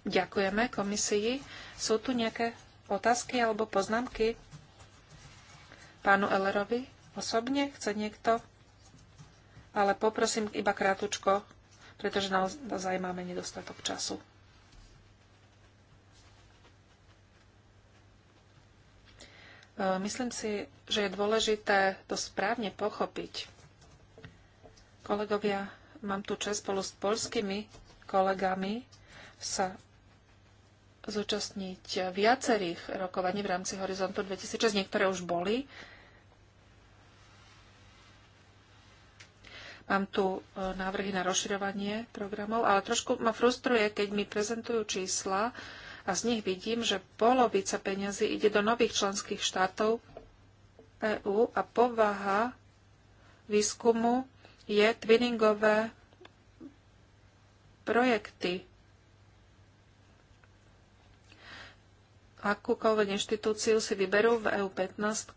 Ďakujeme komisii. Sú tu nejaké otázky alebo poznámky pánu Ellerovi osobne? Chce niekto? Ale poprosím iba krátučko, pretože naozaj máme nedostatok času. E, myslím si, že je dôležité to správne pochopiť. Kolegovia, mám tu čas spolu s polskými kolegami sa zúčastniť viacerých rokovaní v rámci Horizontu 2006. Niektoré už boli. Mám tu e, návrhy na rozširovanie programov, ale trošku ma frustruje, keď mi prezentujú čísla a z nich vidím, že polovica peňazí ide do nových členských štátov EÚ a povaha výskumu je twinningové projekty. akúkoľvek inštitúciu si vyberú v EU15,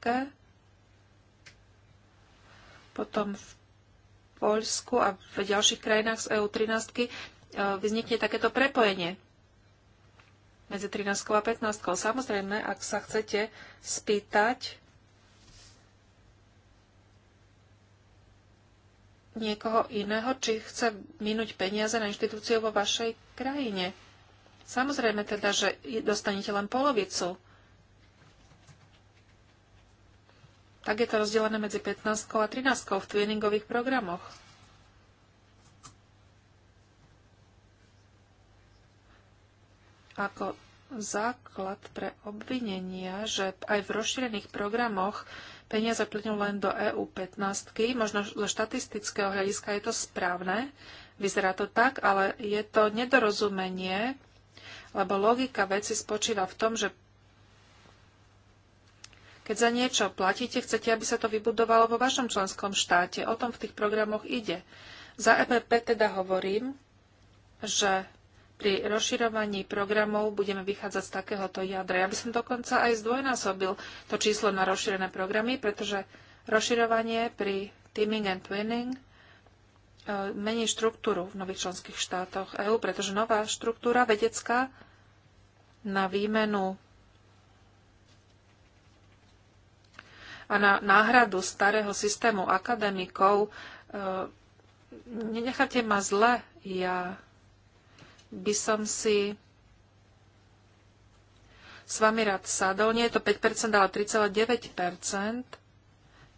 potom v Poľsku a v ďalších krajinách z EU13 e, vznikne takéto prepojenie medzi 13 a 15. Samozrejme, ak sa chcete spýtať niekoho iného, či chce minúť peniaze na inštitúciu vo vašej krajine. Samozrejme teda, že dostanete len polovicu. Tak je to rozdelené medzi 15 a 13 v tweeningových programoch. Ako základ pre obvinenia, že aj v rozšírených programoch peniaze plynú len do EU 15. Možno zo štatistického hľadiska je to správne, vyzerá to tak, ale je to nedorozumenie lebo logika veci spočíva v tom, že keď za niečo platíte, chcete, aby sa to vybudovalo vo vašom členskom štáte. O tom v tých programoch ide. Za EPP teda hovorím, že pri rozširovaní programov budeme vychádzať z takéhoto jadra. Ja by som dokonca aj zdvojnásobil to číslo na rozšírené programy, pretože rozširovanie pri teaming and twinning e, mení štruktúru v nových členských štátoch EÚ, pretože nová štruktúra vedecká na výmenu a na náhradu starého systému akademikov. E, nenecháte ma zle, ja by som si s vami rád sadol. Nie je to 5%, ale 3,9%,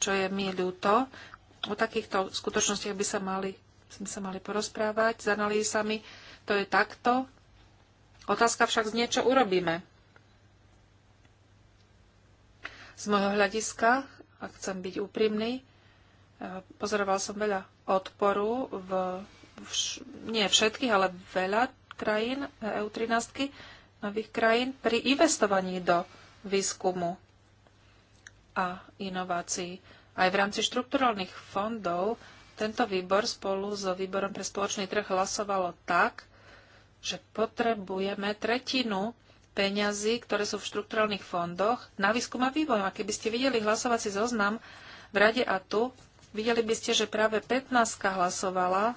čo je mi ľúto. O takýchto skutočnostiach by sa mali, by sa mali porozprávať s analýzami. To je takto. Otázka však z niečo urobíme. Z môjho hľadiska, ak chcem byť úprimný, e, pozoroval som veľa odporu v, v nie všetkých, ale veľa krajín, EU13, e nových krajín, pri investovaní do výskumu a inovácií. Aj v rámci štrukturálnych fondov tento výbor spolu s výborom pre spoločný trh hlasovalo tak, že potrebujeme tretinu peňazí, ktoré sú v štrukturálnych fondoch, na výskum a vývoj. A keby ste videli hlasovací zoznam v rade a tu, videli by ste, že práve 15 hlasovala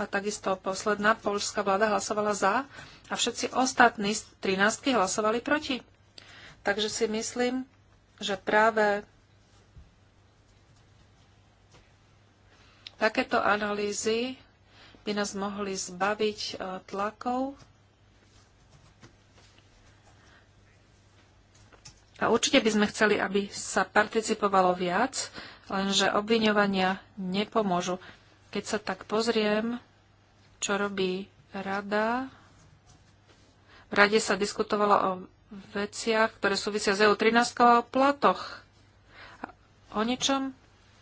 a takisto posledná polská vláda hlasovala za a všetci ostatní z 13 hlasovali proti. Takže si myslím, že práve takéto analýzy by nás mohli zbaviť e, tlakov. A určite by sme chceli, aby sa participovalo viac, lenže obviňovania nepomôžu. Keď sa tak pozriem, čo robí rada, v rade sa diskutovalo o veciach, ktoré súvisia s EU13 a o platoch. O ničom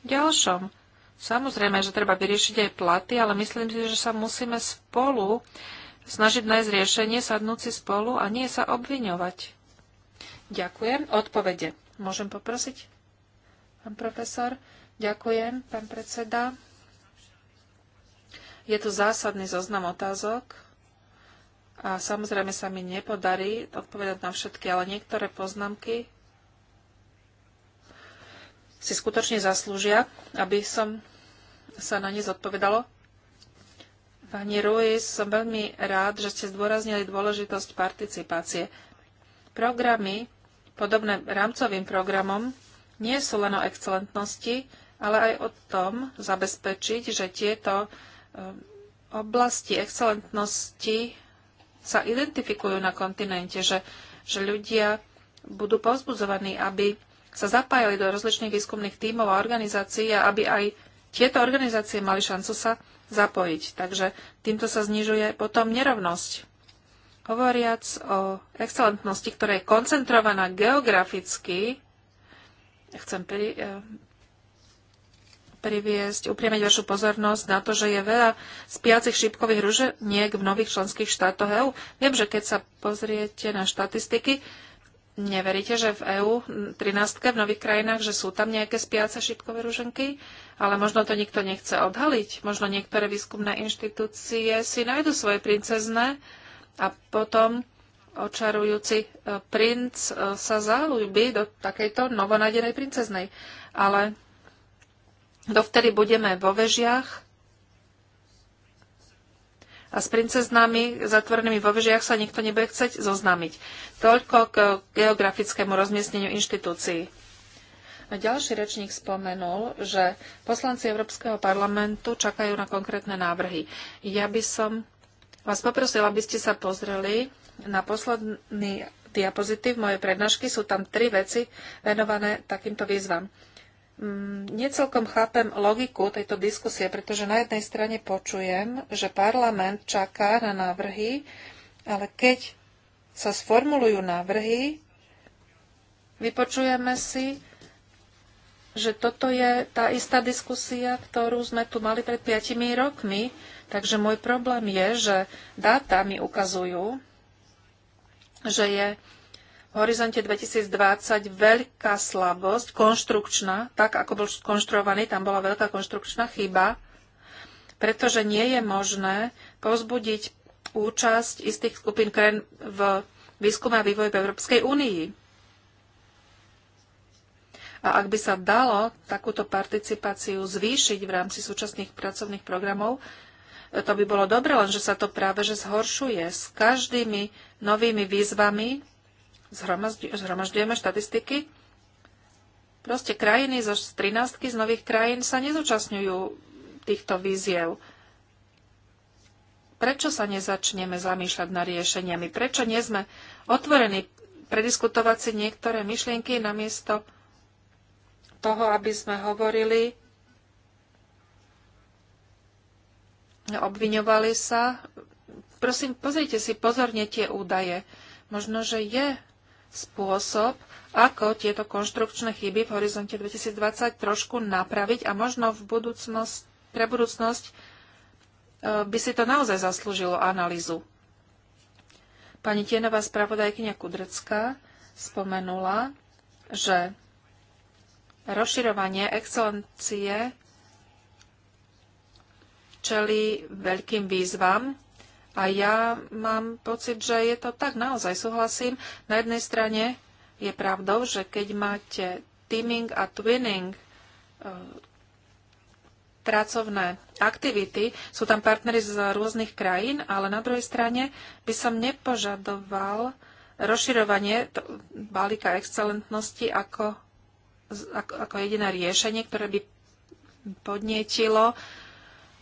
ďalšom. Samozrejme, že treba vyriešiť aj platy, ale myslím si, že sa musíme spolu snažiť nájsť riešenie, sadnúť si spolu a nie sa obviňovať. Ďakujem. Odpovede. Môžem poprosiť? Pán profesor. Ďakujem, pán predseda. Je tu zásadný zoznam otázok a samozrejme sa mi nepodarí odpovedať na všetky, ale niektoré poznámky si skutočne zaslúžia, aby som sa na ne zodpovedalo. Pani Ruiz, som veľmi rád, že ste zdôraznili dôležitosť participácie. Programy, podobné rámcovým programom, nie sú len o excelentnosti, ale aj o tom zabezpečiť, že tieto eh, oblasti excelentnosti sa identifikujú na kontinente, že, že ľudia budú povzbudzovaní, aby sa zapájali do rozličných výskumných tímov a organizácií a aby aj tieto organizácie mali šancu sa zapojiť. Takže týmto sa znižuje potom nerovnosť. Hovoriac o excelentnosti, ktorá je koncentrovaná geograficky, chcem pri, eh, priviesť, upriamiť vašu pozornosť na to, že je veľa spiacich šípkových ruženiek v nových členských štátoch EÚ. Viem, že keď sa pozriete na štatistiky, Neveríte, že v EÚ 13 v nových krajinách, že sú tam nejaké spiace šipkové ruženky? Ale možno to nikto nechce odhaliť. Možno niektoré výskumné inštitúcie si nájdu svoje princezné a potom očarujúci e, princ e, sa záľubí do takejto novonadenej princeznej. Ale dovtedy budeme vo vežiach a s princeznami zatvorenými vo vežiach sa nikto nebude chceť zoznámiť. Toľko k geografickému rozmiestneniu inštitúcií. A ďalší rečník spomenul, že poslanci Európskeho parlamentu čakajú na konkrétne návrhy. Ja by som vás poprosila, aby ste sa pozreli na posledný diapozitív mojej prednášky. Sú tam tri veci venované takýmto výzvam. Mm, necelkom chápem logiku tejto diskusie, pretože na jednej strane počujem, že parlament čaká na návrhy, ale keď sa sformulujú návrhy, vypočujeme si, že toto je tá istá diskusia, ktorú sme tu mali pred piatimi rokmi. Takže môj problém je, že dáta mi ukazujú, že je horizonte 2020 veľká slabosť, konštrukčná, tak ako bol skonštruovaný, tam bola veľká konštrukčná chyba, pretože nie je možné povzbudiť účasť istých skupín krajín v výskume a vývoji v Európskej únii. A ak by sa dalo takúto participáciu zvýšiť v rámci súčasných pracovných programov, to by bolo dobre, lenže sa to práve že zhoršuje. S každými novými výzvami zhromažďujeme štatistiky, proste krajiny zo 13 z nových krajín sa nezúčastňujú týchto víziev. Prečo sa nezačneme zamýšľať na riešeniami? Prečo nie sme otvorení prediskutovať si niektoré myšlienky namiesto toho, aby sme hovorili, obviňovali sa. Prosím, pozrite si pozorne tie údaje. Možno, že je spôsob, ako tieto konštrukčné chyby v horizonte 2020 trošku napraviť a možno v budúcnosť, pre budúcnosť e, by si to naozaj zaslúžilo analýzu. Pani Tienová spravodajkynia Kudrecká spomenula, že rozširovanie excelencie čeli veľkým výzvam a ja mám pocit, že je to tak, naozaj súhlasím. Na jednej strane je pravdou, že keď máte teaming a twinning, e, pracovné aktivity. Sú tam partnery z rôznych krajín, ale na druhej strane by som nepožadoval rozširovanie balíka excelentnosti ako, ako, ako jediné riešenie, ktoré by podnietilo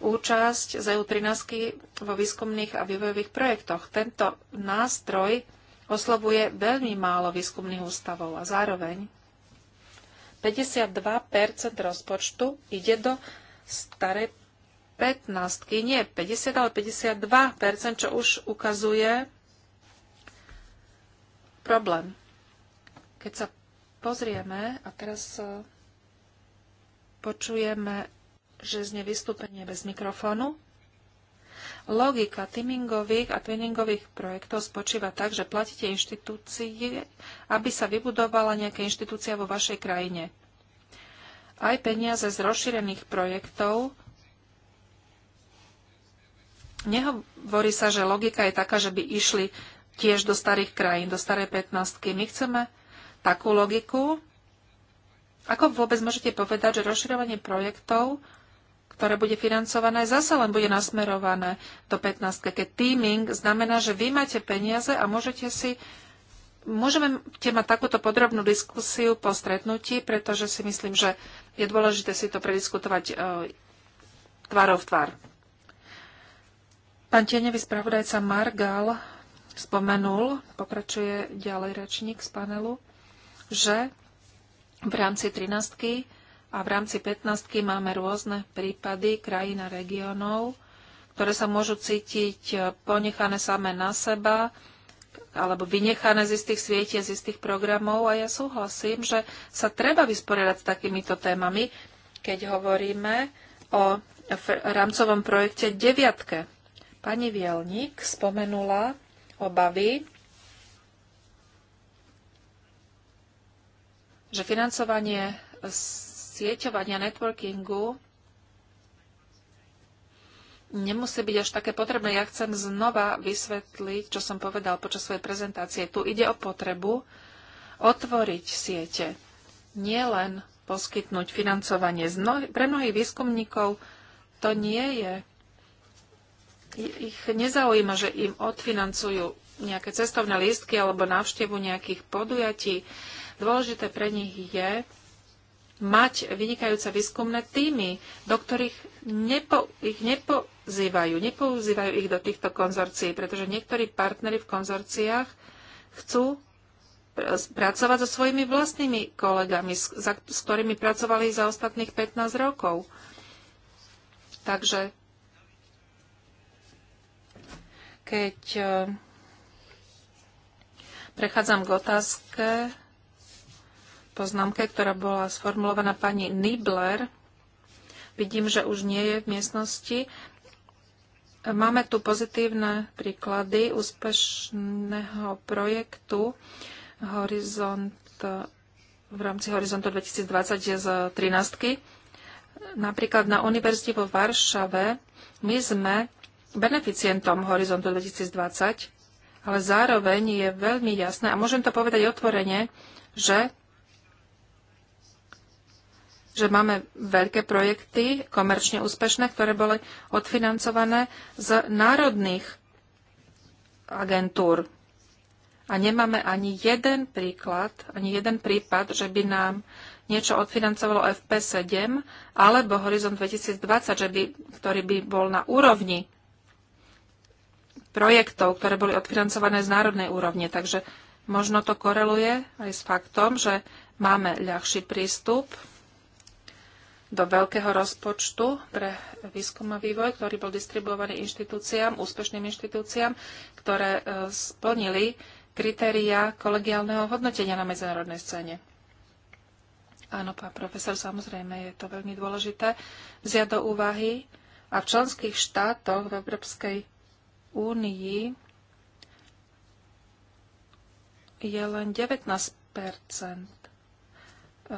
účasť z EU13 vo výskumných a vývojových projektoch. Tento nástroj oslovuje veľmi málo výskumných ústavov a zároveň 52 rozpočtu ide do starej 15, nie 50, ale 52 čo už ukazuje problém. Keď sa pozrieme a teraz eh, počujeme že znie vystúpenie bez mikrofónu. Logika timingových a twinningových projektov spočíva tak, že platíte inštitúcie, aby sa vybudovala nejaká inštitúcia vo vašej krajine. Aj peniaze z rozšírených projektov Nehovorí sa, že logika je taká, že by išli tiež do starých krajín, do starej 15. My chceme takú logiku. Ako vôbec môžete povedať, že rozširovanie projektov ktoré bude financované, zase len bude nasmerované do 15. Keď teaming znamená, že vy máte peniaze a môžete si Môžeme mať takúto podrobnú diskusiu po stretnutí, pretože si myslím, že je dôležité si to prediskutovať e, tvárov v tvár. Pán tenevý spravodajca Margal spomenul, pokračuje ďalej rečník z panelu, že v rámci 13 a v rámci 15 máme rôzne prípady krajín a regionov, ktoré sa môžu cítiť e, ponechané samé na seba alebo vynechané z istých svietie, z istých programov. A ja súhlasím, že sa treba vysporiadať s takýmito témami, keď hovoríme o rámcovom projekte 9. Pani Vielnik spomenula obavy, že financovanie z sieťovania, networkingu nemusí byť až také potrebné. Ja chcem znova vysvetliť, čo som povedal počas svojej prezentácie. Tu ide o potrebu otvoriť siete. Nie len poskytnúť financovanie. Pre mnohých výskumníkov to nie je. Ich nezaujíma, že im odfinancujú nejaké cestovné lístky alebo návštevu nejakých podujatí. Dôležité pre nich je, mať vynikajúce výskumné týmy, do ktorých nepo, ich nepozývajú, nepozývajú ich do týchto konzorcií, pretože niektorí partnery v konzorciách chcú pracovať so svojimi vlastnými kolegami, s, za, s ktorými pracovali za ostatných 15 rokov. Takže keď eh, prechádzam k otázke, poznámke, ktorá bola sformulovaná pani Nibler. Vidím, že už nie je v miestnosti. Máme tu pozitívne príklady úspešného projektu Horizont, v rámci Horizontu 2020 z 13. Napríklad na univerzite vo Varšave my sme beneficientom Horizontu 2020, ale zároveň je veľmi jasné, a môžem to povedať otvorene, že že máme veľké projekty, komerčne úspešné, ktoré boli odfinancované z národných agentúr. A nemáme ani jeden príklad, ani jeden prípad, že by nám niečo odfinancovalo FP7 alebo Horizont 2020, že by, ktorý by bol na úrovni projektov, ktoré boli odfinancované z národnej úrovne. Takže možno to koreluje aj s faktom, že máme ľahší prístup do veľkého rozpočtu pre výskum a vývoj, ktorý bol distribuovaný inštitúciám, úspešným inštitúciám, ktoré e, splnili kritéria kolegiálneho hodnotenia na medzinárodnej scéne. Áno, pán profesor, samozrejme je to veľmi dôležité vziať do úvahy. A v členských štátoch v Európskej únii je len 19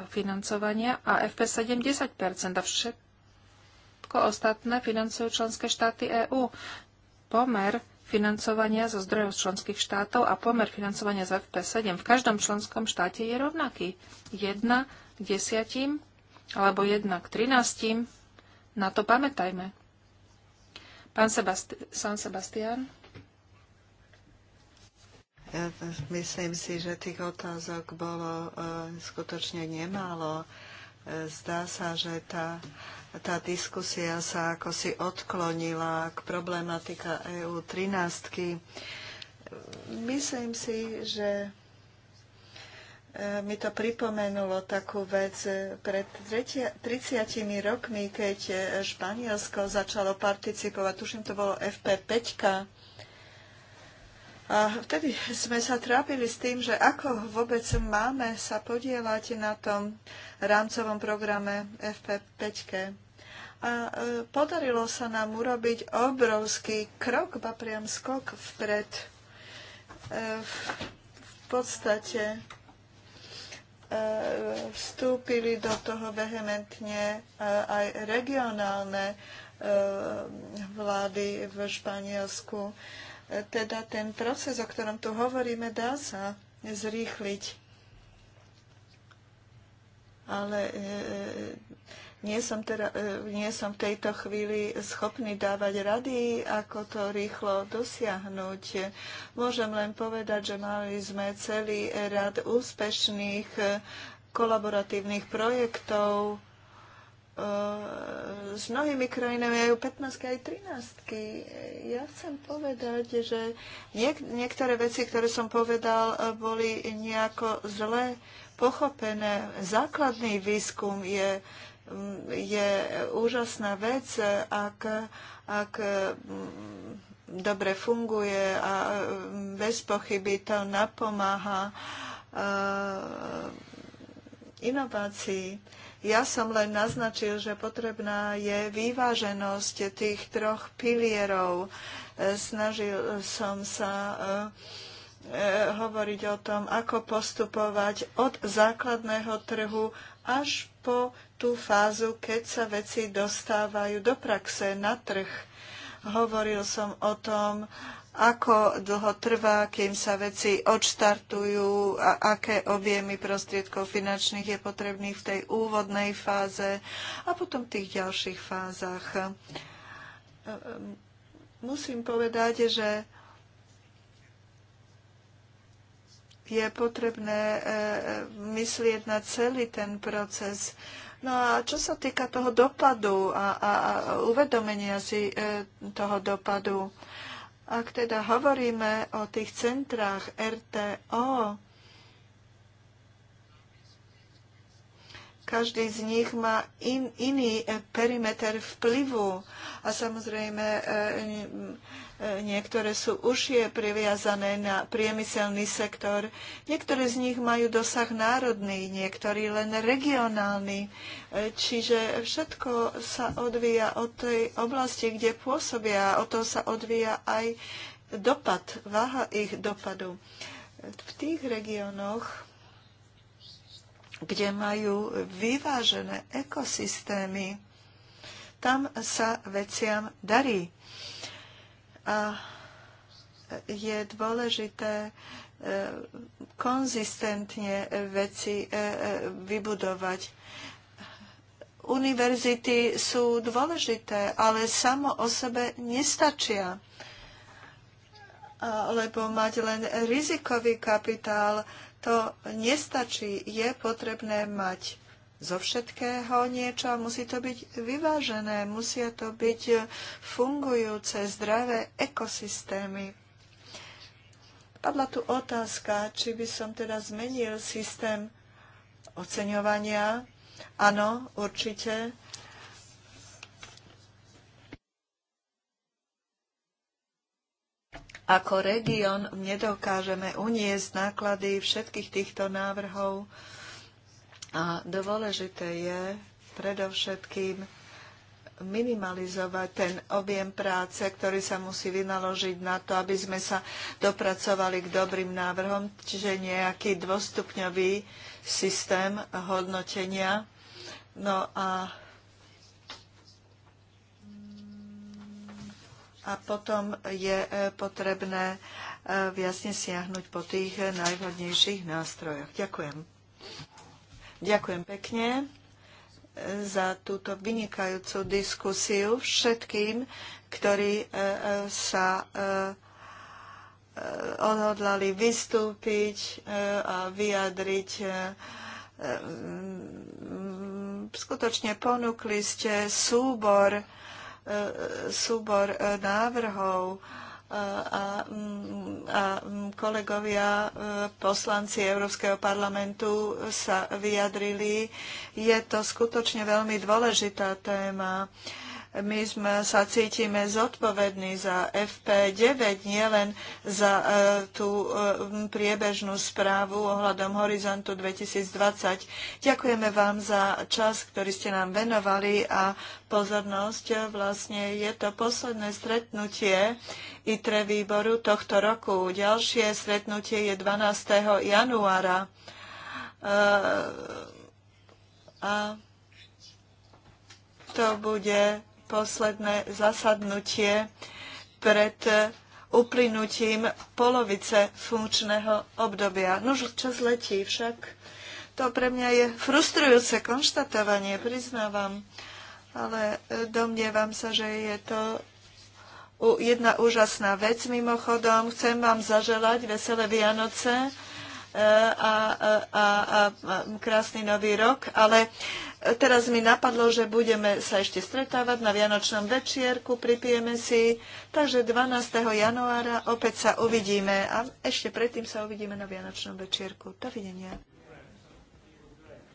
financovania a fp 70 a všetko ostatné financujú členské štáty EÚ. Pomer financovania zo zdrojov členských štátov a pomer financovania z FP7 v každom členskom štáte je rovnaký. 1 k 10 alebo 1 k 13. Na to pamätajme. Pán Sebasti- San Sebastián. Myslím si, že tých otázok bolo e, skutočne nemálo. E, zdá sa, že tá, tá diskusia sa ako si odklonila k problematika EU 13. E, myslím si, že mi to pripomenulo takú vec pred 30 rokmi, keď Španielsko začalo participovať, tuším, to bolo FP5, a vtedy sme sa trápili s tým, že ako vôbec máme sa podielať na tom rámcovom programe FP5. A e, podarilo sa nám urobiť obrovský krok, ba priam skok vpred. E, v podstate e, vstúpili do toho vehementne aj regionálne vlády v Španielsku teda ten proces, o ktorom tu hovoríme, dá sa zrýchliť. Ale e, e, nie, som teda, e, nie som v tejto chvíli schopný dávať rady, ako to rýchlo dosiahnuť. Môžem len povedať, že mali sme celý rad úspešných e, kolaboratívnych projektov, s mnohými krajinami aj 15 aj 13. Ja chcem povedať, že niek- niektoré veci, ktoré som povedal, e, boli nejako zle pochopené. Základný výskum je, je úžasná vec, ak, ak dobre funguje a bez pochyby to napomáha e, inovácii ja som len naznačil, že potrebná je vyváženosť tých troch pilierov. E, Snažil som sa e, e, hovoriť o tom, ako postupovať od základného trhu až po tú fázu, keď sa veci dostávajú do praxe na trh. Hovoril som o tom, ako dlho trvá, kým sa veci odštartujú a aké objemy prostriedkov finančných je potrebných v tej úvodnej fáze a potom v tých ďalších fázach. Musím povedať, že je potrebné e, e, myslieť na celý ten proces. No a čo sa týka toho dopadu a, a, a uvedomenia si e, toho dopadu, ak teda hovoríme o tých centrách RTO, Každý z nich má in, iný eh, perimeter vplyvu a samozrejme eh, eh, niektoré sú užšie priviazané na priemyselný sektor, niektoré z nich majú dosah národný, niektorí len regionálny. Čiže všetko sa odvíja od tej oblasti, kde pôsobia, A od toho sa odvíja aj dopad, váha ich dopadu. V tých regiónoch, kde majú vyvážené ekosystémy, tam sa veciam darí. A je dôležité e, konzistentne veci e, e, vybudovať univerzity sú dôležité, ale samo o sebe nestačia. Lebo mať len rizikový kapitál to nestačí. Je potrebné mať zo všetkého niečo a musí to byť vyvážené, musia to byť fungujúce, zdravé ekosystémy. Padla tu otázka, či by som teda zmenil systém oceňovania. Áno, určite Ako región nedokážeme uniesť náklady všetkých týchto návrhov a dôležité je predovšetkým minimalizovať ten objem práce, ktorý sa musí vynaložiť na to, aby sme sa dopracovali k dobrým návrhom, čiže nejaký dvostupňový systém hodnotenia. No a a potom je potrebné jasne siahnuť po tých najvhodnejších nástrojoch. Ďakujem. Ďakujem pekne za túto vynikajúcu diskusiu všetkým, ktorí sa odhodlali vystúpiť a vyjadriť skutočne ponúkli ste súbor súbor e, návrhov e, a, mm, a mm, kolegovia e, poslanci Európskeho parlamentu sa vyjadrili. Je to skutočne veľmi dôležitá téma. E, my sme, sa cítime zodpovední za FP9, nielen za e, tú e, priebežnú správu ohľadom Horizontu 2020. Ďakujeme vám za čas, ktorý ste nám venovali a pozornosť. Vlastne je to posledné stretnutie ITRE výboru tohto roku. Ďalšie stretnutie je 12. januára. E, a to bude posledné zasadnutie pred uplynutím polovice funkčného obdobia. Nož čas letí, však to pre mňa je frustrujúce konštatovanie, priznávam. Ale domnievam sa, že je to jedna úžasná vec mimochodom. Chcem vám zaželať veselé Vianoce e, a, a, a, a krásny nový rok, ale Teraz mi napadlo, že budeme sa ešte stretávať na Vianočnom večierku, pripijeme si. Takže 12. januára opäť sa uvidíme a ešte predtým sa uvidíme na Vianočnom večierku. Dovidenia.